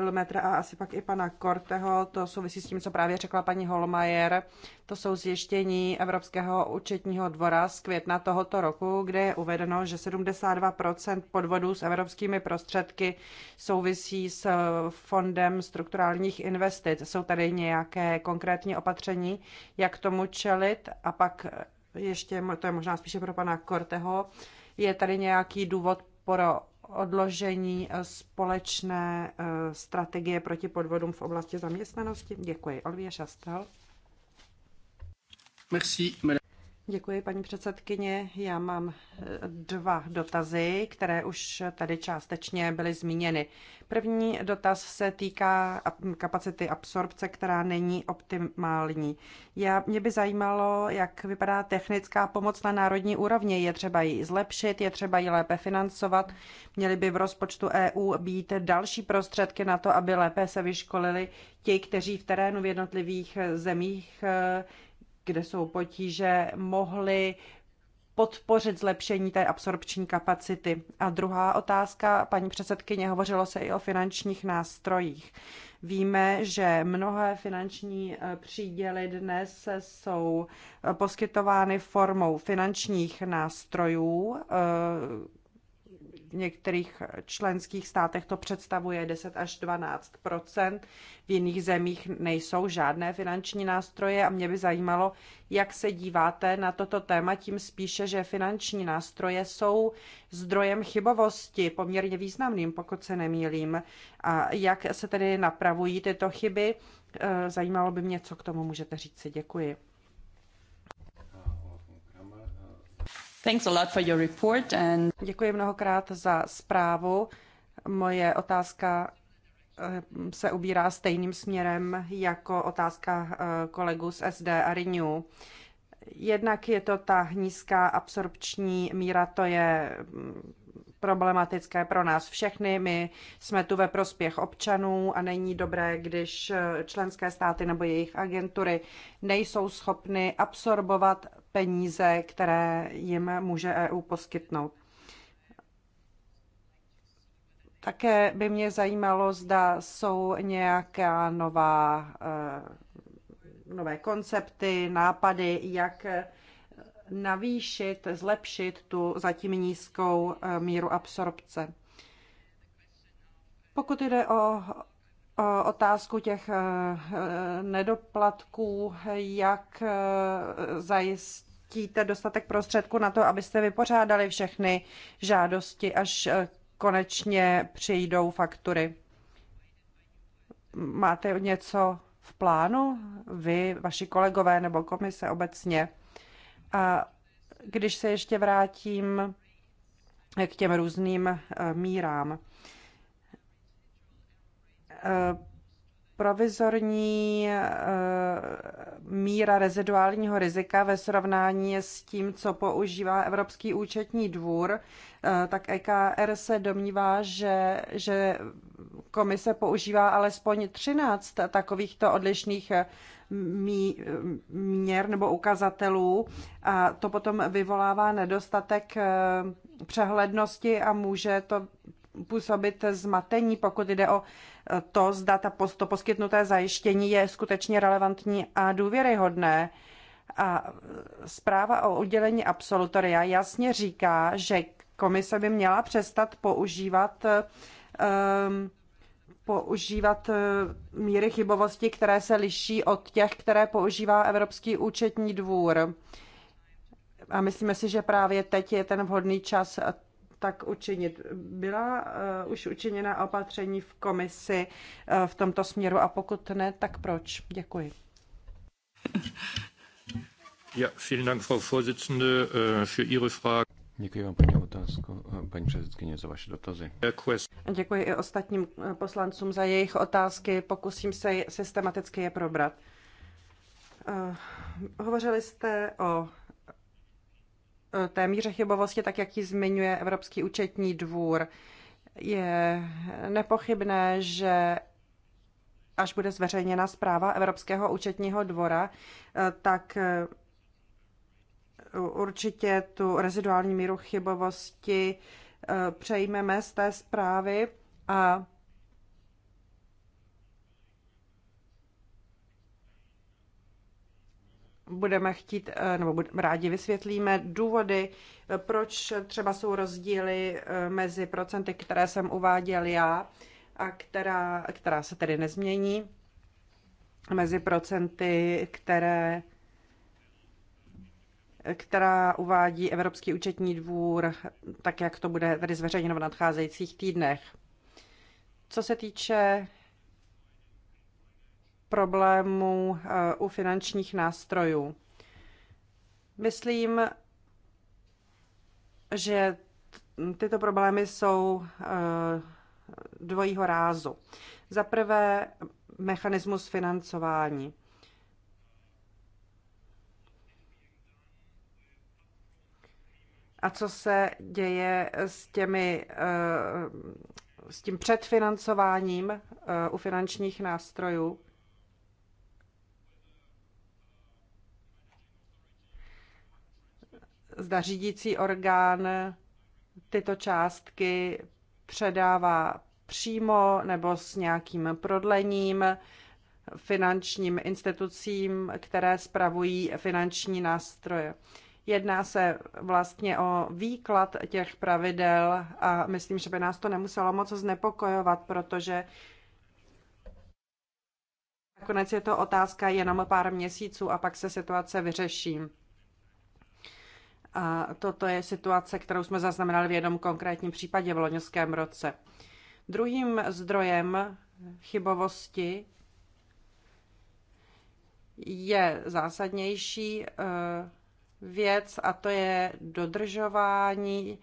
Lmetra a asi pak i pana Korteho. To souvisí s tím, co právě řekla paní Holmajer. To jsou zjištění Evropského účetního dvora z května tohoto roku, kde je uvedeno, že 72% podvodů s evropskými prostředky souvisí s eh, fondem strukturálních investic. Jsou tady nějaké konkrétní opatření, jak tomu čelit a pak eh, ještě, to je možná spíše pro pana Korteho, je tady nějaký důvod pro odložení eh, společné eh, strategie proti podvodům v oblasti zaměstnanosti. Děkuji. Olivia Šastel. Merci, Děkuji, paní předsedkyně. Já mám e, dva dotazy, které už tady částečně byly zmíněny. První dotaz se týká kapacity absorpce, která není optimální. Já, mě by zajímalo, jak vypadá technická pomoc na národní úrovni. Je třeba ji zlepšit, je třeba ji lépe financovat. Měly by v rozpočtu EU být další prostředky na to, aby lépe se vyškolili ti, kteří v terénu v jednotlivých e, zemích e, kde jsou potíže, mohli podpořit zlepšení té absorpční kapacity? A druhá otázka, paní předsedkyně, hovořilo se i o finančních nástrojích. Víme, že mnohé finanční eh, příděly dnes jsou eh, poskytovány formou finančních nástrojů, eh, některých členských státech to představuje 10 až 12 v jiných zemích nejsou žádné finanční nástroje a mě by zajímalo, jak se díváte na toto téma, tím spíše, že finanční nástroje jsou zdrojem chybovosti poměrně významným, pokud se nemýlím. A jak se tedy napravují tyto chyby? Eh, zajímalo by mě, co k tomu můžete říct. Děkuji. Děkuji mnohokrát za zprávu. Moje otázka eh, se ubírá stejným směrem jako otázka eh, kolegů z SD a Renew. Jednak je to ta nízká absorpční míra, to je mm, problematické pro nás všechny. My jsme tu ve prospěch občanů a není dobré, když eh, členské státy nebo jejich agentury nejsou schopny absorbovat peníze, které jim může EU poskytnout. Také by mě zajímalo, zda jsou nějaká nová, eh, nové koncepty, nápady, jak navýšit, zlepšit tu zatím nízkou eh, míru absorpce. Pokud jde o otázku těch eh, nedoplatků, jak zajistit, zajistíte dostatek prostředků na to, abyste vypořádali všechny žádosti, až eh, konečně přijdou faktury? Máte něco v plánu? Vy, vaši kolegové nebo komise obecně? A když se ještě vrátím k těm různým eh, mírám eh, provizorní eh, míra reziduálního rizika ve srovnání s tím, co používá Evropský účetní dvůr, eh, tak EKR se domnívá, že, že komise používá alespoň 13 takovýchto odlišných eh, měr nebo ukazatelů a to potom vyvolává nedostatek přehlednosti a může to působit zmatení, pokud jde o to, zda ta, to poskytnuté zajištění je skutečně relevantní a důvěryhodné. A zpráva o udělení absolutoria jasně říká, že komise by měla přestat používat um, používat e, míry chybovosti, které se liší od těch, které používá Evropský účetní dvůr. A myslíme si, že právě teď je ten vhodný čas tak učinit. Byla uh, už učiněna opatření v komisi uh, v tomto směru a pokud ne, tak proč? Děkuji.
Ja, vielen Dank, Frau
Vorsitzende, eh, für Ihre Frage. Děkuji vám, paní otázku, paní předsedkyně, za vaše
dotazy. Děkuji i ostatním poslancům za jejich otázky. Pokusím se systematicky je probrat. Uh, hovořili jste o té míře chybovosti, tak jak ji zmiňuje Evropský účetní dvůr. Je nepochybné, že až bude zveřejněna zpráva Evropského účetního dvora, tak určitě tu reziduální míru chybovosti eh, přejmeme z té zprávy a budeme chtít, eh, nebo rádi vysvětlíme důvody, eh, proč třeba jsou rozdíly eh, mezi procenty, které jsem uváděl já a která, která se tedy nezmění, mezi procenty, které která uvádí Evropský účetní dvůr, tak jak to bude tady zveřejněno v nadcházejících týdnech. Co se týče problémů eh, u finančních nástrojů. Myslím, že tyto problémy jsou eh, dvojího rázu. Za prvé, mechanismus financování. A co se děje s, těmi, eh, s tím předfinancováním u finančních nástrojů? zda řídící orgán tyto částky předává přímo nebo s nějakým prodlením finančním institucím, které spravují finanční nástroje. Jedná se vlastně o výklad těch pravidel a myslím, že by nás to nemuselo moc znepokojovat, protože nakonec je to otázka jenom pár měsíců a pak se situace vyřeší. A toto je situace, kterou jsme zaznamenali v jednom konkrétním případě v loňském roce. Druhým zdrojem chybovosti je zásadnější eh, věc a to je dodržování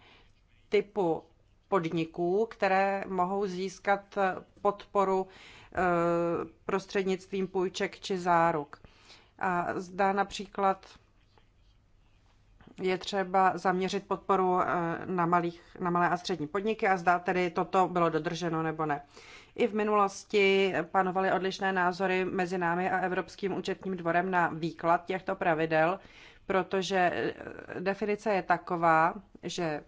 typu podniků, které mohou získat podporu eh, prostřednictvím půjček či záruk. A zdá například je třeba zaměřit podporu eh, na, malých, na malé a střední podniky a zdá tedy toto bylo dodrženo nebo ne. I v minulosti panovaly odlišné názory mezi námi a Evropským účetním dvorem na výklad těchto pravidel, protože eh, definice je taková, že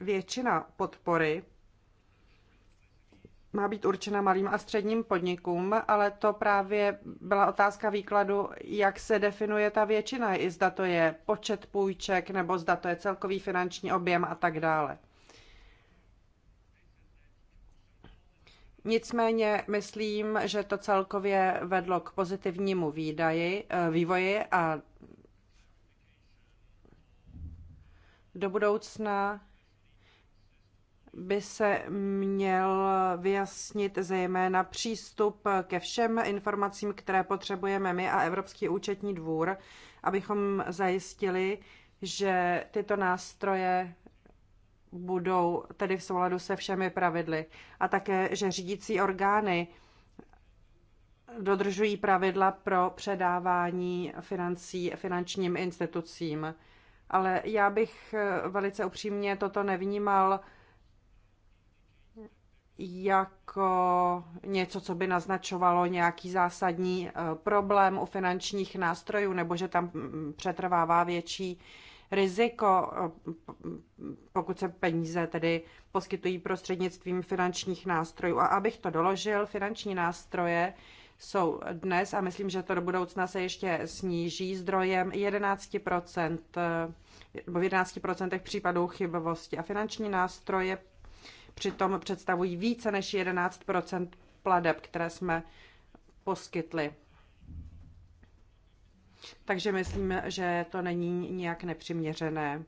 většina podpory má být určena malým a středním podnikům, ale to právě byla otázka výkladu, jak se definuje ta většina, i zda to je počet půjček, nebo zda to je celkový finanční objem a tak dále. Nicméně myslím, že to celkově vedlo k pozitivnímu výdaji, eh, vývoji a do budoucna by se měl vyjasnit zejména přístup ke všem informacím, které potřebujeme my a Evropský účetní dvůr, abychom zajistili, že tyto nástroje budou tedy v souladu se všemi pravidly. A také, že řídící orgány dodržují pravidla pro předávání financí finančním institucím. Ale já bych velice upřímně toto nevnímal jako něco, co by naznačovalo nějaký zásadní eh, problém u finančních nástrojů, nebo že tam mm, přetrvává větší riziko, eh, pokud se peníze tedy poskytují prostřednictvím finančních nástrojů. A abych to doložil, finanční nástroje jsou dnes, a myslím, že to do budoucna se ještě sníží, zdrojem 11%, eh, nebo v 11% případů chybovosti. A finanční nástroje Přitom představují více než 11 pladeb, které jsme poskytli. Takže myslím, že to není nijak nepřiměřené.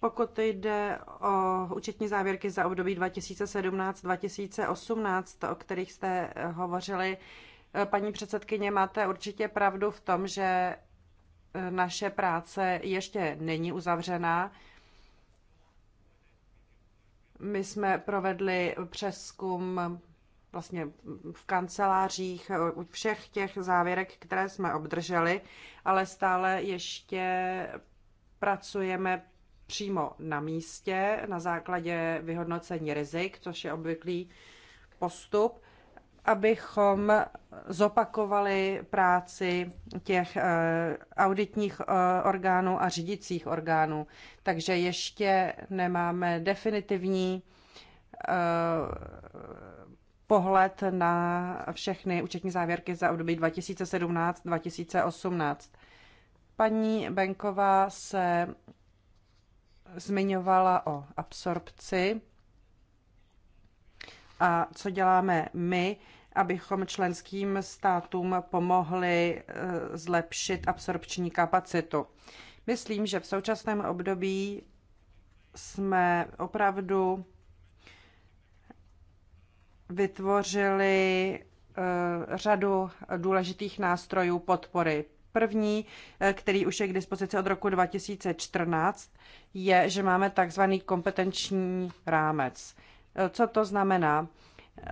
Pokud jde o účetní závěrky za období 2017-2018, o kterých jste hovořili, paní předsedkyně, máte určitě pravdu v tom, že naše práce ještě není uzavřená. My jsme provedli přeskum vlastně v kancelářích u všech těch závěrek, které jsme obdrželi, ale stále ještě pracujeme přímo na místě na základě vyhodnocení rizik, což je obvyklý postup abychom zopakovali práci těch eh, auditních eh, orgánů a řídicích orgánů. Takže ještě nemáme definitivní eh, pohled na všechny účetní závěrky za období 2017-2018. Paní Benková se zmiňovala o absorpci a co děláme my, abychom členským státům pomohli e, zlepšit absorpční kapacitu. Myslím, že v současném období jsme opravdu vytvořili e, řadu důležitých nástrojů podpory. První, e, který už je k dispozici od roku 2014, je, že máme takzvaný kompetenční rámec. Co to znamená?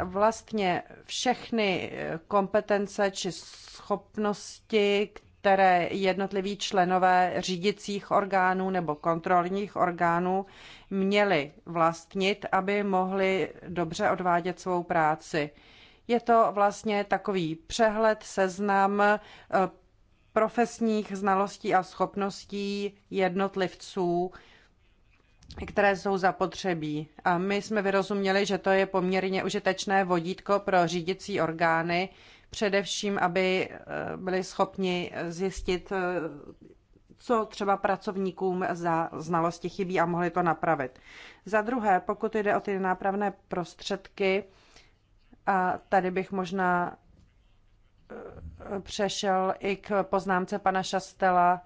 Vlastně všechny kompetence či schopnosti, které jednotliví členové řídicích orgánů nebo kontrolních orgánů měli vlastnit, aby mohli dobře odvádět svou práci. Je to vlastně takový přehled, seznam eh, profesních znalostí a schopností jednotlivců, které jsou zapotřebí. A my jsme vyrozuměli, že to je poměrně užitečné vodítko pro řídicí orgány, především, aby eh, byli schopni zjistit, eh, co třeba pracovníkům za znalosti chybí a mohli to napravit. Za druhé, pokud jde o ty nápravné prostředky, a tady bych možná eh, přešel i k poznámce pana Šastela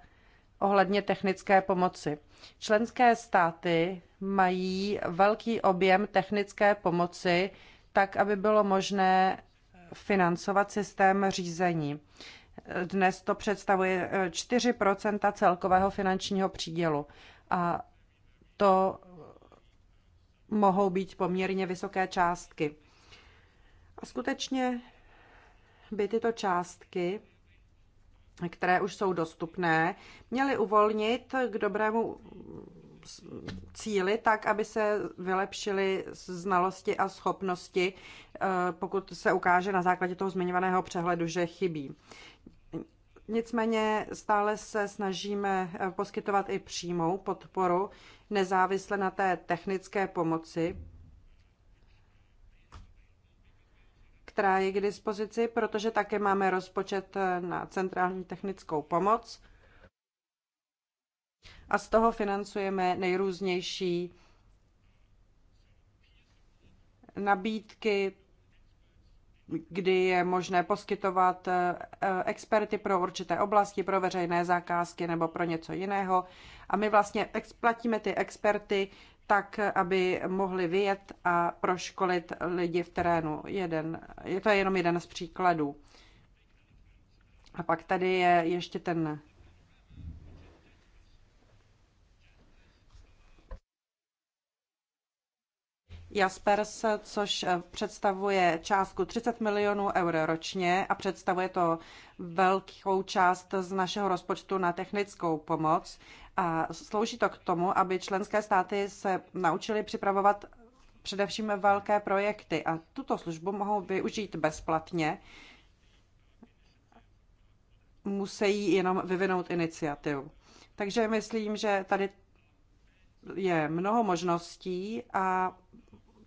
ohledně technické pomoci. Členské státy mají velký objem technické pomoci, tak aby bylo možné financovat systém řízení. Dnes to představuje 4 eh, celkového finančního přídělu. A to mohou být poměrně vysoké částky. A skutečně by tyto částky které už jsou dostupné, měly uvolnit k dobrému cíli tak, aby se vylepšily znalosti a schopnosti, eh, pokud se ukáže na základě toho zmiňovaného přehledu, že chybí. Nicméně stále se snažíme eh, poskytovat i přímou podporu, nezávisle na té technické pomoci, která je k dispozici, protože také máme rozpočet eh, na centrální technickou pomoc a z toho financujeme nejrůznější nabídky, kdy je možné poskytovat eh, eh, experty pro určité oblasti, pro veřejné zakázky nebo pro něco jiného. A my vlastně platíme ty experty tak, aby mohli vyjet a proškolit lidi v terénu. Jeden, je to jenom jeden z příkladů. A pak tady je ještě ten Jaspers, což eh, představuje částku 30 milionů eur ročně a představuje to velkou část z našeho rozpočtu na technickou pomoc. A slouží to k tomu, aby členské státy se naučily připravovat především velké projekty a tuto službu mohou využít bezplatně. Musí jenom vyvinout iniciativu. Takže myslím, že tady je mnoho možností a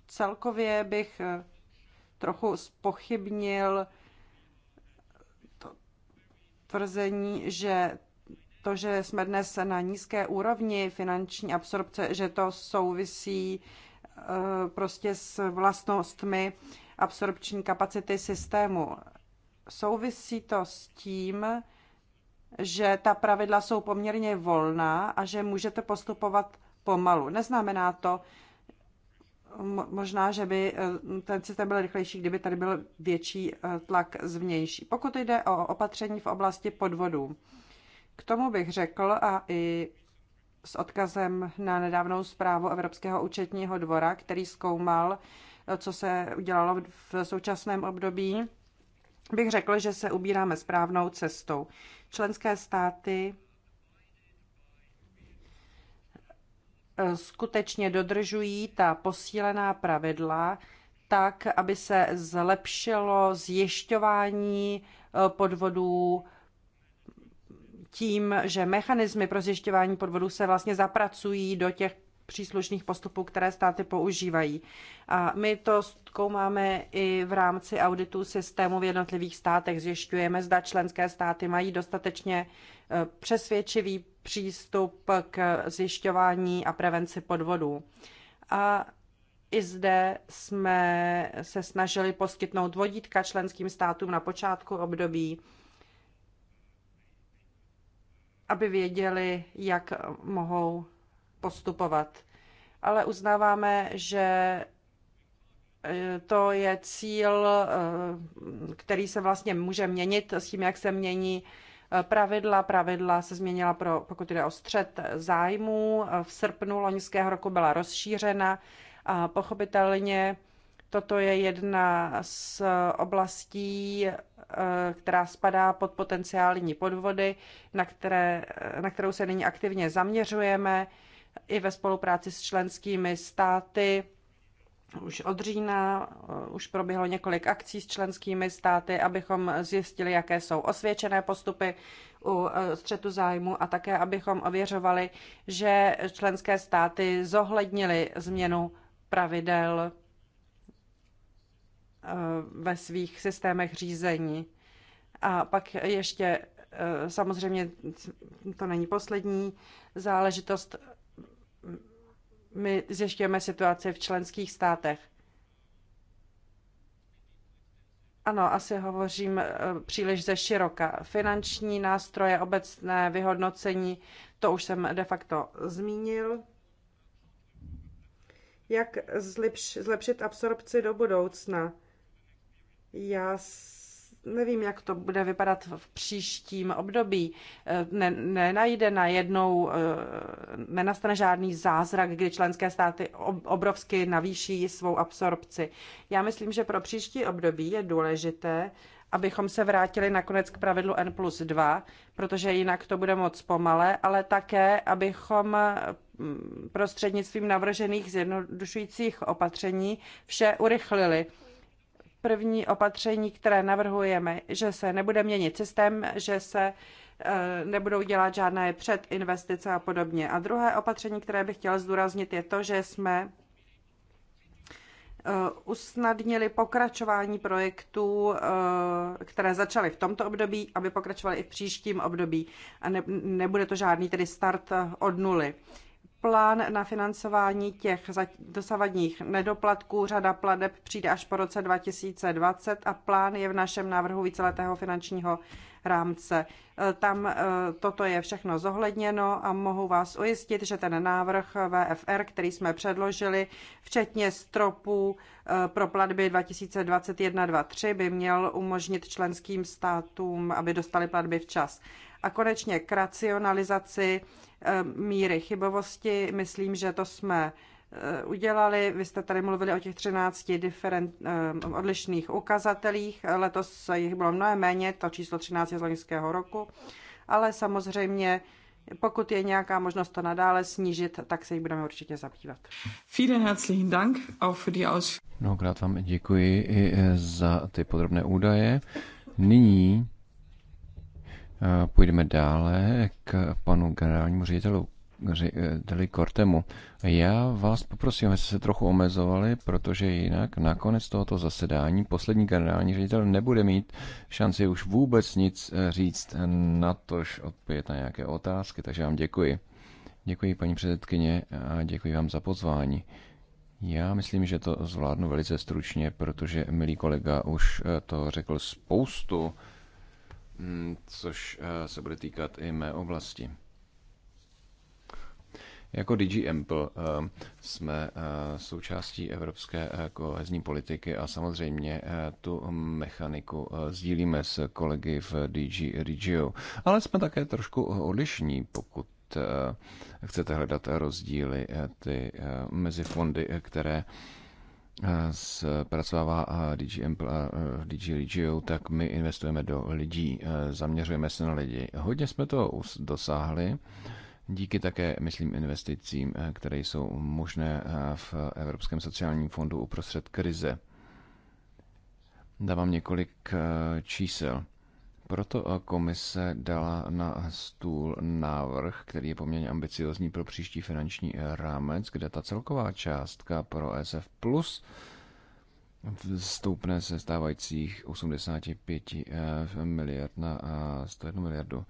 Celkově bych eh, trochu spochybnil to tvrzení, že to, že jsme dnes na nízké úrovni finanční absorpce, že to souvisí eh, prostě s vlastnostmi absorpční kapacity systému. Souvisí to s tím, že ta pravidla jsou poměrně volná a že můžete postupovat pomalu. Neznamená to, možná, že by eh, ten systém byl rychlejší, kdyby tady byl větší eh, tlak zvnější. Pokud jde o opatření v oblasti podvodů, k tomu bych řekl a i s odkazem na nedávnou zprávu Evropského účetního dvora, který zkoumal, eh, co se udělalo v současném období, bych řekl, že se ubíráme správnou cestou. Členské státy skutečně dodržují ta posílená pravidla, tak, aby se zlepšilo zjišťování eh, podvodů tím, že mechanismy pro zjišťování podvodů se vlastně zapracují do těch příslušných postupů, které státy používají. A my to zkoumáme i v rámci auditu systému v jednotlivých státech. Zjišťujeme, zda členské státy mají dostatečně e, přesvědčivý přístup k zjišťování a prevenci podvodů. A i zde jsme se snažili poskytnout vodítka členským státům na počátku období, aby věděli, jak mohou postupovat. Ale uznáváme, že e, to je cíl, e, který se vlastně může měnit s tím, jak se mění e, pravidla. Pravidla se změnila, pro, pokud jde o střed zájmů. V srpnu loňského roku byla rozšířena a pochopitelně toto je jedna z oblastí, která spadá pod potenciální podvody, na, které, na kterou se nyní aktivně zaměřujeme i ve spolupráci s členskými státy. Už od října eh, už proběhlo několik akcí s členskými státy, abychom zjistili, jaké jsou osvědčené postupy u eh, střetu zájmu a také, abychom ověřovali, že členské státy zohlednily změnu pravidel eh, ve svých systémech řízení. A pak ještě samozřejmě to není poslední záležitost my zjišťujeme situaci v členských státech. Ano, asi hovořím eh, příliš ze široka. Finanční nástroje, obecné vyhodnocení, to už jsem de facto zmínil. Jak zlepšit absorpci do budoucna? Já nevím, jak to bude vypadat v příštím období. Eh, ne, nenajde jednou, eh, nenastane žádný zázrak, kdy členské státy obrovsky navýší svou absorpci. Já myslím, že pro příští období je důležité, abychom se vrátili nakonec k pravidlu N plus 2, protože jinak to bude moc pomalé, ale také, abychom mm, prostřednictvím navržených zjednodušujících opatření vše urychlili první opatření, které navrhujeme, že se nebude měnit systém, že se eh, nebudou dělat žádné předinvestice a podobně. A druhé opatření, které bych chtěla zdůraznit, je to, že jsme eh, usnadnili pokračování projektů, eh, které začaly v tomto období, aby pokračovaly i v příštím období. A ne, nebude to žádný tedy start od nuly plán na financování těch dosavadních nedoplatků. Řada pladeb přijde až po roce 2020 a plán je v našem návrhu víceletého finančního rámce. E, tam e, toto je všechno zohledněno a mohu vás ujistit, že ten návrh VFR, který jsme předložili, včetně stropů e, pro platby 2021-2023, by měl umožnit členským státům, aby dostali platby včas. A konečně k racionalizaci Eh, míry chybovosti. Myslím, že to jsme eh, udělali. Vy jste tady mluvili o těch 13 different, eh, odlišných ukazatelích. Letos jich bylo mnohem méně, to číslo 13 je z loňského roku. Ale samozřejmě, pokud je nějaká možnost to nadále snížit, tak se jich budeme určitě zabývat. Vielen herzlichen Dank auch für die Aus
Mnohokrát vám děkuji i za ty podrobné údaje. Nyní Eh, půjdeme dále k panu generálnímu ředitelu řediteli eh, Kortemu. Já vás poprosím, abyste se trochu omezovali, protože jinak nakonec tohoto zasedání poslední generální ředitel nebude mít šanci už vůbec nic eh, říct, natož odpovědět na nějaké otázky, takže vám děkuji. Děkuji paní předsedkyně a děkuji vám za pozvání. Já myslím, že to zvládnu velice stručně, protože milý kolega už to řekl spoustu Hmm, což eh, se bude týkat i mé oblasti. Jako DG Ample eh, jsme eh, součástí evropské kohezní politiky a samozřejmě tu mechaniku sdílíme s kolegy v DG Regio. Ale jsme také trošku odlišní, pokud chcete hledat rozdíly ty mezi fondy, které zpracovává eh, DG, eh, DG Regio, tak my investujeme do lidí, eh, zaměřujeme se na lidi. Hodně jsme to dosáhli, díky také, myslím, investicím, které jsou možné v Evropském sociálním fondu uprostřed krize. Dávám několik čísel. Proto eh, komise dala na stůl návrh, který je poměrně ambiciozní pro příští finanční eh, rámec, kde ta celková částka pro SF Plus stoupne se stávajících 85 eh, miliard na 101 miliardu.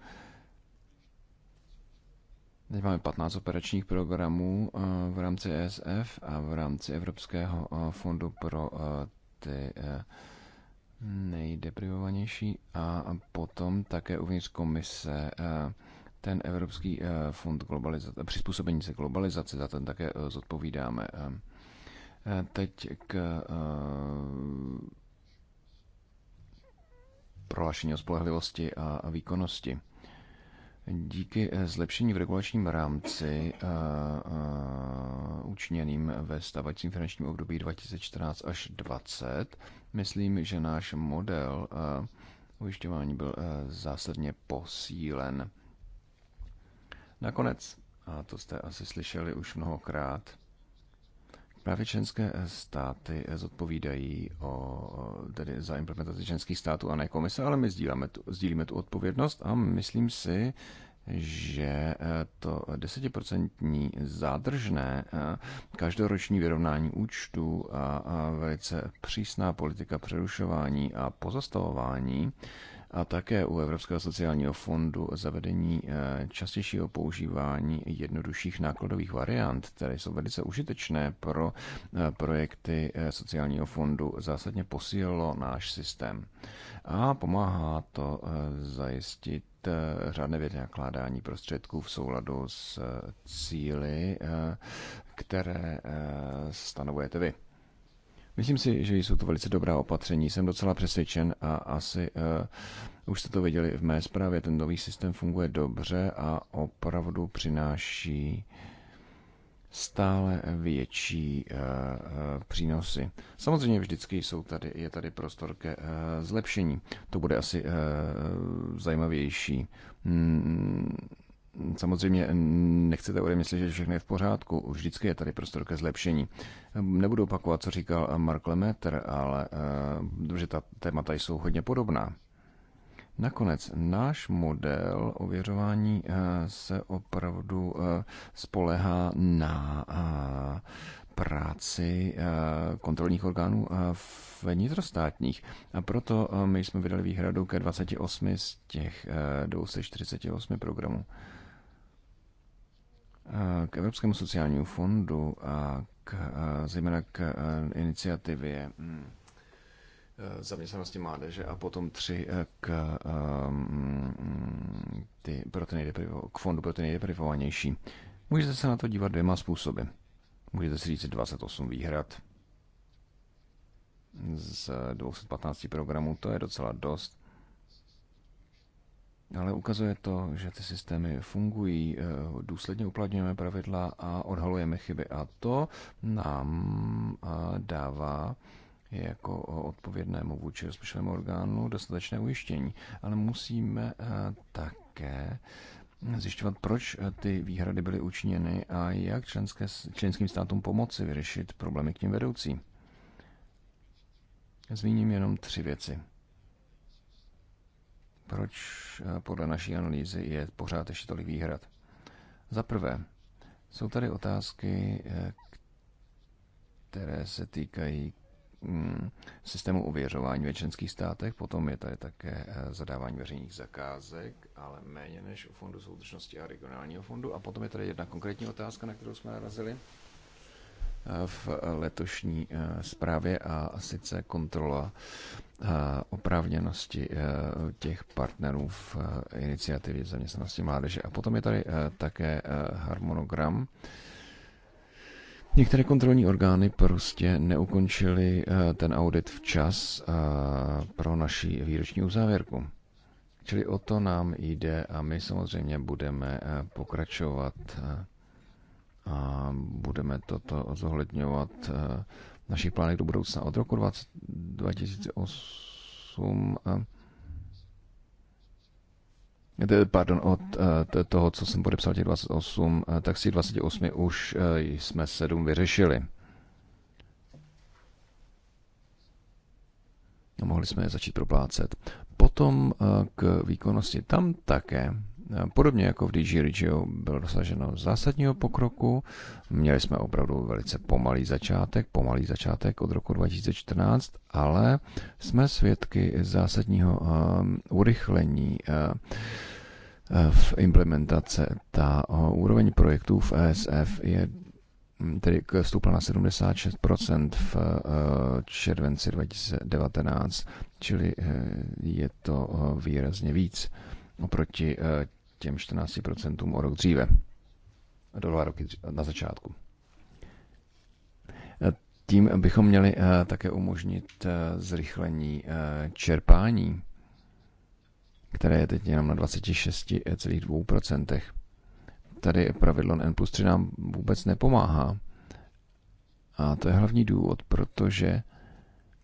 Teď máme 15 operačních programů v rámci ESF a v rámci Evropského fondu pro ty nejdeprivovanější a potom také uvnitř komise eh, ten Evropský eh, fond globalizace, přizpůsobení se globalizaci, za ten také eh, zodpovídáme. Teď k prohlášení o spolehlivosti a výkonnosti díky eh, zlepšení v regulačním rámci eh, eh, učiněným ve stávajícím finančním období 2014 až 2020, myslím, že náš model ujišťování byl zásadně posílen. Nakonec, a to jste asi slyšeli už mnohokrát, Právě členské eh, státy eh, zodpovídají o, tedy za implementaci členských států a ne komise, ale my sdílíme tu, sdílíme tu odpovědnost a myslím si, že eh, to desetiprocentní zádržné každoroční vyrovnání účtů a velice přísná politika přerušování a pozastavování a také u Evropského sociálního fondu zavedení eh, častějšího používání jednodušších nákladových variant, které jsou velice užitečné pro eh, projekty eh, sociálního fondu, zásadně posílilo náš systém. A pomáhá to zajistit řádné nakládání prostředků v souladu s cíly, které stanovujete vy. Myslím si, že jsou to velice dobrá opatření, jsem docela přesvědčen a asi uh, už jste to viděli v mé zprávě, ten nový systém funguje dobře a opravdu přináší stále větší uh, přínosy. Samozřejmě vždycky jsou tady, je tady prostor ke uh, zlepšení. To bude asi uh, zajímavější. Mm, samozřejmě nechcete ode myslet, že všechno je v pořádku. vždycky je tady prostor ke zlepšení. Nebudu opakovat, co říkal Mark Lemeter, ale že eh, ta témata jsou hodně podobná. Nakonec náš model ověřování eh, se opravdu eh, spolehá na práci kontrolních orgánů vnitrostátních. A proto my jsme vydali výhradu ke 28 z těch 248 programů k Evropskému sociálnímu fondu a k, zejména k iniciativě hm, e, zaměstnanosti mládeže a potom tři e, k, e, hm, ty, pro ty k fondu pro ty nejdeprivovanější. Můžete se na to dívat dvěma způsoby. Můžete si říct 28 výhrad z 215 programů, to je docela dost ale ukazuje to, že ty systémy fungují, eh, důsledně uplatňujeme pravidla a odhalujeme chyby. A to nám eh, dává jako odpovědnému vůči rozpočtovému orgánu dostatečné ujištění. Ale musíme eh, také zjišťovat, proč ty výhrady byly učiněny a jak členské, členským státům pomoci vyřešit problémy k tím vedoucí. Zmíním jenom tři věci proč eh, podle naší analýzy je pořád ještě tolik výhrad. Za prvé, jsou tady otázky, eh, které se týkají mm, systému ověřování ve členských státech, potom je tady také eh, zadávání veřejných zakázek, ale méně než u Fondu soudržnosti a regionálního fondu. A potom je tady jedna konkrétní otázka, na kterou jsme narazili, v letošní eh, zprávě a sice kontrola eh, oprávněnosti eh, těch partnerů v iniciativě zaměstnanosti mládeže. A potom je tady také harmonogram. Některé kontrolní orgány prostě neukončily ten audit včas pro naši výroční uzávěrku. Čili o to nám jde a my samozřejmě budeme pokračovat a budeme toto zohledňovat eh, v našich plánech do budoucna. Od roku 20, 2008 eh, Pardon, od eh, toho, co jsem podepsal, těch 28, tak si 28 už jsme 7 vyřešili. A no, mohli jsme je začít proplácet. Potom k výkonnosti. Tam také Podobně jako v DG Regio bylo dosaženo zásadního pokroku. Měli jsme opravdu velice pomalý začátek, pomalý začátek od roku 2014, ale jsme svědky zásadního eh, urychlení eh, eh, v implementace. Ta úroveň projektů v ESF je hm, tedy stoupla na 76% v červenci 2019, čili je to výrazně víc oproti těm 14% o rok dříve. Do dva roky na začátku. Tím bychom měli eh, také umožnit eh, zrychlení eh, čerpání, které je teď jenom na 26,2%. Tady pravidlo N plus 3 nám vůbec nepomáhá. A to je hlavní důvod, protože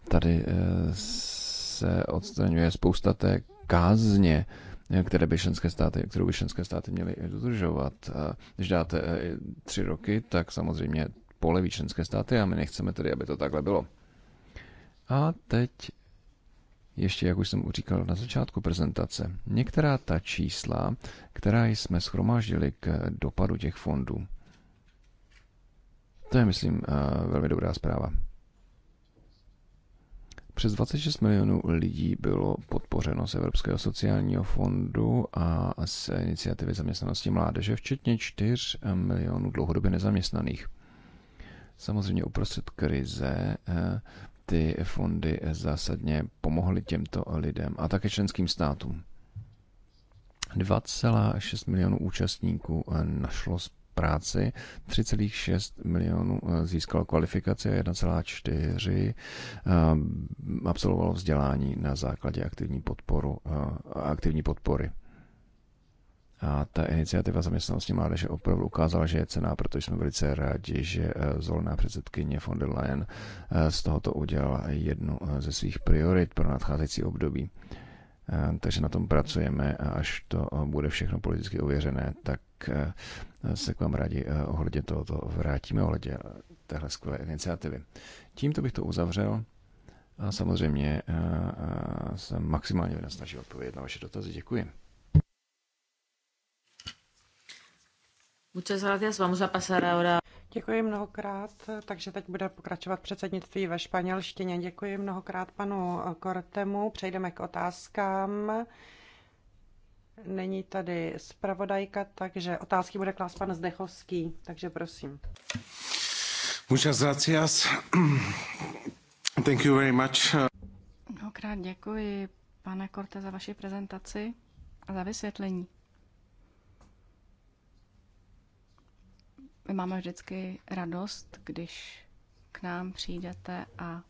tady se odstraňuje spousta té kázně které by členské státy, kterou by členské státy měly dodržovat. Když dáte eh, tři roky, tak samozřejmě poleví členské státy a my nechceme tedy, aby to takhle bylo. A teď ještě, jak už jsem říkal na začátku prezentace, některá ta čísla, která jsme schromáždili k eh, dopadu těch fondů. To je, myslím, eh, velmi dobrá zpráva. Přes 26 milionů lidí bylo podpořeno z Evropského sociálního fondu a z iniciativy zaměstnanosti mládeže, včetně 4 milionů dlouhodobě nezaměstnaných. Samozřejmě uprostřed krize eh, ty fondy zásadně pomohly těmto lidem a také členským státům. 2,6 milionů účastníků eh, našlo práci, 3,6 milionů eh, získalo kvalifikaci a 1,4 eh, absolvovalo vzdělání na základě aktivní, podporu, eh, aktivní podpory. A ta iniciativa zaměstnanosti mládeže opravdu ukázala, že je cená, protože jsme velice rádi, že zvolená předsedkyně von der Leyen z tohoto udělala jednu ze svých priorit pro nadcházející období. Eh, takže na tom pracujeme a až to eh, bude všechno politicky ověřené, tak eh, se k vám rádi ohledně tohoto vrátíme, ohledně téhle skvělé iniciativy. Tímto bych to uzavřel a samozřejmě jsem maximálně vynasnažil odpovědět na vaše dotazy. Děkuji.
Muchas gracias. Vamos a pasar ahora. Děkuji mnohokrát, takže teď bude pokračovat předsednictví ve španělštině. Děkuji mnohokrát panu Kortemu. Přejdeme k otázkám. Není tady zpravodajka, takže otázky bude klást pan Zdechovský, takže prosím.
Muchas gracias. Thank you very much.
Mnohokrát děkuji, pane Korte, za vaši prezentaci a za vysvětlení. My máme vždycky radost, když k nám přijdete a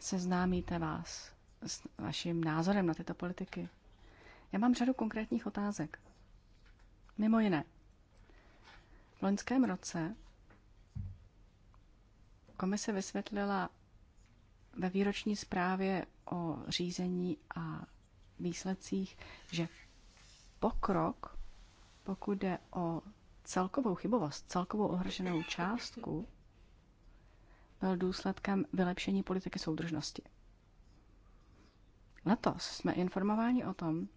seznámíte vás s vaším názorem na tyto politiky. Já mám řadu konkrétních otázek. Mimo jiné, v loňském roce komise vysvětlila ve výroční zprávě o řízení a výsledcích, že pokrok, pokud jde o celkovou chybovost, celkovou ohroženou částku byl důsledkem vylepšení politiky soudržnosti. Letos jsme informováni o tom,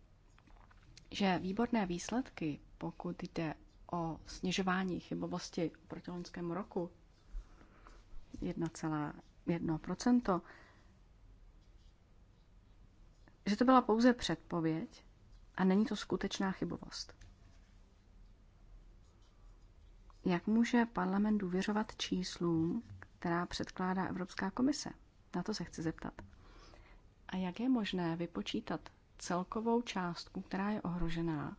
že výborné výsledky, pokud jde o snižování chybovosti proti loňskému roku 1,1%, že to byla pouze předpověď a není to skutečná chybovost. Jak může parlament důvěřovat číslům, která předkládá Evropská komise? Na to se chci zeptat. A jak je možné vypočítat celkovou částku, která je ohrožená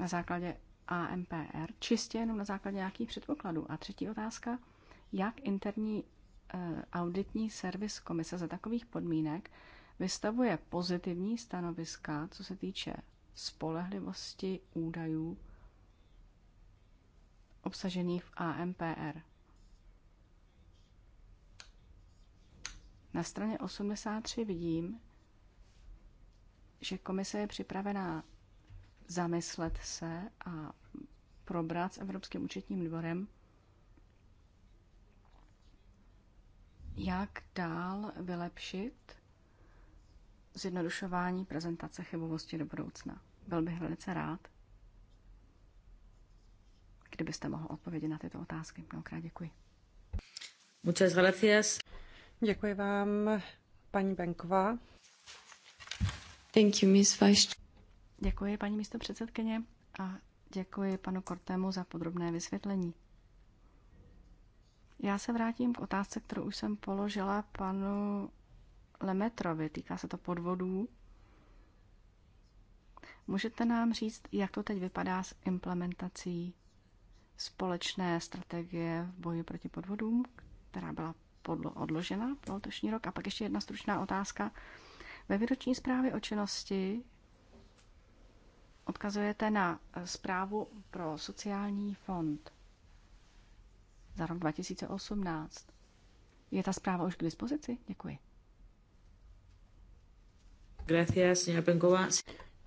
na základě AMPR, čistě jenom na základě nějakých předpokladů? A třetí otázka, jak interní eh, auditní servis komise za takových podmínek vystavuje pozitivní stanoviska, co se týče spolehlivosti údajů obsažených v AMPR. Na straně 83 vidím, že komise je připravená zamyslet se a probrat s Evropským účetním dvorem, jak dál vylepšit zjednodušování prezentace chybovosti do budoucna. Byl bych velice rád, kdybyste mohl odpovědět na tyto otázky. Mnohokrát děkuji.
Muchas gracias. Děkuji vám, paní Benková.
Thank you, Miss Vice. Děkuji, paní místo předsedkyně, a děkuji panu Kortému za podrobné vysvětlení. Já se vrátím k otázce, kterou už jsem položila panu Lemetrovi, týká se to podvodů. Můžete nám říct, jak to teď vypadá s implementací společné strategie v boji proti podvodům, která byla odložena pro letošní rok? A pak ještě jedna stručná otázka. Ve výroční zprávě o činnosti odkazujete na zprávu pro sociální fond za rok 2018. Je ta zpráva už k dispozici? Děkuji. Gracias,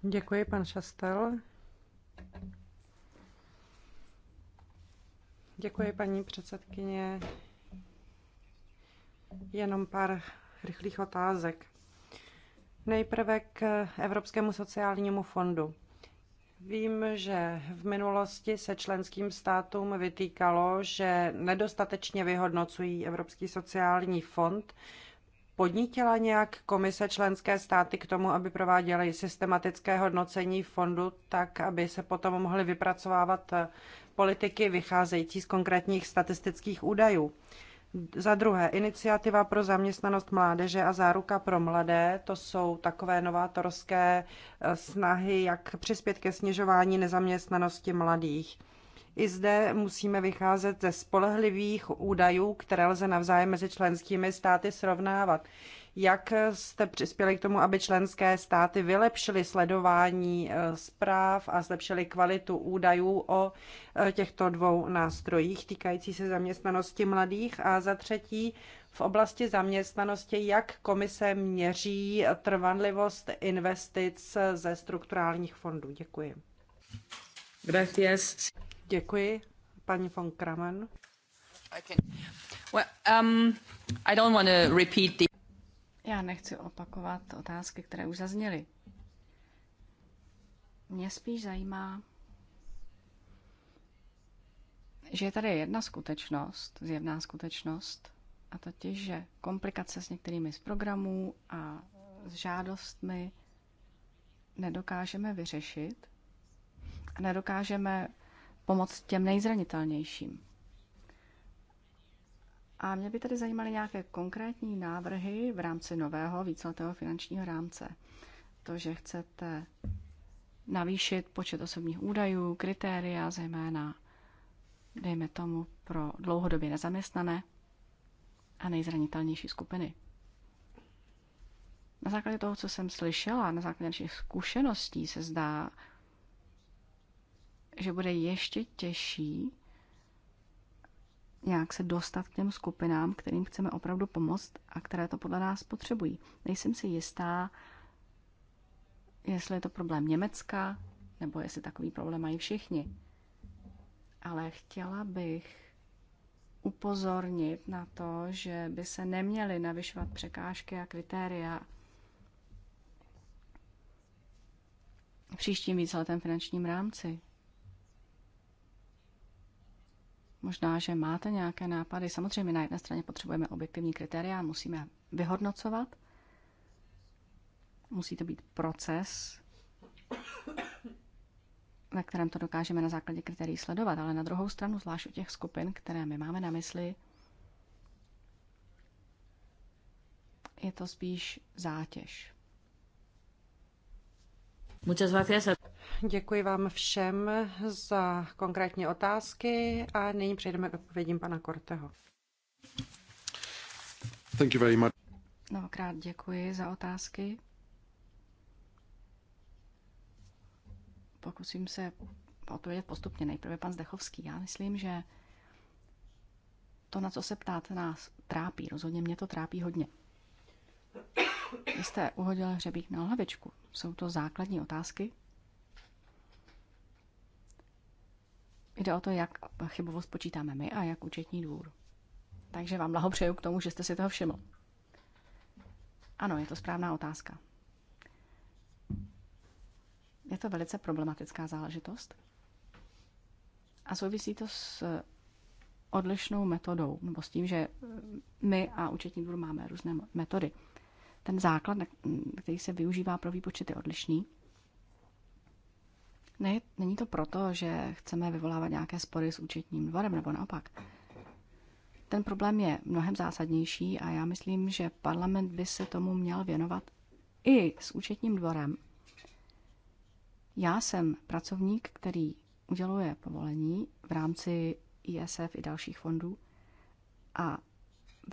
Děkuji, pan Šastel. Děkuji, paní předsedkyně. Jenom pár rychlých otázek. Nejprve k Evropskému sociálnímu fondu. Vím, že v minulosti se členským státům vytýkalo, že nedostatečně vyhodnocují Evropský sociální fond, podnítila nějak komise členské státy k tomu, aby prováděly systematické hodnocení fondu, tak aby se potom mohly vypracovávat eh, politiky vycházející z konkrétních statistických údajů. Za druhé, iniciativa pro zaměstnanost mládeže a záruka pro mladé, to jsou takové novátorské eh, snahy, jak přispět ke snižování nezaměstnanosti mladých. I zde musíme vycházet ze spolehlivých údajů, které lze navzájem mezi členskými státy srovnávat. Jak jste přispěli k tomu, aby členské státy vylepšily sledování eh, zpráv a zlepšily kvalitu údajů o eh, těchto dvou nástrojích týkající se zaměstnanosti mladých? A za třetí, v oblasti zaměstnanosti, jak komise měří trvanlivost investic ze strukturálních fondů? Děkuji.
Gracias.
Děkuji, paní von Kramen. Okay. Well, um, I don't want to repeat the...
Já nechci opakovat otázky, které už zazněly. Mě spíš zajímá, že je tady jedna skutečnost, zjevná skutečnost, a totiž, že komplikace s některými z programů a s žádostmi nedokážeme vyřešit a nedokážeme pomoc těm nejzranitelnějším. A mě by tady zajímaly nějaké konkrétní návrhy v rámci nového víceletého finančního rámce. To, že chcete navýšit počet osobních údajů, kritéria, zejména, dejme tomu, pro dlouhodobě nezaměstnané a nejzranitelnější skupiny. Na základě toho, co jsem slyšela, na základě našich zkušeností se zdá, že bude ještě těžší nějak se dostat k těm skupinám, kterým chceme opravdu pomoct a které to podle nás potřebují. Nejsem si jistá, jestli je to problém Německa, nebo jestli takový problém mají všichni. Ale chtěla bych upozornit na to, že by se neměly navyšovat překážky a kritéria v příštím víceletém finančním rámci. Možná, že máte nějaké nápady. Samozřejmě na jedné straně potřebujeme objektivní kritéria, musíme vyhodnocovat. Musí to být proces, na kterém to dokážeme na základě kritérií sledovat, ale na druhou stranu, zvlášť u těch skupin, které my máme na mysli,
je to spíš zátěž. Muchas gracias. Děkuji vám všem za konkrétní otázky a nyní přejdeme k odpovědím pana Korteho. Thank you very much. Mnohokrát děkuji za otázky.
Pokusím se odpovědět postupně. Nejprve pan Zdechovský. Já myslím, že to, na co se ptáte, nás trápí. Rozhodně mě to trápí hodně. Vy jste uhodil hřebík na hlavičku. Jsou to základní otázky? Jde o to, jak chybovost počítáme my a jak účetní dvůr. Takže vám blahopřeju k tomu, že jste si toho všiml. Ano, je to správná otázka. Je to velice problematická záležitost. A souvisí to s odlišnou metodou, nebo s tím, že my a účetní dvůr máme různé metody. Ten základ, který se využívá pro výpočet, je odlišný. Ne, není to proto, že chceme vyvolávat nějaké spory s účetním dvorem, nebo naopak. Ten problém je mnohem zásadnější a já myslím, že parlament by se tomu měl věnovat i s účetním dvorem. Já jsem pracovník, který uděluje povolení v rámci ISF i dalších fondů a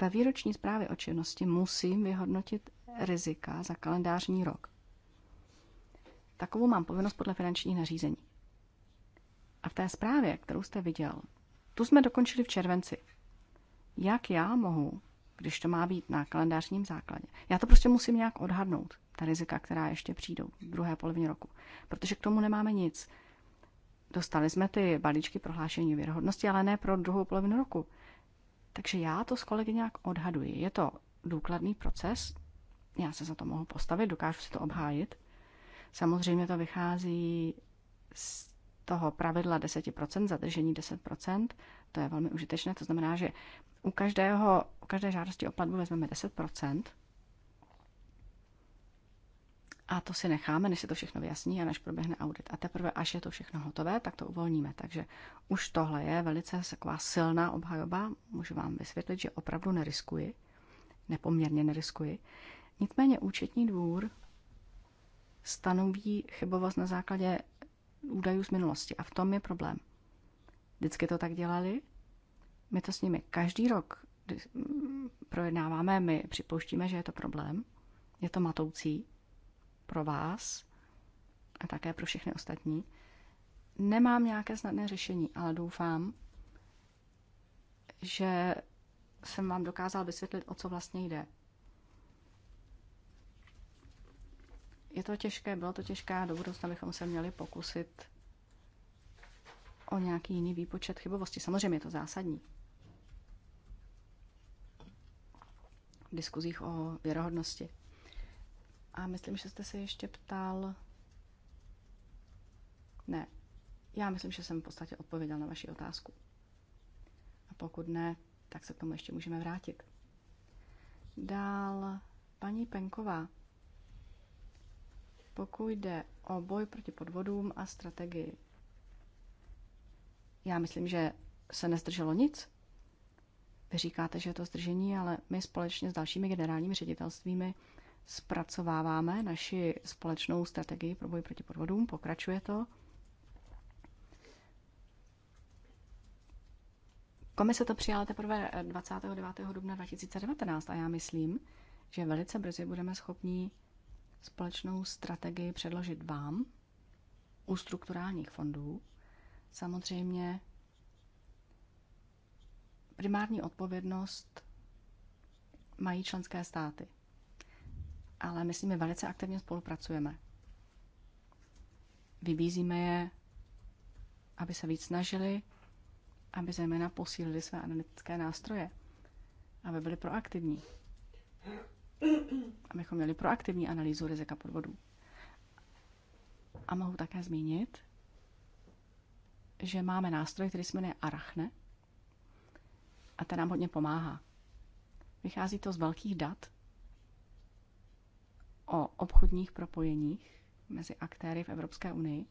ve výroční zprávě o činnosti musím vyhodnotit rizika za kalendářní rok. Takovou mám povinnost podle finančních nařízení. A v té zprávě, kterou jste viděl, tu jsme dokončili v červenci. Jak já mohu, když to má být na kalendářním základě? Já to prostě musím nějak odhadnout, ta rizika, která ještě přijdou v druhé polovině roku, protože k tomu nemáme nic. Dostali jsme ty balíčky prohlášení věrohodnosti, ale ne pro druhou polovinu roku. Takže já to s kolegy nějak odhaduji. Je to důkladný proces, já se za to mohu postavit, dokážu si to obhájit. Samozřejmě to vychází z toho pravidla 10%, zadržení 10%, to je velmi užitečné, to znamená, že u, každého, u každé žádosti o platbu vezmeme 10%, a to si necháme, než se to všechno vyjasní a než proběhne audit. A teprve, až je to všechno hotové, tak to uvolníme. Takže už tohle je velice taková silná obhajoba. Můžu vám vysvětlit, že opravdu neriskuji, nepoměrně neriskuji. Nicméně účetní dvůr stanoví chybovost na základě údajů z minulosti a v tom je problém. Vždycky to tak dělali. My to s nimi každý rok mm, projednáváme, my připouštíme, že je to problém. Je to matoucí pro vás a také pro všechny ostatní. Nemám nějaké snadné řešení, ale doufám, že jsem vám dokázal vysvětlit, o co vlastně jde. Je to těžké, bylo to těžké a do budoucna bychom se měli pokusit o nějaký jiný výpočet chybovosti. Samozřejmě je to zásadní. V diskuzích o věrohodnosti. A myslím, že jste se ještě ptal... Ne, já myslím, že jsem v podstatě odpověděl na vaši otázku. A pokud ne, tak se k tomu ještě můžeme vrátit. Dál paní Penková pokud jde o boj proti podvodům a strategii. Já myslím, že se nezdrželo nic. Vy říkáte, že je to zdržení, ale my společně s dalšími generálními ředitelstvími zpracováváme naši společnou strategii pro boj proti podvodům. Pokračuje to. Komise to přijala teprve 29. dubna 2019 a já myslím, že velice brzy budeme schopni společnou strategii předložit vám u strukturálních fondů. Samozřejmě primární odpovědnost mají členské státy, ale my s nimi velice aktivně spolupracujeme. Vybízíme je, aby se víc snažili, aby zejména posílili své analytické nástroje, aby byli proaktivní abychom měli proaktivní analýzu rizika podvodů. A mohu také zmínit, že máme nástroj, který se jmenuje Arachne a ten nám hodně pomáhá. Vychází to z velkých dat o obchodních propojeních mezi aktéry v Evropské unii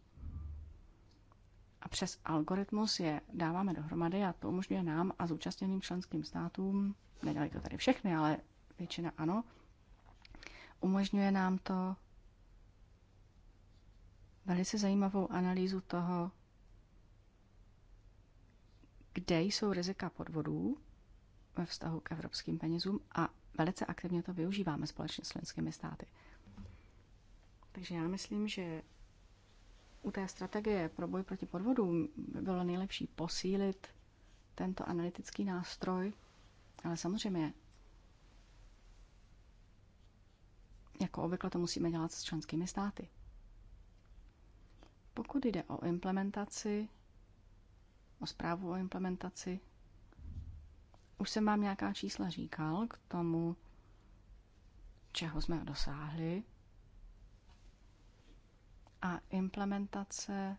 a přes algoritmus je dáváme dohromady a to umožňuje nám a zúčastněným členským státům, nedělají to tady všechny, ale většina ano, umožňuje nám to velice zajímavou analýzu toho, kde jsou rizika podvodů ve vztahu k evropským penězům a velice aktivně to využíváme společně s členskými státy. Takže já myslím, že u té strategie pro boj proti podvodům by bylo nejlepší posílit tento analytický nástroj, ale samozřejmě Jako obvykle to musíme dělat s členskými státy. Pokud jde o implementaci, o zprávu o implementaci, už jsem vám nějaká čísla říkal k tomu, čeho jsme dosáhli. A implementace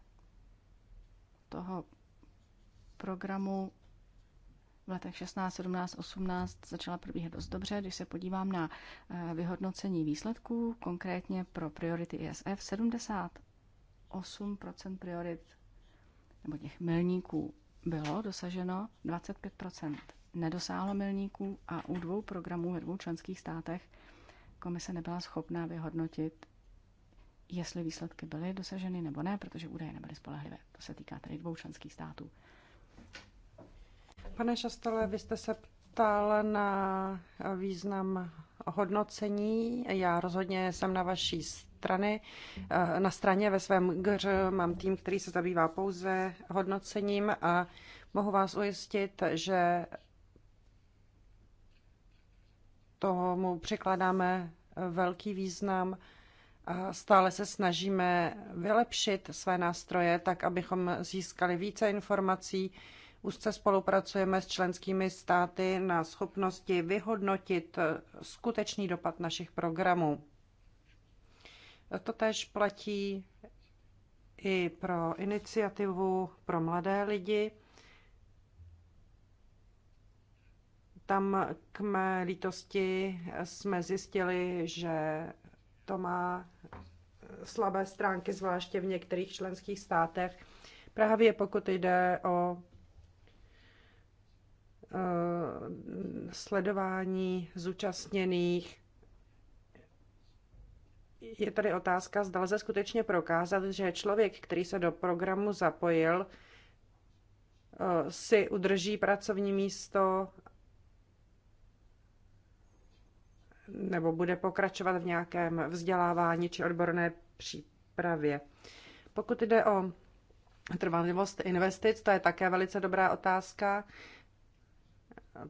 toho programu v letech 16, 17, 18 začala probíhat dost dobře. Když se podívám na eh, vyhodnocení výsledků, konkrétně pro priority ISF, 78 priorit nebo těch milníků bylo dosaženo, 25 nedosáhlo milníků a u dvou programů ve dvou členských státech komise nebyla schopná vyhodnotit, jestli výsledky byly dosaženy
nebo ne, protože údaje nebyly spolehlivé. To se týká tedy dvou členských států. Pane Šastele, vy jste se ptal na význam hodnocení. Já rozhodně jsem na vaší strany. Eh, na straně ve svém GR mám tým, který se zabývá pouze hodnocením a mohu vás ujistit, že tomu překládáme velký význam a stále se snažíme vylepšit své nástroje tak, abychom získali více informací, Úzce spolupracujeme s členskými státy na schopnosti vyhodnotit eh, skutečný dopad našich programů. To tež platí i pro iniciativu pro mladé lidi. Tam k mé lítosti jsme zjistili, že to má eh, slabé stránky, zvláště v některých členských státech, právě pokud jde o Eh, sledování zúčastněných. Je tady otázka, zda lze skutečně prokázat, že člověk, který se do programu zapojil, eh, si udrží pracovní místo nebo bude pokračovat v nějakém vzdělávání či odborné přípravě. Pokud jde o trvalivost investic, to je také velice dobrá otázka.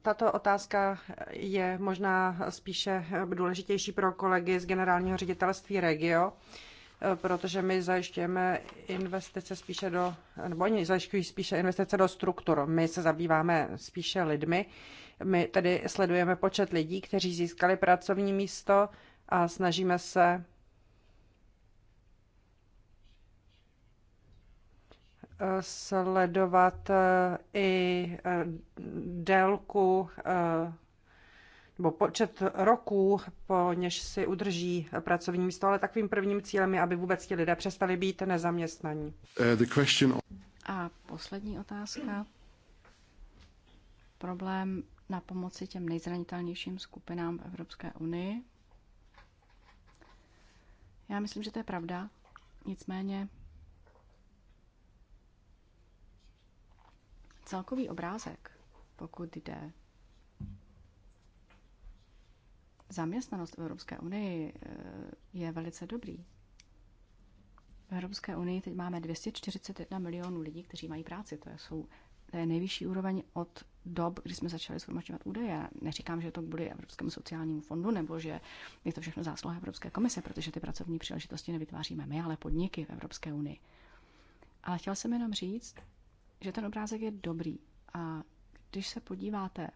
Tato otázka je možná spíše důležitější pro kolegy z generálního ředitelství Regio, protože my zajišťujeme investice spíše do, nebo oni zajišťují spíše investice do struktur. My se zabýváme spíše lidmi. My tedy sledujeme počet lidí, kteří získali pracovní místo a snažíme se sledovat eh, i eh, délku eh, nebo počet roků, po něž si udrží pracovní místo, ale takovým prvním cílem je, aby vůbec ti lidé přestali být nezaměstnaní. A poslední otázka.
Problém na pomoci těm nejzranitelnějším skupinám v Evropské unii. Já myslím, že to je pravda. Nicméně Celkový obrázek, pokud jde zaměstnanost v Evropské unii, eh, je velice dobrý. V Evropské unii teď máme 241 milionů lidí, kteří mají práci. To, jsou, to je nejvyšší úroveň od dob, kdy jsme začali shromažďovat údaje. Neříkám, že to bude Evropskému sociálnímu fondu nebo že je to všechno zásluha Evropské komise, protože ty pracovní příležitosti nevytváříme my, ale podniky v Evropské unii. Ale chtěl jsem jenom říct, že ten obrázek je dobrý. A když se podíváte,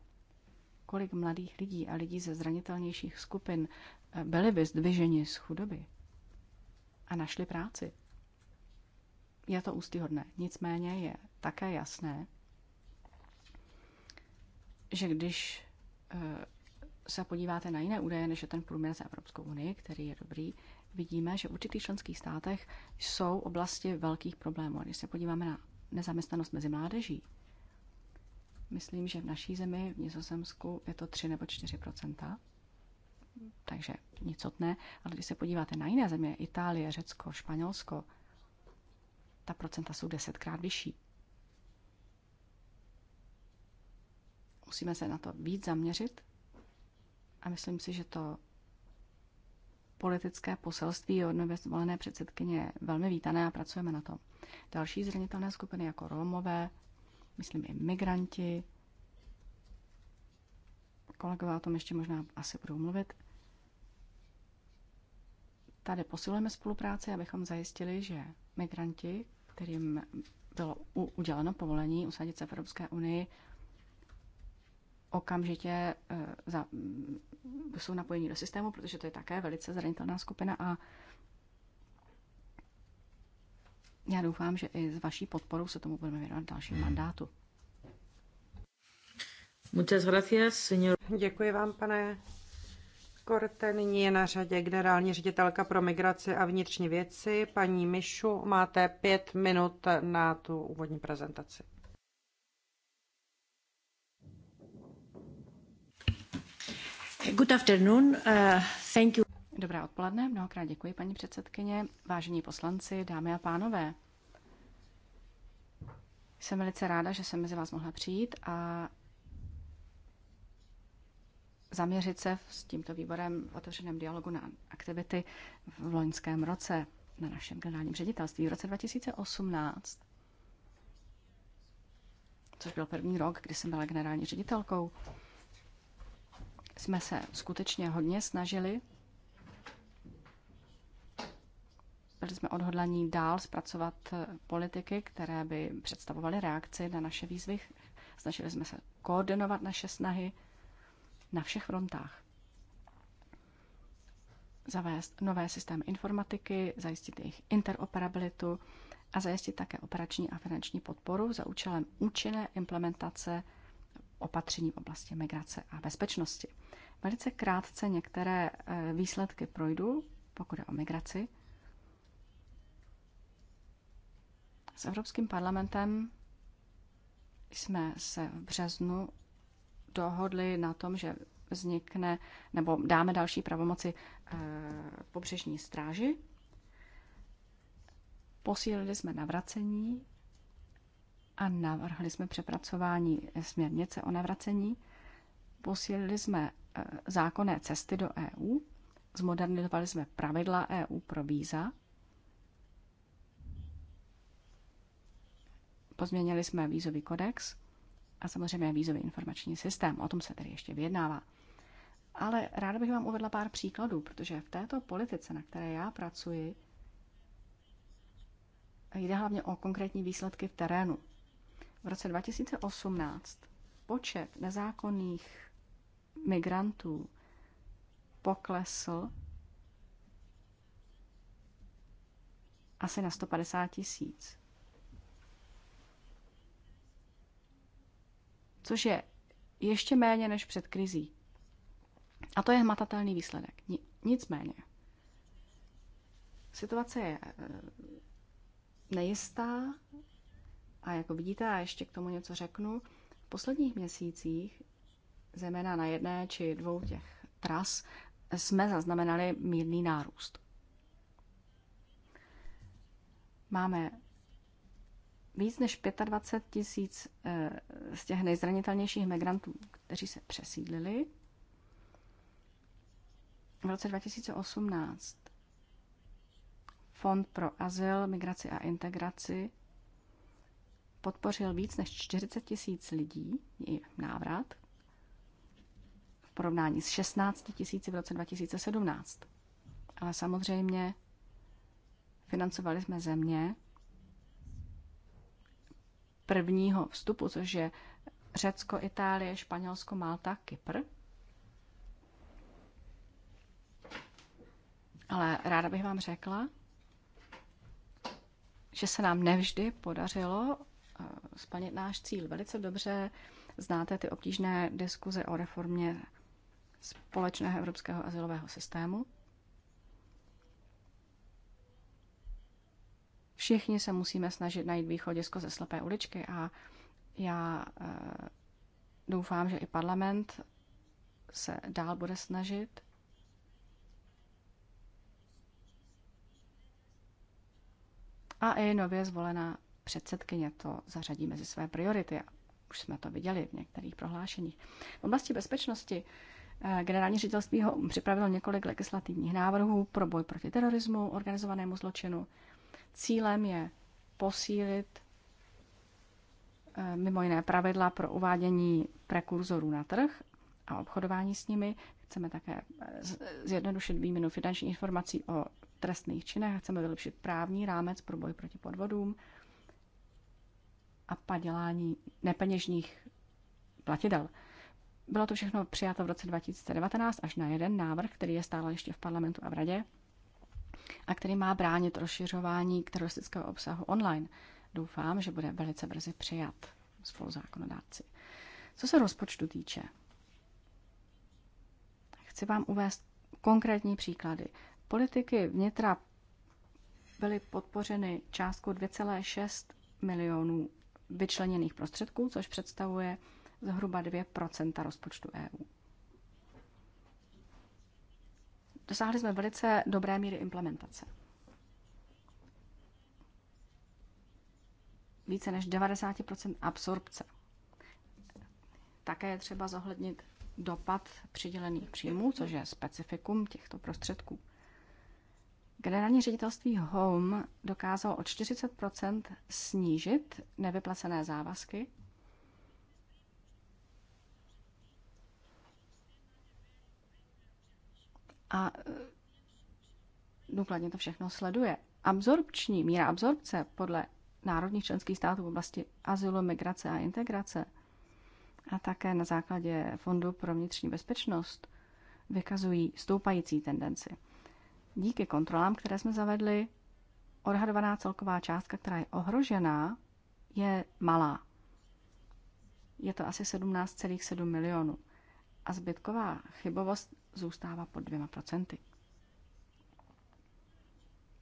kolik mladých lidí a lidí ze zranitelnějších skupin eh, byli zdviženi z chudoby a našli práci, je to ústyhodné. Nicméně je také jasné, že když eh, se podíváte na jiné údaje, než je ten průměr za Evropskou unii, který je dobrý, vidíme, že v určitých členských státech jsou oblasti velkých problémů. A když se podíváme na nezaměstnanost mezi mládeží. Myslím, že v naší zemi, v Nizozemsku, je to 3 nebo 4 takže nicotné. Ale když se podíváte na jiné země, Itálie, Řecko, Španělsko, ta procenta jsou desetkrát vyšší. Musíme se na to víc zaměřit a myslím si, že to politické poselství od nově zvolené předsedkyně je velmi vítané a pracujeme na tom. Další zranitelné skupiny jako Romové, myslím i migranti, kolegové o tom ještě možná asi budou mluvit. Tady posilujeme spolupráci, abychom zajistili, že migranti, kterým bylo uděleno povolení usadit se v Evropské unii, okamžitě eh, za, jsou napojení do systému, protože to je také velice zranitelná skupina a já doufám, že i s vaší podporou se tomu budeme věnovat dalším mandátu.
Muchas gracias, señor. Děkuji vám, pane Korte. Nyní je na řadě generální ředitelka pro migraci a vnitřní věci. Paní Mišu, máte pět minut na tu úvodní prezentaci. Good afternoon. Uh,
thank you. Dobrá odpoledne, mnohokrát děkuji, paní předsedkyně, vážení poslanci, dámy a pánové. Jsem velice ráda, že jsem mezi vás mohla přijít a zaměřit se s tímto výborem v otevřeném dialogu na aktivity v loňském roce na našem generálním ředitelství. V roce 2018, což byl první rok, kdy jsem byla generální ředitelkou, jsme se skutečně hodně snažili byli jsme odhodlaní dál zpracovat eh, politiky, které by představovaly reakci na naše výzvy. Snažili jsme se koordinovat naše snahy na všech frontách. Zavést nové systémy informatiky, zajistit jejich interoperabilitu a zajistit také operační a finanční podporu za účelem účinné implementace opatření v oblasti migrace a bezpečnosti. Velice krátce některé eh, výsledky projdu, pokud je o migraci. S Evropským parlamentem jsme se v březnu dohodli na tom, že vznikne nebo dáme další pravomoci e, pobřežní stráži. Posílili jsme navracení a navrhli jsme přepracování směrnice o navracení. Posílili jsme eh, zákonné cesty do EU, zmodernizovali jsme pravidla EU pro víza Pozměnili jsme vízový kodex a samozřejmě vízový informační systém. O tom se tedy ještě vyjednává. Ale ráda bych vám uvedla pár příkladů, protože v této politice, na které já pracuji, jde hlavně o konkrétní výsledky v terénu. V roce 2018 počet nezákonných migrantů poklesl asi na 150 tisíc. což je ještě méně než před krizí. A to je hmatatelný výsledek. Nicméně, situace je eh, nejistá a jako vidíte, a ještě k tomu něco řeknu, v posledních měsících, zejména na jedné či dvou těch tras, jsme zaznamenali mírný nárůst. Máme víc než 25 tisíc eh, z těch nejzranitelnějších migrantů, kteří se přesídlili v roce 2018. Fond pro azyl, migraci a integraci podpořil víc než 40 tisíc lidí i návrat v porovnání s 16 tisíci v roce 2017. Ale samozřejmě financovali jsme země, prvního vstupu, což je Řecko, Itálie, Španělsko, Malta, Kypr. Ale ráda bych vám řekla, že se nám nevždy podařilo eh, splnit náš cíl. Velice dobře znáte ty obtížné diskuze o reformě společného evropského asilového systému. Všichni se musíme snažit najít východisko ze slepé uličky a já eh, doufám, že i parlament se dál bude snažit. A i nově zvolená předsedkyně to zařadí mezi své priority. Už jsme to viděli v některých prohlášeních. V oblasti bezpečnosti eh, generální ředitelství ho připravilo několik legislativních návrhů pro boj proti terorismu, organizovanému zločinu, Cílem je posílit eh, mimo jiné pravidla pro uvádění prekurzorů na trh a obchodování s nimi. Chceme také eh, zjednodušit výměnu finančních informací o trestných činech, chceme vylepšit právní rámec pro boj proti podvodům a padělání nepeněžních platidel. Bylo to všechno přijato v roce 2019 až na jeden návrh, který je stále ještě v parlamentu a v radě a který má bránit rozšiřování teroristického obsahu online. Doufám, že bude velice brzy přijat spolu zákonodáci. Co se rozpočtu týče, chci vám uvést konkrétní příklady. Politiky vnitra byly podpořeny částkou 2,6 milionů vyčleněných prostředků, což představuje zhruba 2 rozpočtu EU. dosáhli jsme velice dobré míry implementace. Více než 90 absorpce. Také je třeba zohlednit dopad přidělených příjmů, což je specifikum těchto prostředků. Generální ředitelství Home dokázalo o 40 snížit nevyplacené závazky a e, důkladně to všechno sleduje. Absorpční míra absorpce podle národních členských států v oblasti azylu, migrace a integrace a také na základě Fondu pro vnitřní bezpečnost vykazují stoupající tendenci. Díky kontrolám, které jsme zavedli, odhadovaná celková částka, která je ohrožená, je malá. Je to asi 17,7 milionů a zbytková chybovost zůstává pod dvěma procenty.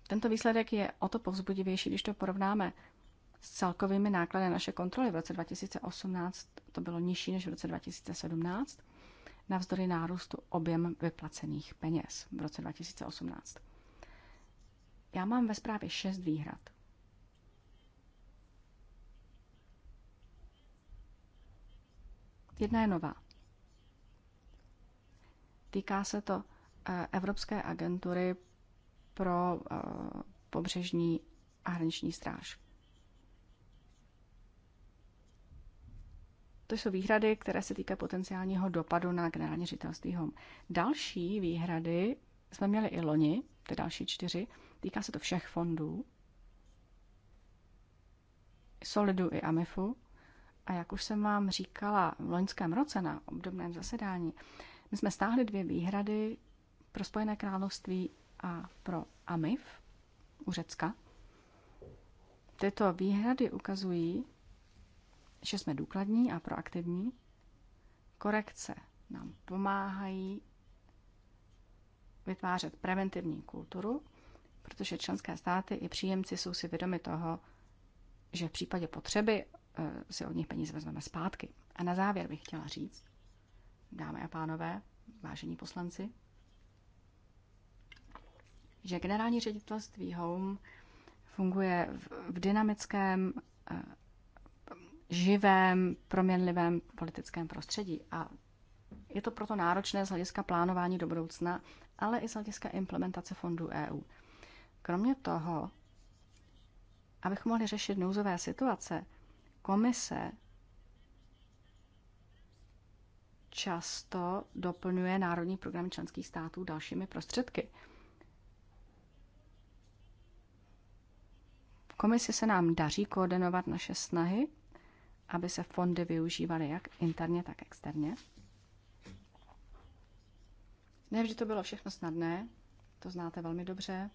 Tento výsledek je o to povzbudivější, když to porovnáme s celkovými náklady naše kontroly. V roce 2018 to bylo nižší než v roce 2017, navzdory nárůstu objem vyplacených peněz v roce 2018. Já mám ve zprávě šest výhrad. Jedna je nová. Týká se to eh, Evropské agentury pro eh, pobřežní a hraniční stráž. To jsou výhrady, které se týkají potenciálního dopadu na generální ředitelství HOM. Další výhrady jsme měli i loni, ty další čtyři. Týká se to všech fondů, Solidu i AMIFu. A jak už jsem vám říkala v loňském roce na obdobném zasedání, my jsme stáhli dvě výhrady pro Spojené království a pro AMIF u Řecka. Tyto výhrady ukazují, že jsme důkladní a proaktivní. Korekce nám pomáhají vytvářet preventivní kulturu, protože členské státy i příjemci jsou si vědomi toho, že v případě potřeby eh, si od nich peníze vezmeme zpátky. A na závěr bych chtěla říct, dámy a pánové, vážení poslanci, že generální ředitelství Home funguje v, dynamickém, eh, živém, proměnlivém politickém prostředí a je to proto náročné z hlediska plánování do budoucna, ale i z hlediska implementace fondů EU. Kromě toho, abychom mohli řešit nouzové situace, komise často doplňuje národní program členských států dalšími prostředky. V komisi se nám daří koordinovat naše snahy, aby se fondy využívaly jak interně, tak externě. Nevždy to bylo všechno snadné, to znáte velmi dobře.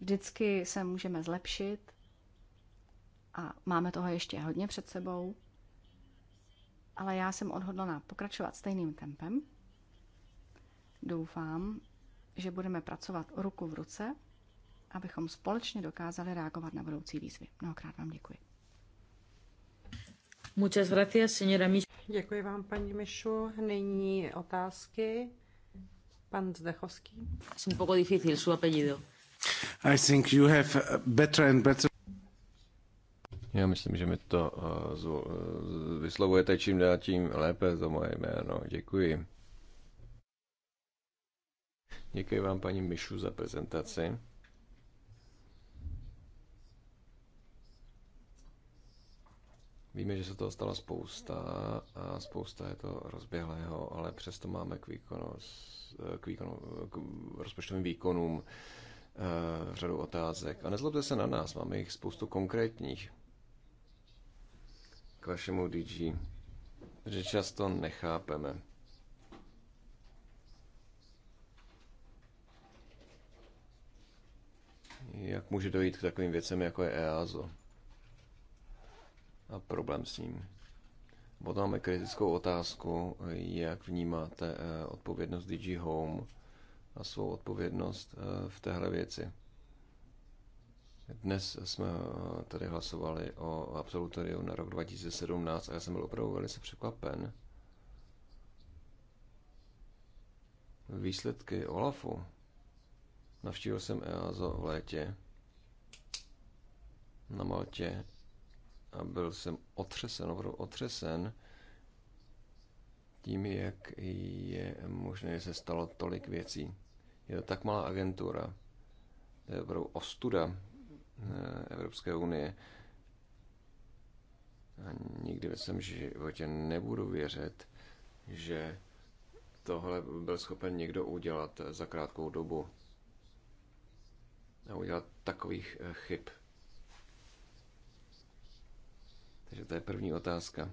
Vždycky se můžeme zlepšit a máme toho ještě hodně před sebou ale já jsem odhodlaná pokračovat stejným tempem. Doufám, že budeme pracovat ruku v ruce, abychom společně dokázali reagovat na budoucí výzvy. Mnohokrát vám děkuji. Muchas gracias, señora Mich.
Děkuji vám, paní Mišu. Nyní otázky. Pan Zdechovský. Es un poco difícil su apellido.
I think you have uh, better and better já myslím, že mi to eh,
eh, vyslovujete čím dál tím lépe za moje jméno. Děkuji. Děkuji vám, paní Mišu, za prezentaci. Víme, že se toho stala spousta a spousta je to rozběhlého, ale přesto máme k, výkonu, eh, k, výkonu, k rozpočtovým výkonům řadu otázek. A nezlobte se na nás, máme jich spoustu konkrétních vašemu DG, že často nechápeme. Jak může dojít k takovým věcem, jako je EASO a problém s ním. Potom máme kritickou otázku, jak vnímáte eh, odpovědnost DG Home a svou odpovědnost eh, v téhle věci. Dnes jsme eh, tady hlasovali o absolutoriu na rok 2017 a já jsem byl opravdu velice překvapen. Výsledky OLAFu. Navštívil jsem EASO v létě na Maltě a byl jsem otřesen, opravdu otřesen tím, jak je možné, že se stalo tolik věcí. Je to tak malá agentura, to je opravdu ostuda Eh, Evropské unie. A nikdy ve svém životě nebudu věřit, že tohle byl schopen někdo udělat za krátkou dobu a udělat takových eh, chyb. Takže to je první otázka.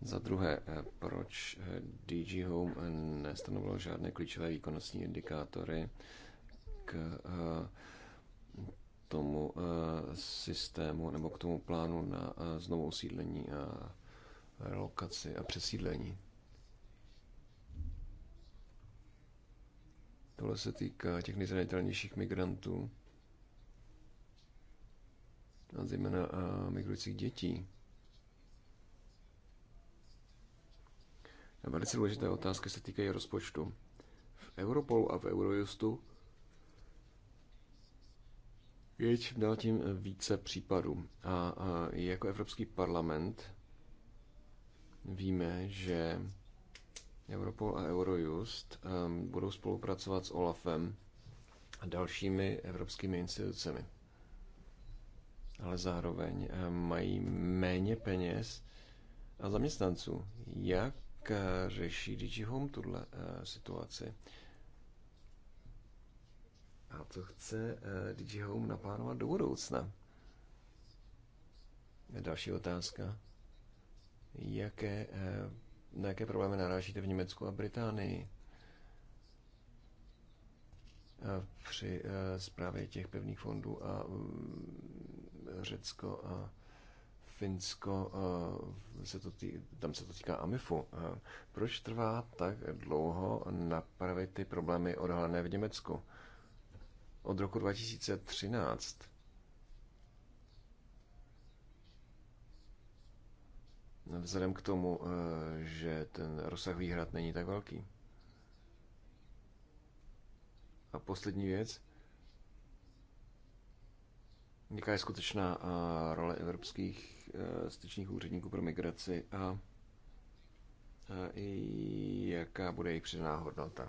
Za druhé, eh, proč DG Home nestanovilo žádné klíčové výkonnostní indikátory k tomu eh, systému nebo k tomu plánu na eh, znovu osídlení a relokaci a přesídlení. Tohle se týká těch nejzranitelnějších migrantů a zejména eh, migrujících dětí. A velice důležité otázky se týkají rozpočtu. V Europolu a v Eurojustu je čím dál tím více případů. A, a jako Evropský parlament víme, že Europol a Eurojust um, budou spolupracovat s OLAFem a dalšími evropskými institucemi. Ale zároveň um, mají méně peněz a zaměstnanců. Jak uh, řeší DG Home tuhle uh, situaci? A co chce eh, DJ Home naplánovat do budoucna? Další otázka. Jaké, eh, na jaké problémy narážíte v Německu a Británii? při zprávě eh, těch pevných fondů a mm, Řecko a Finsko, se to tý, tam se to týká AMIFu. Proč trvá tak dlouho napravit ty problémy odhalené v Německu? od roku 2013 vzhledem k tomu, eh, že ten rozsah výhrad není tak velký. A poslední věc. Jaká je skutečná eh, role evropských eh, styčních úředníků pro migraci a, jaká
bude jejich přidaná hodnota?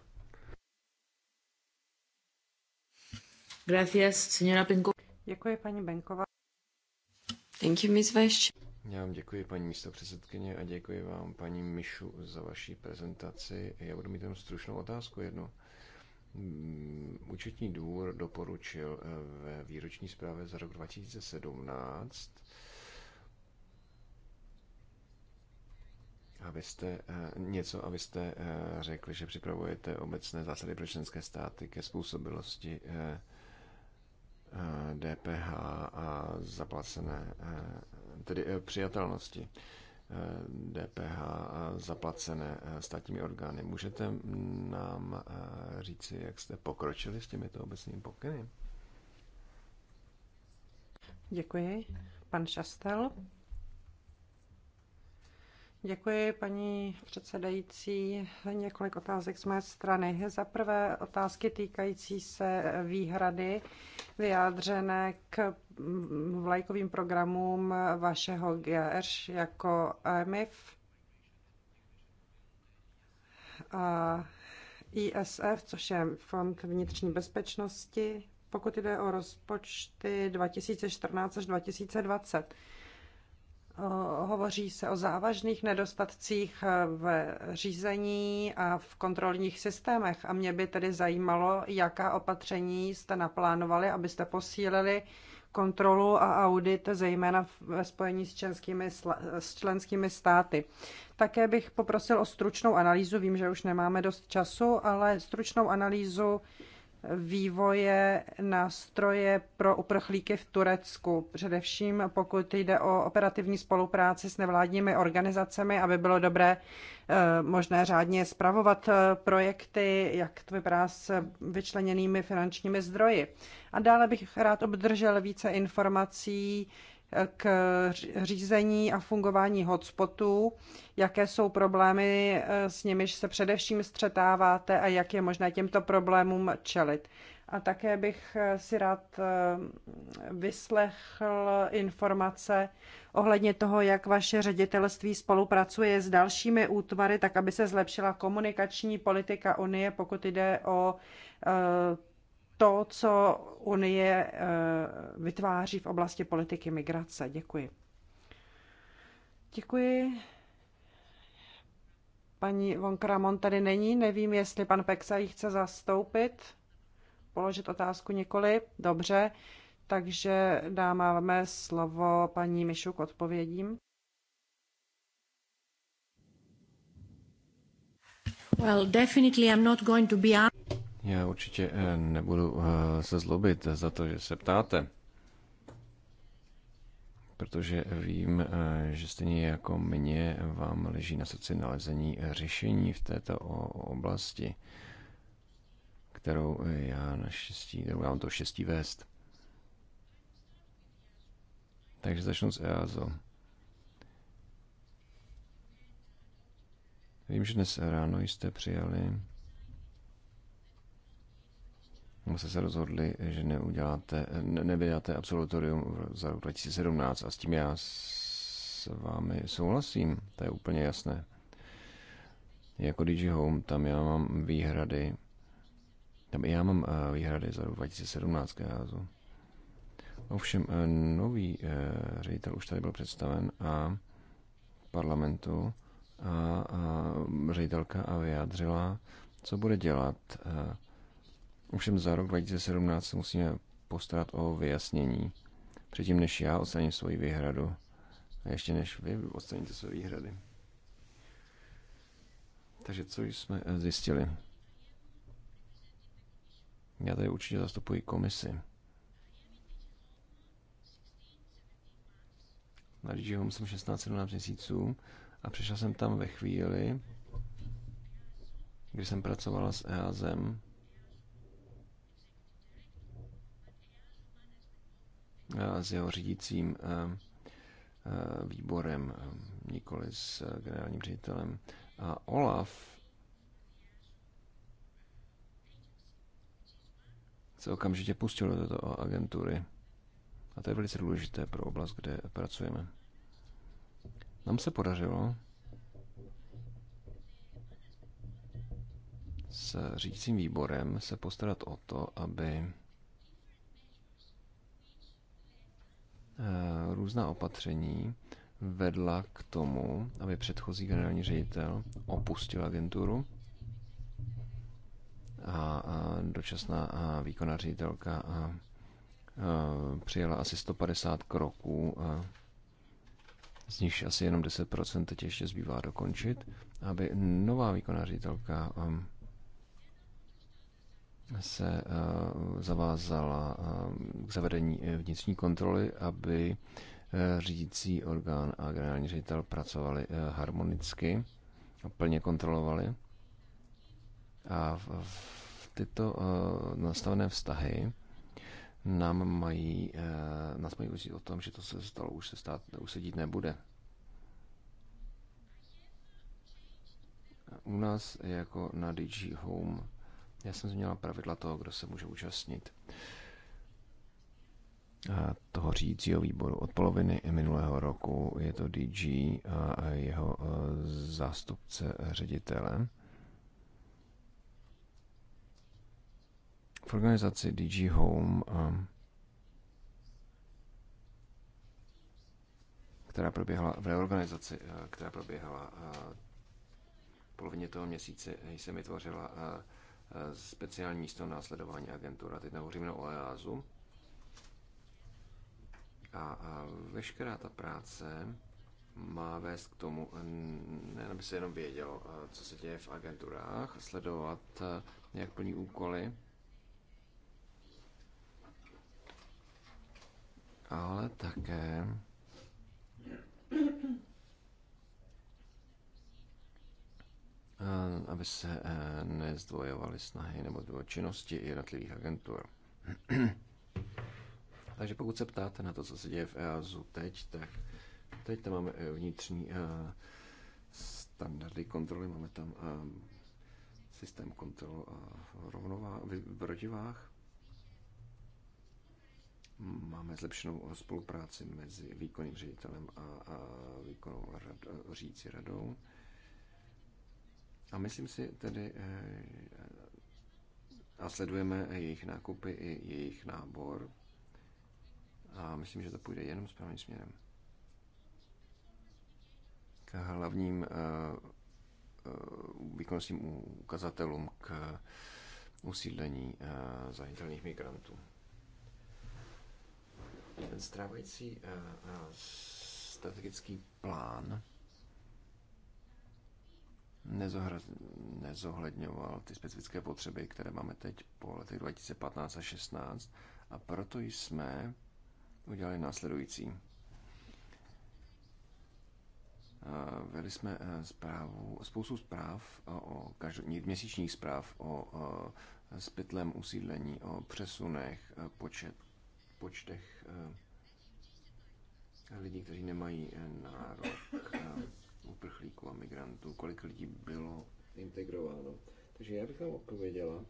Gracias, señora Penko. Děkuji, paní Benková. Thank you, Ms. Veš.
Já vám děkuji, paní předsedkyně, a děkuji vám, paní Mišu, za vaši prezentaci. Já budu mít jenom stručnou otázku jednu. Mm, účetní dvůr doporučil eh, ve výroční zprávě za rok 2017, abyste eh, něco, abyste eh, řekli, že připravujete obecné zásady pro členské státy ke způsobilosti DPH eh, a zaplacené, eh, tedy eh, přijatelnosti DPH a zaplacené státními orgány. Můžete nám říci, jak jste pokročili s těmito obecnými pokyny?
Děkuji. Pan Šastel. Děkuji, paní předsedající. Několik otázek z mé strany. Za prvé otázky týkající se výhrady vyjádřené k vlajkovým programům vašeho GRŠ jako e MIF a ISF, což je Fond vnitřní bezpečnosti, pokud jde o rozpočty 2014 až 2020. Eh, hovoří se o závažných nedostatcích eh, v řízení a v kontrolních systémech a mě by tedy zajímalo, jaká opatření jste naplánovali, abyste posílili kontrolu a audit, zejména ve spojení s, členskými, s členskými státy. Také bych poprosil o stručnou analýzu, vím, že už nemáme dost času, ale stručnou analýzu vývoje nástroje pro uprchlíky v Turecku, především pokud jde o operativní spolupráci s nevládními organizacemi, aby bylo dobré eh, možné řádně spravovat eh, projekty, jak to vypadá s vyčleněnými finančními zdroji. A dále bych rád obdržel více informací k řízení a fungování hotspotů, jaké jsou problémy, eh, s nimiž se především střetáváte a jak je možné těmto problémům čelit. A také bych eh, si rád eh, vyslechl informace ohledně toho, jak vaše ředitelství spolupracuje s dalšími útvary, tak aby se zlepšila komunikační politika Unie, pokud jde o to, co Unie eh, vytváří v oblasti politiky migrace. Děkuji. Děkuji. Paní von Kramon tady není, nevím, jestli pan Peksa ji chce zastoupit, položit otázku nikoli. Dobře, takže dáváme slovo paní Mišu k odpovědím.
Well, definitely I'm not going to be
já určitě eh, nebudu eh, se zlobit za to, že se ptáte, protože vím, eh, že stejně jako mě vám leží na srdci nalezení řešení v této oblasti, kterou já naštěstí, kterou já mám to štěstí vést. Takže začnu s EASO. Vím, že dnes ráno jste přijali jste se rozhodli, že neuděláte, ne, nevyděláte absolutorium za rok 2017 a s tím já s vámi souhlasím, to je úplně jasné. Jako DJ Home, tam já mám výhrady, tam já mám eh, výhrady za rok 2017 k EASu. Ovšem, eh, nový eh, ředitel už tady byl představen a parlamentu a, a hm, ředitelka a vyjádřila, co bude dělat Ovšem za rok 2017 se musíme postarat o vyjasnění. Předtím, než já odstraním svoji výhradu, a ještě než vy odstraníte své výhrady. Takže co jsme eh, zjistili? Já tady určitě zastupuji komisi. Na DG Home jsem 16-17 měsíců a přišel jsem tam ve chvíli, kdy jsem pracovala s EAZem, Eh, s jeho řídícím eh, eh, výborem, nikoli s generálním ředitelem. A Olaf se okamžitě pustil do této agentury. A to je velice důležité pro oblast, kde pracujeme. Nám se podařilo s řídícím výborem se postarat o to, aby Eh, různá opatření vedla k tomu, aby předchozí generální ředitel opustil agenturu a dočasná výkonná ředitelka přijela asi 150 kroků, z nichž asi jenom 10% teď ještě zbývá dokončit, aby nová výkonná ředitelka um, se eh, zavázala eh, k zavedení eh, vnitřní kontroly, aby řídící orgán a generální ředitel pracovali harmonicky a plně kontrolovali. A v tyto nastavené vztahy nám mají, nás mají učit o tom, že to se stalo, už se, stát, už se dít nebude. U nás jako na DG Home já jsem změnila pravidla toho, kdo se může účastnit toho řídícího výboru. Od poloviny minulého roku je to DG a jeho e, zástupce ředitele. V organizaci DG Home, která proběhla v reorganizaci, e, která proběhla e, v polovině toho měsíce, jsem vytvořila Eh, speciální místo následování agentura. Teď nehovoříme o EASu. A, a veškerá ta práce má vést k tomu, eh, ne aby se jenom vědělo, eh, co se děje v agenturách, sledovat, jak plní úkoly, ale také Eh, aby se eh, nezdvojovaly snahy nebo činnosti jednotlivých agentur. Takže pokud se ptáte na to, co se děje v EASu teď, tak teď tam máme eh, vnitřní standardy kontroly, máme tam systém kontrol v rodivách, máme zlepšenou spolupráci mezi výkonným ředitelem a, a výkonnou rad, řídící radou. A myslím si tedy, eh, a sledujeme jejich nákupy i jejich nábor. A myslím, že to půjde jenom správným směrem. K hlavním eh, eh, výkonnostním ukazatelům k usídlení zranitelných migrantů. Ten strávající strategický plán nezohledňoval ty specifické potřeby, které máme teď po letech 2015 a 16 a proto jsme udělali následující. Vedli jsme eh, zprávu, spoustu zpráv, eh, o každý, měsíčních zpráv o spytlém eh, usídlení, o přesunech, počet, počtech lidí, kteří nemají nárok uprchlíků a migrantů, kolik lidí bylo integrováno. Takže já bych vám odpověděla,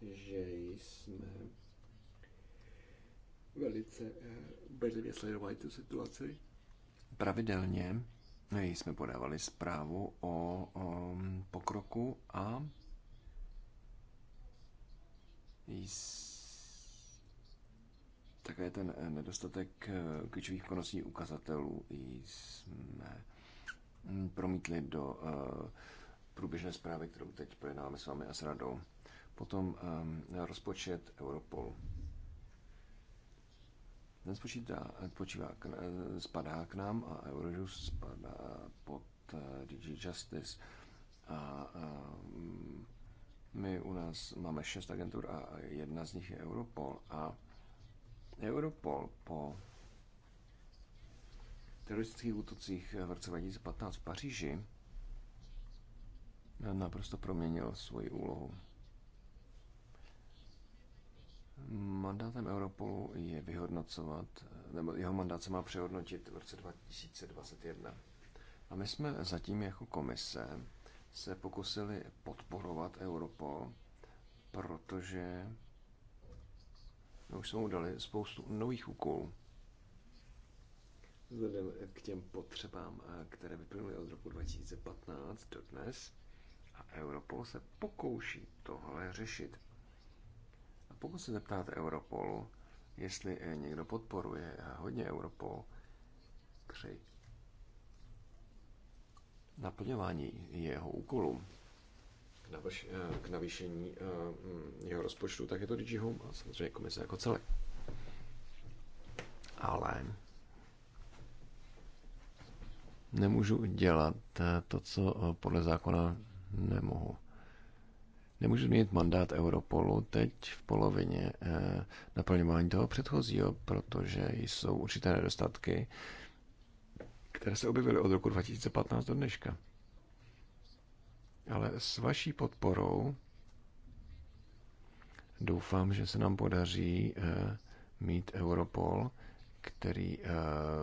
že jsme velice eh, bedlivě sledovali tu situaci. Pravidelně no, jsme podávali zprávu o, o mm, pokroku a také ten eh, nedostatek eh, klíčových konosí ukazatelů jsme Mm, promítli do eh, průběžné zprávy, kterou teď projednáme s vámi a s radou. Potom eh, rozpočet Europolu. Ten spočítá, eh, počívá, spadá k nám a Eurojust spadá pod DG Justice. A, a my u nás máme šest agentur a jedna z nich je Europol. A Europol po teroristických útocích v roce 2015 v Paříži naprosto proměnil svoji úlohu. Mandátem Europolu je vyhodnocovat, nebo jeho mandát se má přehodnotit v roce 2021. A my jsme zatím jako komise se pokusili podporovat Europol, protože už jsme mu dali spoustu nových úkolů vzhledem k těm potřebám, eh, které vyplynuly od roku 2015 do dnes. A Europol se pokouší tohle řešit. A pokud se zeptáte Europolu, jestli eh, někdo podporuje eh, hodně Europol při naplňování jeho úkolů k, navýšení mm, jeho rozpočtu, tak je to DG Home a samozřejmě komise jako celek. Ale Nemůžu dělat eh, to, co eh, podle zákona nemohu. Nemůžu změnit mandát Europolu teď v polovině eh, naplňování toho předchozího, protože jsou určité nedostatky, které se objevily od roku 2015 do dneška. Ale s vaší podporou doufám, že se nám podaří mít Europol, který eh,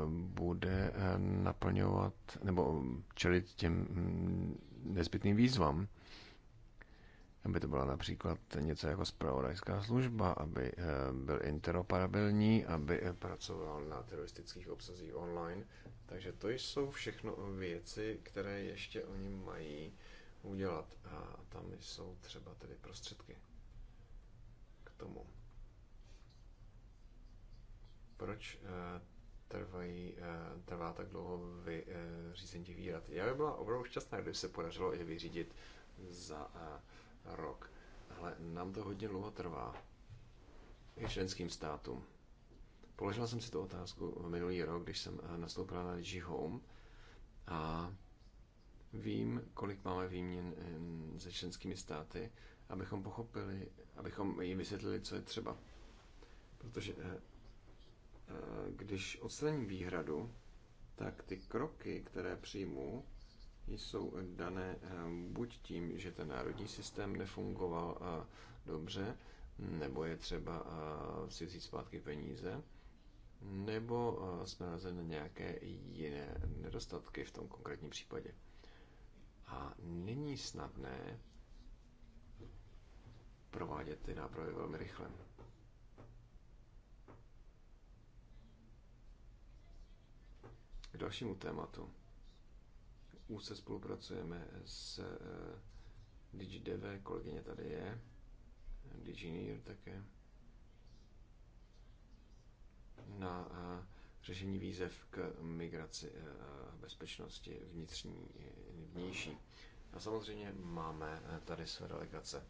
bude eh, naplňovat nebo čelit těm mm, nezbytným výzvám, aby to byla například něco jako spravodajská služba, aby eh, byl interoperabilní, aby pracoval na teroristických obsazích online. Takže to jsou všechno věci, které ještě oni mají udělat a tam jsou třeba tedy prostředky k tomu proč eh, trvají, eh, trvá tak dlouho eh, řízení těch výhrad. Já bych byla opravdu šťastná, kdyby se podařilo je vyřídit za rok. Ale nám to hodně dlouho trvá. I členským státům. Položila jsem si tu otázku minulý rok, když jsem nastoupila na DG Home a vím, kolik máme výměn se členskými státy, abychom pochopili, abychom jim vysvětlili, co je třeba. Protože Eh, když odstraním výhradu, tak ty kroky, které přijmu, jsou dané eh, buď tím, že ten národní systém nefungoval eh, dobře, nebo je třeba si vzít zpátky peníze, nebo jsme nalezli na nějaké jiné nedostatky v tom konkrétním případě. A není snadné provádět ty nápravy velmi rychle. K dalšímu tématu. Už se spolupracujeme s eh, DigiDev, kolegyně tady je, DigiNear také, na eh, řešení výzev k migraci eh, bezpečnosti vnitřní, vnější. A samozřejmě máme tady své delegace.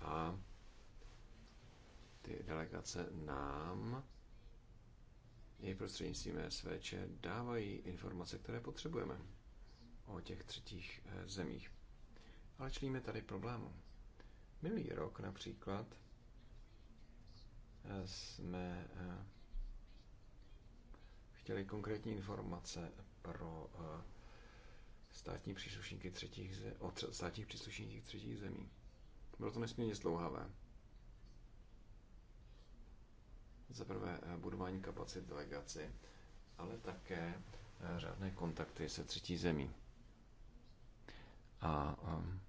A ty delegace nám i prostřednictvím SVČ dávají informace, které potřebujeme o těch třetích eh, zemích. Ale čelíme tady problému. Minulý rok například eh, jsme eh, chtěli konkrétní informace pro státní příslušníky třetích o státních třetích zemí. Bylo to nesmírně zdlouhavé. Za prvé eh, budování kapacit delegaci, ale také eh, řádné kontakty se třetí zemí. A, ehm,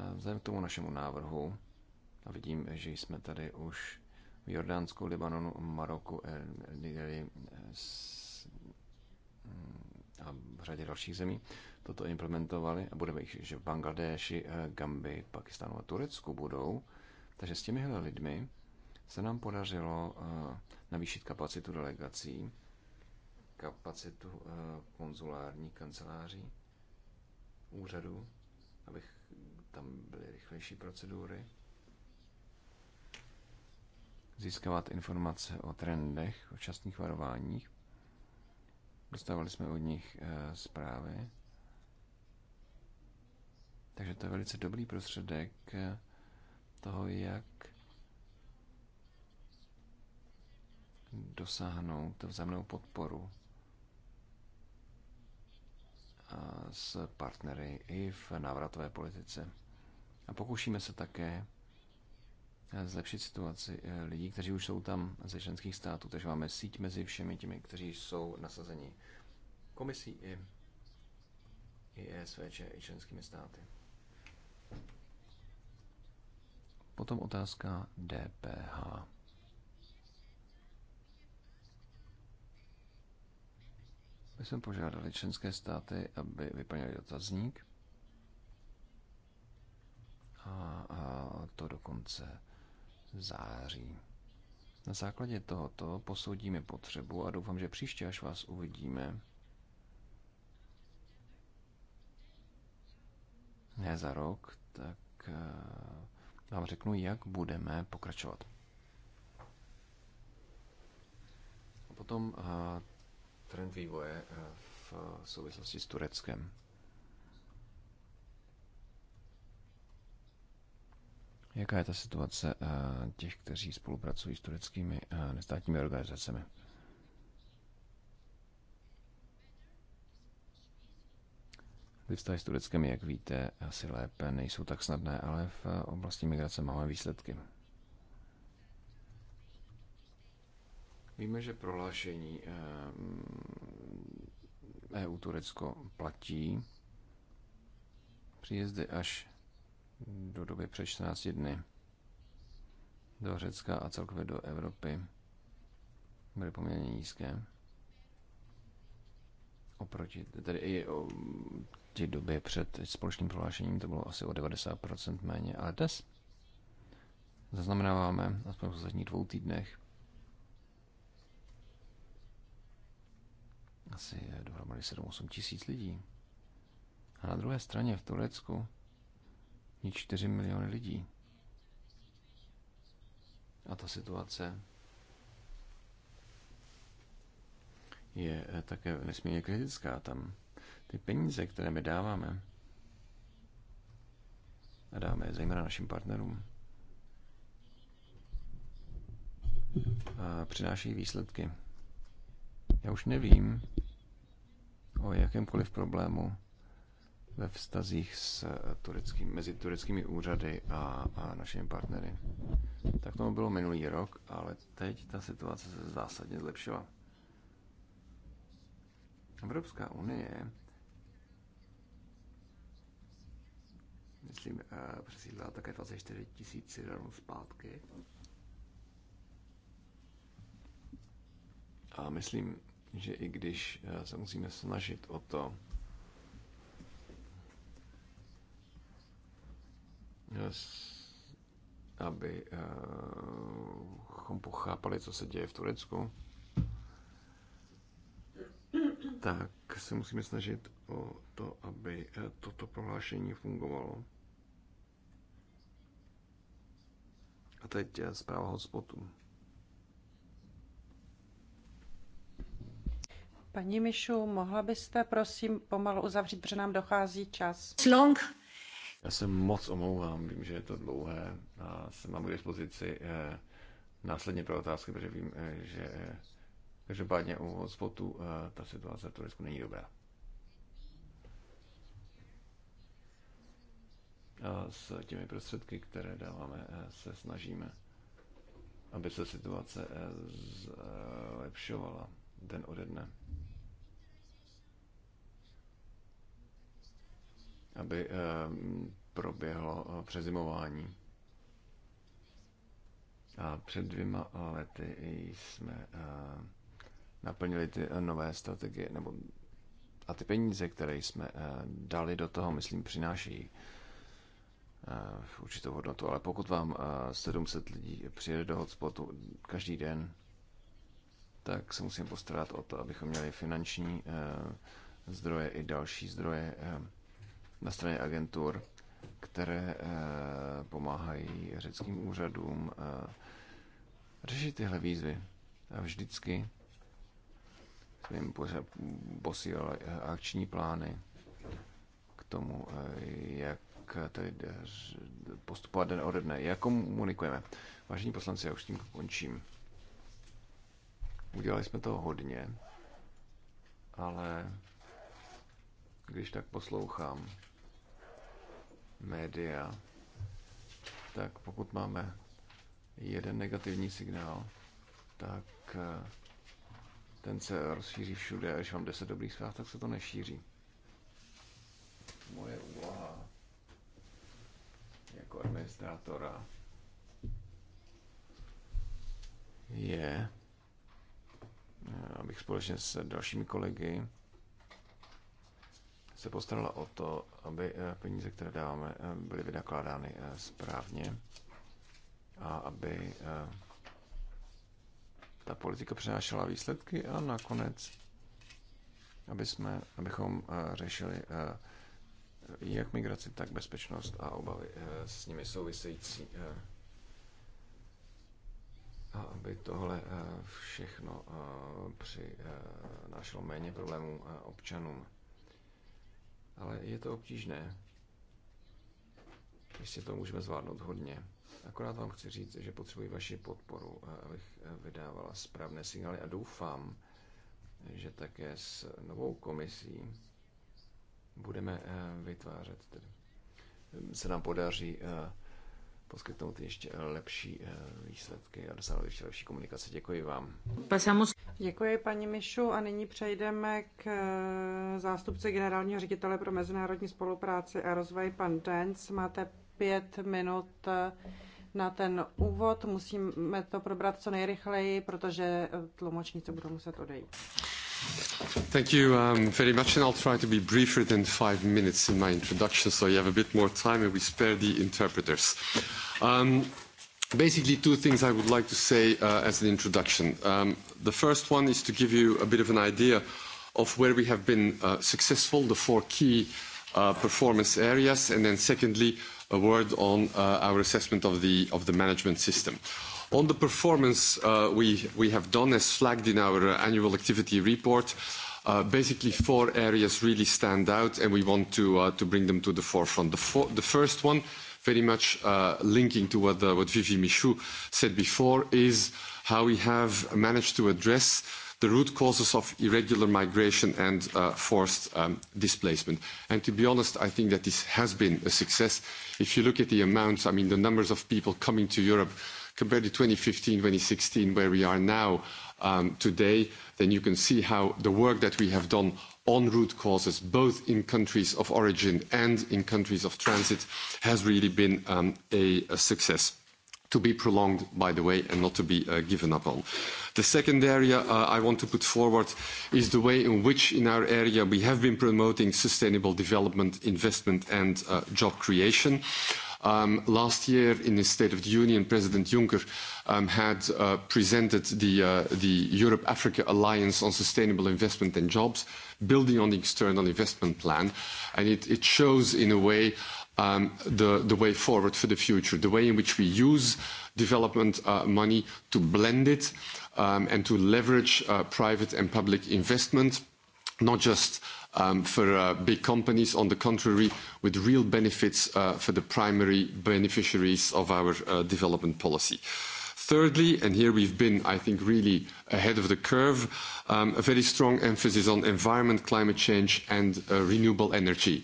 a vzhledem k tomu našemu návrhu, a vidím, že jsme tady už v Jordánsku, Libanonu, Maroku, eh, Nigerii mm, a v řadě dalších zemí toto implementovali a budeme jich, že v Bangladeši, Gambii, Pakistánu a Turecku budou. Takže s těmihle lidmi se nám podařilo eh, navýšit kapacitu delegací, kapacitu eh, konzulární kanceláří, úřadů, abych tam byly rychlejší procedury. Získávat informace o trendech, o časných varováních. Dostávali jsme od nich eh, zprávy. Takže to je velice dobrý prostředek toho, jak dosáhnout vzájemnou podporu s partnery i v návratové politice. A pokoušíme se také zlepšit situaci eh, lidí, kteří už jsou tam ze členských států. Takže máme síť mezi všemi těmi, kteří jsou nasazeni komisí i, i ESVČ, i členskými státy. Potom otázka DPH. My jsme požádali členské státy, aby vyplnili dotazník a, a to do konce září. Na základě tohoto posoudíme potřebu a doufám, že příště, až vás uvidíme, ne za rok, tak eh, vám řeknu, jak budeme pokračovat. A potom eh, trend vývoje eh, v souvislosti s Tureckem. Jaká je ta situace eh, těch, kteří spolupracují s tureckými eh, nestátními organizacemi? Ty vztahy s Tureckem, jak víte, asi lépe nejsou tak snadné, ale v oblasti migrace máme výsledky. Víme, že prohlášení EU eh, e Turecko platí příjezdy až do doby před 14 dny do Řecka a celkově do Evropy byly poměrně nízké. Oproti, tedy i o té době před společným prohlášením to bylo asi o 90% méně, ale dnes zaznamenáváme, aspoň v posledních dvou týdnech, asi dohromady 7-8 tisíc lidí. A na druhé straně v Turecku je 4 miliony lidí. A ta situace je eh, také nesmírně kritická tam. Ty peníze, které my dáváme, a dáme je zejména našim partnerům, a přináší výsledky. Já už nevím o jakémkoliv problému ve vztazích s eh, tureckým, mezi tureckými úřady a, a našimi partnery. Tak tomu bylo minulý rok, ale teď ta situace se zásadně zlepšila. Evropská unie, myslím, eh, přesídla také 24 tisíc Syřanů zpátky. A myslím, že i když eh, se musíme snažit o to, aby eh, pochápali, co se děje v Turecku, tak se musíme snažit o to, aby eh, toto prohlášení fungovalo. A teď zpráva hotspotu.
Paní Mišu, mohla byste prosím pomalu uzavřít, protože nám dochází čas. Long.
Já se moc omlouvám, vím, že je to dlouhé a se mám k dispozici eh, následně pro otázky, protože vím, eh, že eh, každopádně u hotspotu eh, ta situace v Turecku není dobrá. A s těmi prostředky, které dáváme, eh, se snažíme, aby se situace eh, zlepšovala den ode dne. Aby eh, proběhlo eh, přezimování. A před dvěma eh, lety jsme naplnili ty nové strategie, nebo a ty peníze, které jsme dali do toho, myslím, přináší v určitou hodnotu. Ale pokud vám 700 lidí přijede do hotspotu každý den, tak se musíme postarat o to, abychom měli finanční eh, zdroje i další zdroje eh, na straně agentur, které eh, pomáhají řeckým úřadům řešit tyhle výzvy. A vždycky jsme jim posílali akční plány k tomu, jak tedy postupovat den ode dne, jak komunikujeme. Vážení poslanci, já už tím končím. Udělali jsme toho hodně, ale když tak poslouchám média, tak pokud máme jeden negativní signál, tak eh, ten se rozšíří všude a když mám 10 dobrých zpráv, tak se to nešíří. Moje úloha jako administrátora je abych společně s dalšími kolegy se postarala o to, aby eh, peníze, které dáváme, eh, byly vynakládány eh, správně a aby ta politika přinášela výsledky a nakonec, aby jsme, abychom řešili jak migraci, tak bezpečnost a obavy s nimi související a aby tohle eh, všechno eh, přinášelo méně problémů eh, občanům. Ale je to obtížné. Ještě to můžeme zvládnout hodně. Akorát vám chci říct, že potřebuji vaši podporu, abych vydávala správné signály a doufám, že také s novou komisí budeme vytvářet tedy se nám podaří poskytnout ještě lepší eh, výsledky a dosáhnout ještě lepší komunikace. Děkuji vám.
Děkuji paní Mišu a nyní přejdeme k eh, zástupci generálního ředitele pro mezinárodní spolupráci a rozvoj pan Dance. Máte pět minut eh, na ten úvod. Musíme to probrat co nejrychleji, protože tlumočníci budou muset odejít.
Thank you um, very much, and I'll try to be briefer than five minutes in my introduction so you have a bit more time and we spare the interpreters. Um, basically, two things I would like to say uh, as an introduction. Um, the first one is to give you a bit of an idea of where we have been uh, successful, the four key uh, performance areas, and then secondly, a word on uh, our assessment of the, of the management system. On the performance uh, we, have done, as flagged in our annual activity report, uh, basically four areas really stand out, and we want to, uh, bring them to the forefront. The, first one, very much linking to what, what Vivi Michaud said before, is how we have managed to address the root causes of irregular migration and forced um, displacement. And To be honest, I think that this has been a success. If you look at the amounts, I mean, the numbers of people coming to Europe Compared to 2015, 2016, where we are now um, today, then you can see how the work that we have done on root causes, both in countries of origin and in countries of transit, has really been um, a, success to be prolonged, by the way, and not to be uh, given up on. The second area uh, I want to put forward is the way in which in our area we have been promoting sustainable development, investment and uh, job creation. Um, last year, in his State of the Union, President Juncker um, had uh, presented the, uh, the Europe-Africa Alliance on Sustainable Investment and Jobs, building on the external investment plan. And it, it shows, in a way, um, the, the way forward for the future, the way in which we use development uh, money to blend it um, and to leverage uh, private and public investment, not just Um, for uh, big companies. On the contrary, with real benefits uh, for the primary beneficiaries of our uh, development policy. Thirdly, and here we've been, I think, really ahead of the curve, um, a very strong emphasis on environment, climate change, and renewable energy.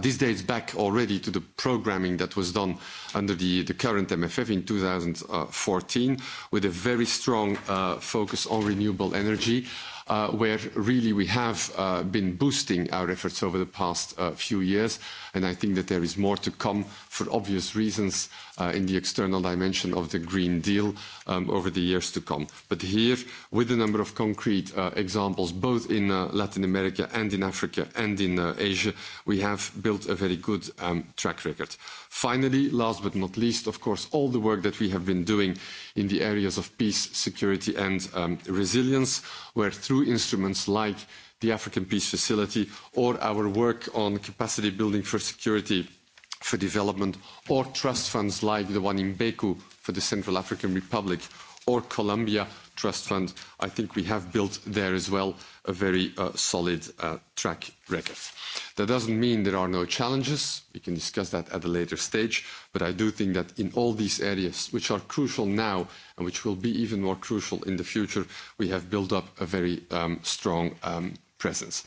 this dates back already to the programming that was done under the, current MFF in 2014, with a very strong focus on renewable energy. Uh, where really we have uh, been boosting our efforts over the past uh, few years. And I think that there is more to come for obvious reasons in the external dimension of the Green Deal um, over the years to come. But here, with a number of concrete examples, both in Latin America and in Africa and in Asia, we have built a very good um, track record. Finally, last but not least, of course, all the work that we have been doing in the areas of peace, security, and um, resilience, where through instruments like the African Peace Facility or our work on capacity building for security for development or trust funds like the one in Beku for the Central African Republic or Colombia Trust Fund, I think we have built there as well a very uh, solid uh, track record. That doesn't mean there are no challenges. We can discuss that at a later stage. But I do think that in all these areas, which are crucial now and which will be even more crucial in the future, we have built up a very um, strong um, presence.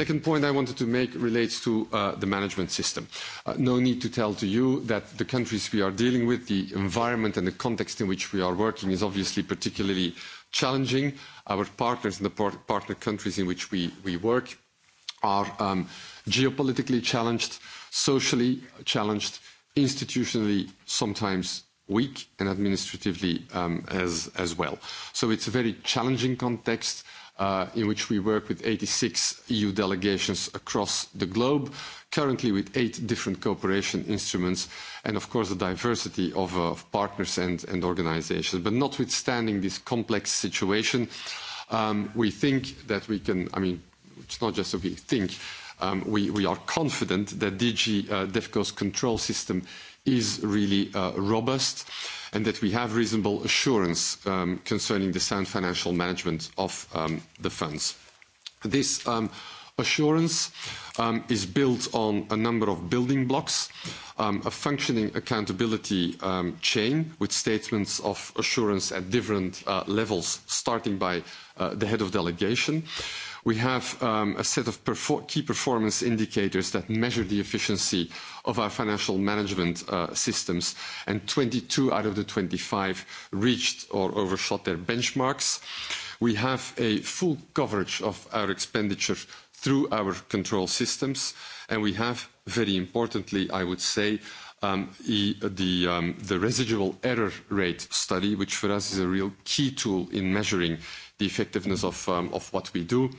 Second point I wanted to make relates to uh, the management system. Uh, no need to tell to you that the countries we are dealing with, the environment and the context in which we are working is obviously particularly challenging. Our partners and the partner countries in which we, we work are um, geopolitically challenged, socially challenged, institutionally sometimes weak, and administratively um, as, as well. So it's a very challenging context Uh, in which we work with 86 EU delegations across the globe, currently with eight different cooperation instruments, and of course a diversity of, uh, of partners and, and organizations. But notwithstanding this complex situation, um, we think that we can, I mean, it's not just that we think, um, we, we are confident that DG uh, DEFCO's control system is really uh, robust and that we have reasonable assurance um, concerning the sound financial management of um, the funds. This um, assurance is built on a number of building blocks, a functioning accountability chain with statements of assurance at different uh, levels, starting by uh, the head of delegation. We have um, a set of key performance indicators that measure the efficiency of our financial management uh, systems, and 22 out of the 25 reached or overshot their benchmarks. We have a full coverage of our expenditure through our control systems, and we have, very importantly, I would say, um, e, um, the, residual error rate study, which for us is a real key tool in measuring the effectiveness of what we do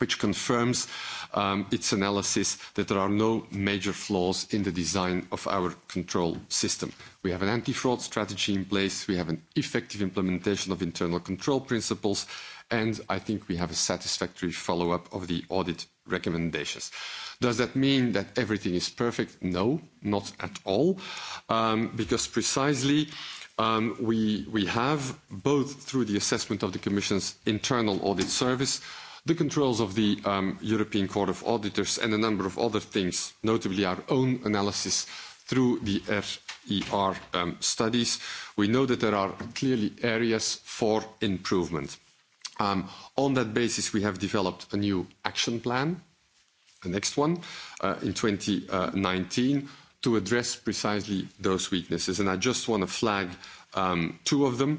which confirms um, its analysis that there are no major flaws in the design of our control system. We have an anti-fraud strategy in place, we have an effective implementation of internal control principles, and I think we have a satisfactory follow-up of the audit recommendations. Does that mean that everything is perfect? No, not at all, um, because precisely um, we, we have, both through the assessment of the Commission's internal audit service, the controls of the um, European Court of Auditors and a number of other things, notably our own analysis through the RER e um, studies, we know that there are clearly areas for improvement. Um, on that basis, we have developed a new action plan, the next one, uh, in 2019 to address precisely those weaknesses. And I just want to flag two of them.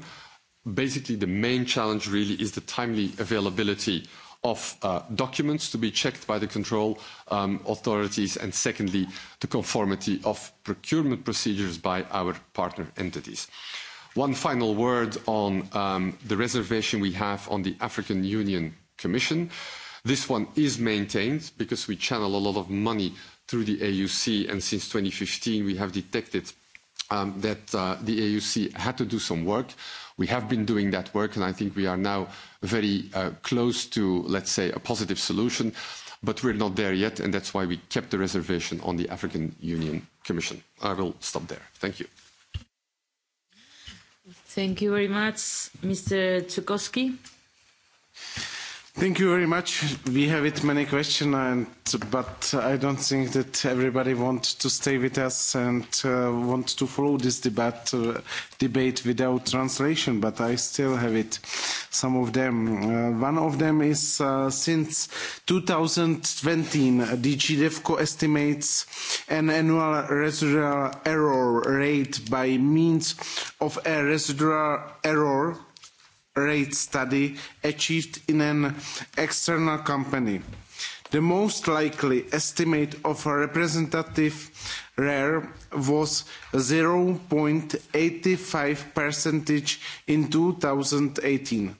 Basically, the main challenge really is the timely availability of uh, documents to be checked by the control um, authorities, and secondly, the conformity of procurement procedures by our partner entities. One final word on um, the reservation we have on the African Union Commission. This one is maintained because we channel a lot of money through the AUC, and since 2015, we have detected um, that uh, the AUC had to do some work We have been doing that work, and I think we are now very uh, close to, let's say, a positive solution, but we're not there yet, and that's why we kept the reservation on the African Union Commission. I will stop there. Thank you. Thank you very much, Mr. Tsukowski. Thank you very much. We have it
many questions, and but I don't think that everybody wants to stay with us and uh, want to follow this debate uh, debate without translation. But I still have it. Some of them. Uh, one of them is uh, since 2020, DG DevCo estimates an annual residual error rate by means of a residual error rate study achieved in an external company. The most likely estimate of a representative rare was 0.85 percentage in 2018.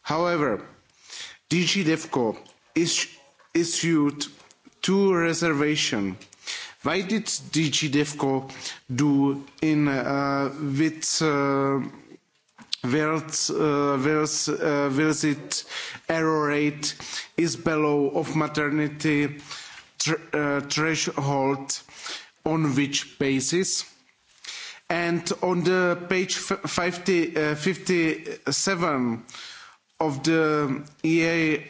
However, DG DevCo issued two reservations. Why did DG DevCo do in uh, with uh, Wirts, uh, uh, visit error rate is below of maternity tr uh, threshold on which basis? And on the page 50, uh, 57 of the EA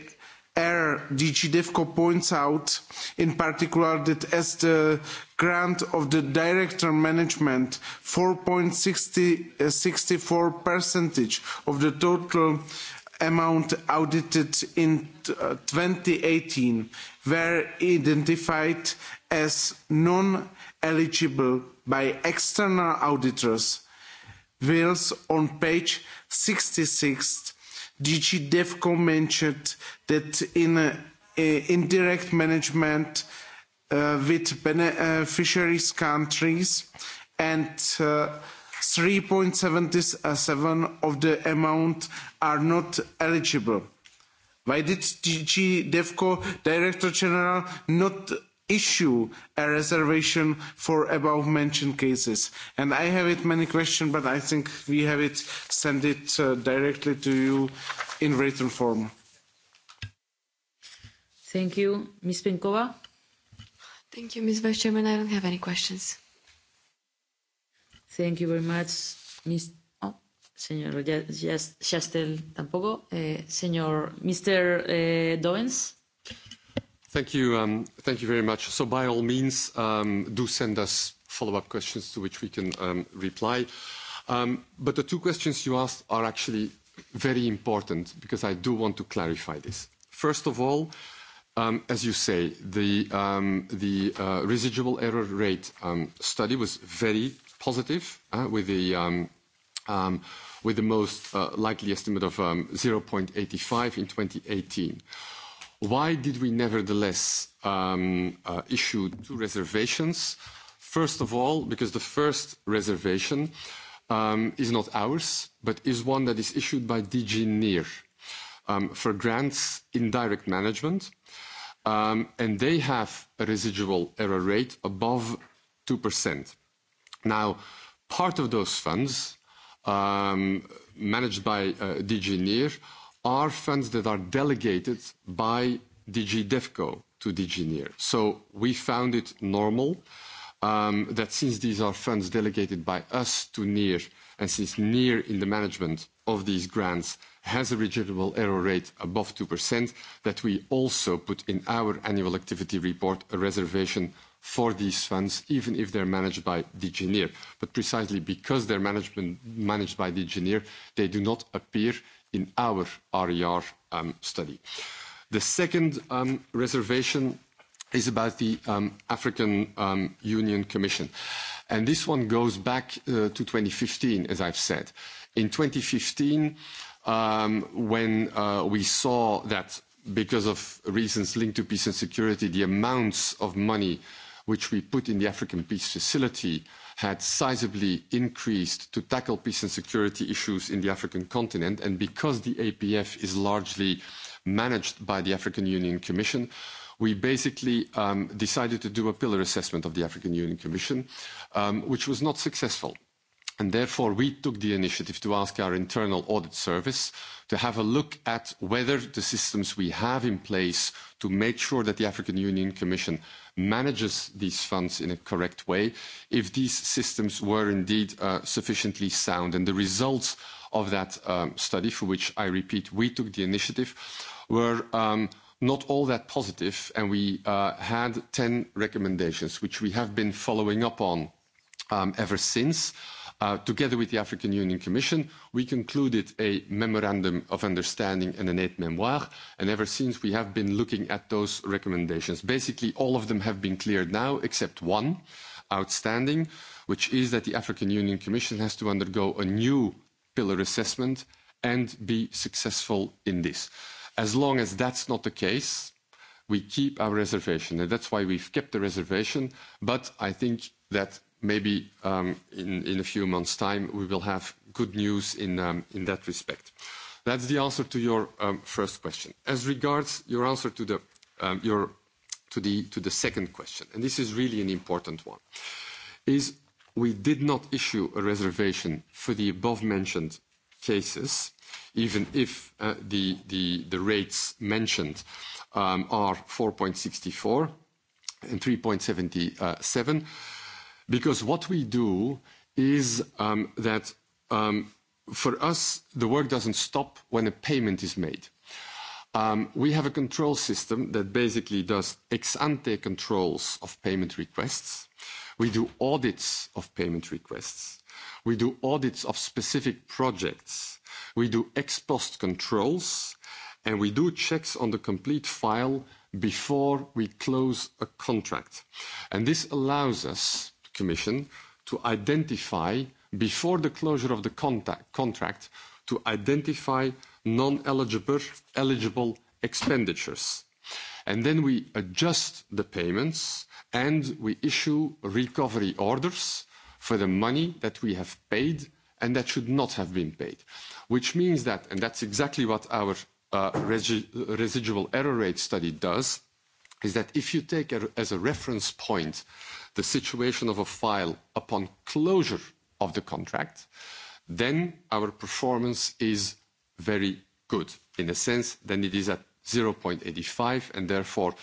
error DG devco points out, in particular, that as the grant of the director management, 4.64 percentage of the total amount audited in 2018 were identified as non-eligible by external auditors, whilst on page 66 DG Devco mentioned that in uh, indirect management uh, with beneficiaries countries and uh, 3.77 of the amount are not eligible. Why did DG Devco Director General not issue a reservation for above mentioned cases and i have it many questions but i think we have it send it uh, directly to you in written form
thank you ms pinkova
thank you ms vice chairman i don't have any questions
thank you very much ms oh, señor Chastel tampoco eh, uh, Senor, mr eh, uh, Doens Thank you. Um, thank you very much. So by all means, um, do send us follow-up questions to which we can um, reply. But the two questions you asked are actually very important because I do want to clarify this. First of all, as you say, the, uh, residual error rate study was very positive, uh, with the most uh, likely estimate of 0.85 in 2018. Why did we nevertheless um, uh, issue two reservations? First of all, because the first reservation um, is not ours, but is one that is issued by DG NIR um, for grants in direct management. and they have a residual error rate above 2%. Now, part of those funds managed by uh, DG NIR are funds that are delegated by DG DEFCO to DG NEAR. So we found it normal um, that since these are funds delegated by us to NEAR, and since NEAR in the management of these grants has a rejectable error rate above 2%, that we also put in our annual activity report a reservation for these funds, even if they're managed by DG NEAR. But precisely because they're managed by DG NEAR, they do not appear in our RER e um, study. The second um, reservation is about the um, African um, Union Commission. And this one goes back uh, to 2015, as I've said. In 2015, um, when uh, we saw that because of reasons linked to peace and security, the amounts of money which we put in the African Peace Facility had sizably increased to tackle peace and security issues in the African continent. And because the APF is largely managed by the African Union Commission, we basically um, decided to do a pillar assessment of the African Union Commission, um, which was not successful. And therefore, we took the initiative to ask our internal audit service to have a look at whether the systems we have in place to make sure that the African Union Commission manages these funds in a correct way, if these systems were indeed uh, sufficiently sound. the results of that um, study, for which I repeat, we took the initiative, were um, not all that positive, and we uh, had 10 recommendations, which we have been following up on um, ever since. Uh, together with the African Union Commission, we concluded a memorandum of understanding and an aide memoire. And ever since, we have been looking at those recommendations. Basically, all of them have been cleared now, except one outstanding, which is that the African Union Commission has to undergo a new pillar assessment and be successful in this. As long as that's not the case, we keep our reservation, and that's why we've kept the reservation. But I think that maybe um, in, in a few months' time, we will have good news in, um, in that respect. That's the answer to your um, first question. As regards your answer to the, um, your, to, the, to the second question, and this is really an important one, is we did not issue a reservation for the above-mentioned cases, even if uh, the, the rates mentioned um, are 4.64 and 3.77 Because what we do is um, that um, for us, the work doesn't stop when a payment is made. Um, we have a control system that basically does ex ante controls of payment requests. We do audits of payment requests. We do audits of specific projects. We do ex post controls. And we do checks on the complete file before we close a contract. And this allows us Commission to identify, before the closure of the contact, contract, to identify non-eligible eligible expenditures. And then we adjust the payments and we issue recovery orders for the money that we have paid and that should not have been paid. Which means that, and that's exactly what our uh, resi residual error rate study does, is that if you take a, as a reference point the situation of a file upon closure of the contract, then our performance is very good in a sense that it is at 0.85 and therefore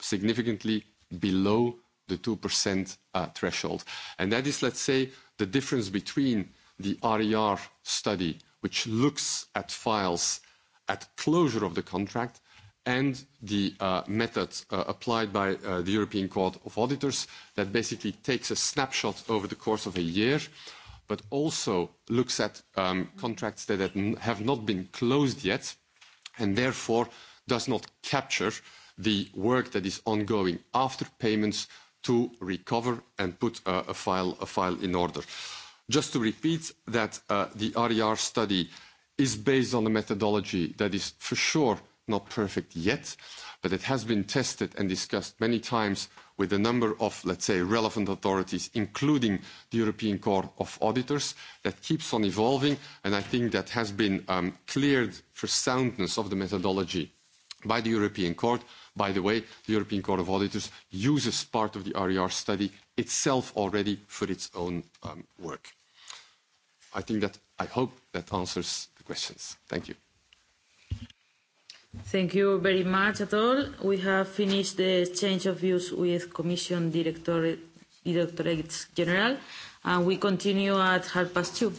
significantly below the 2% uh, threshold. And that is, let's say, the difference between the RER e study, which looks at files at closure of the contract, and the uh, method uh, applied by uh, the European Court of Auditors that basically takes a snapshot over the course of a year, but also looks at um, contracts that have not been closed yet, and therefore does not capture the work that is ongoing after payments to recover and put uh, a file, a file in order. Just to repeat that the RER e study is based on a methodology that is for sure not perfect yet, but it has been tested and discussed many times with a number of, let's say, relevant authorities, including the European Court of Auditors, that keeps on evolving, and I think that has been um, cleared for soundness of the methodology by the European Court. By the way, the European Court of Auditors uses part of the RER e study itself already for its own um, work. I think that I hope that answers the questions. Thank you. Thank you very much at all. We have finished the exchange of views with Commission Director, Directorate General, and we continue at half past two.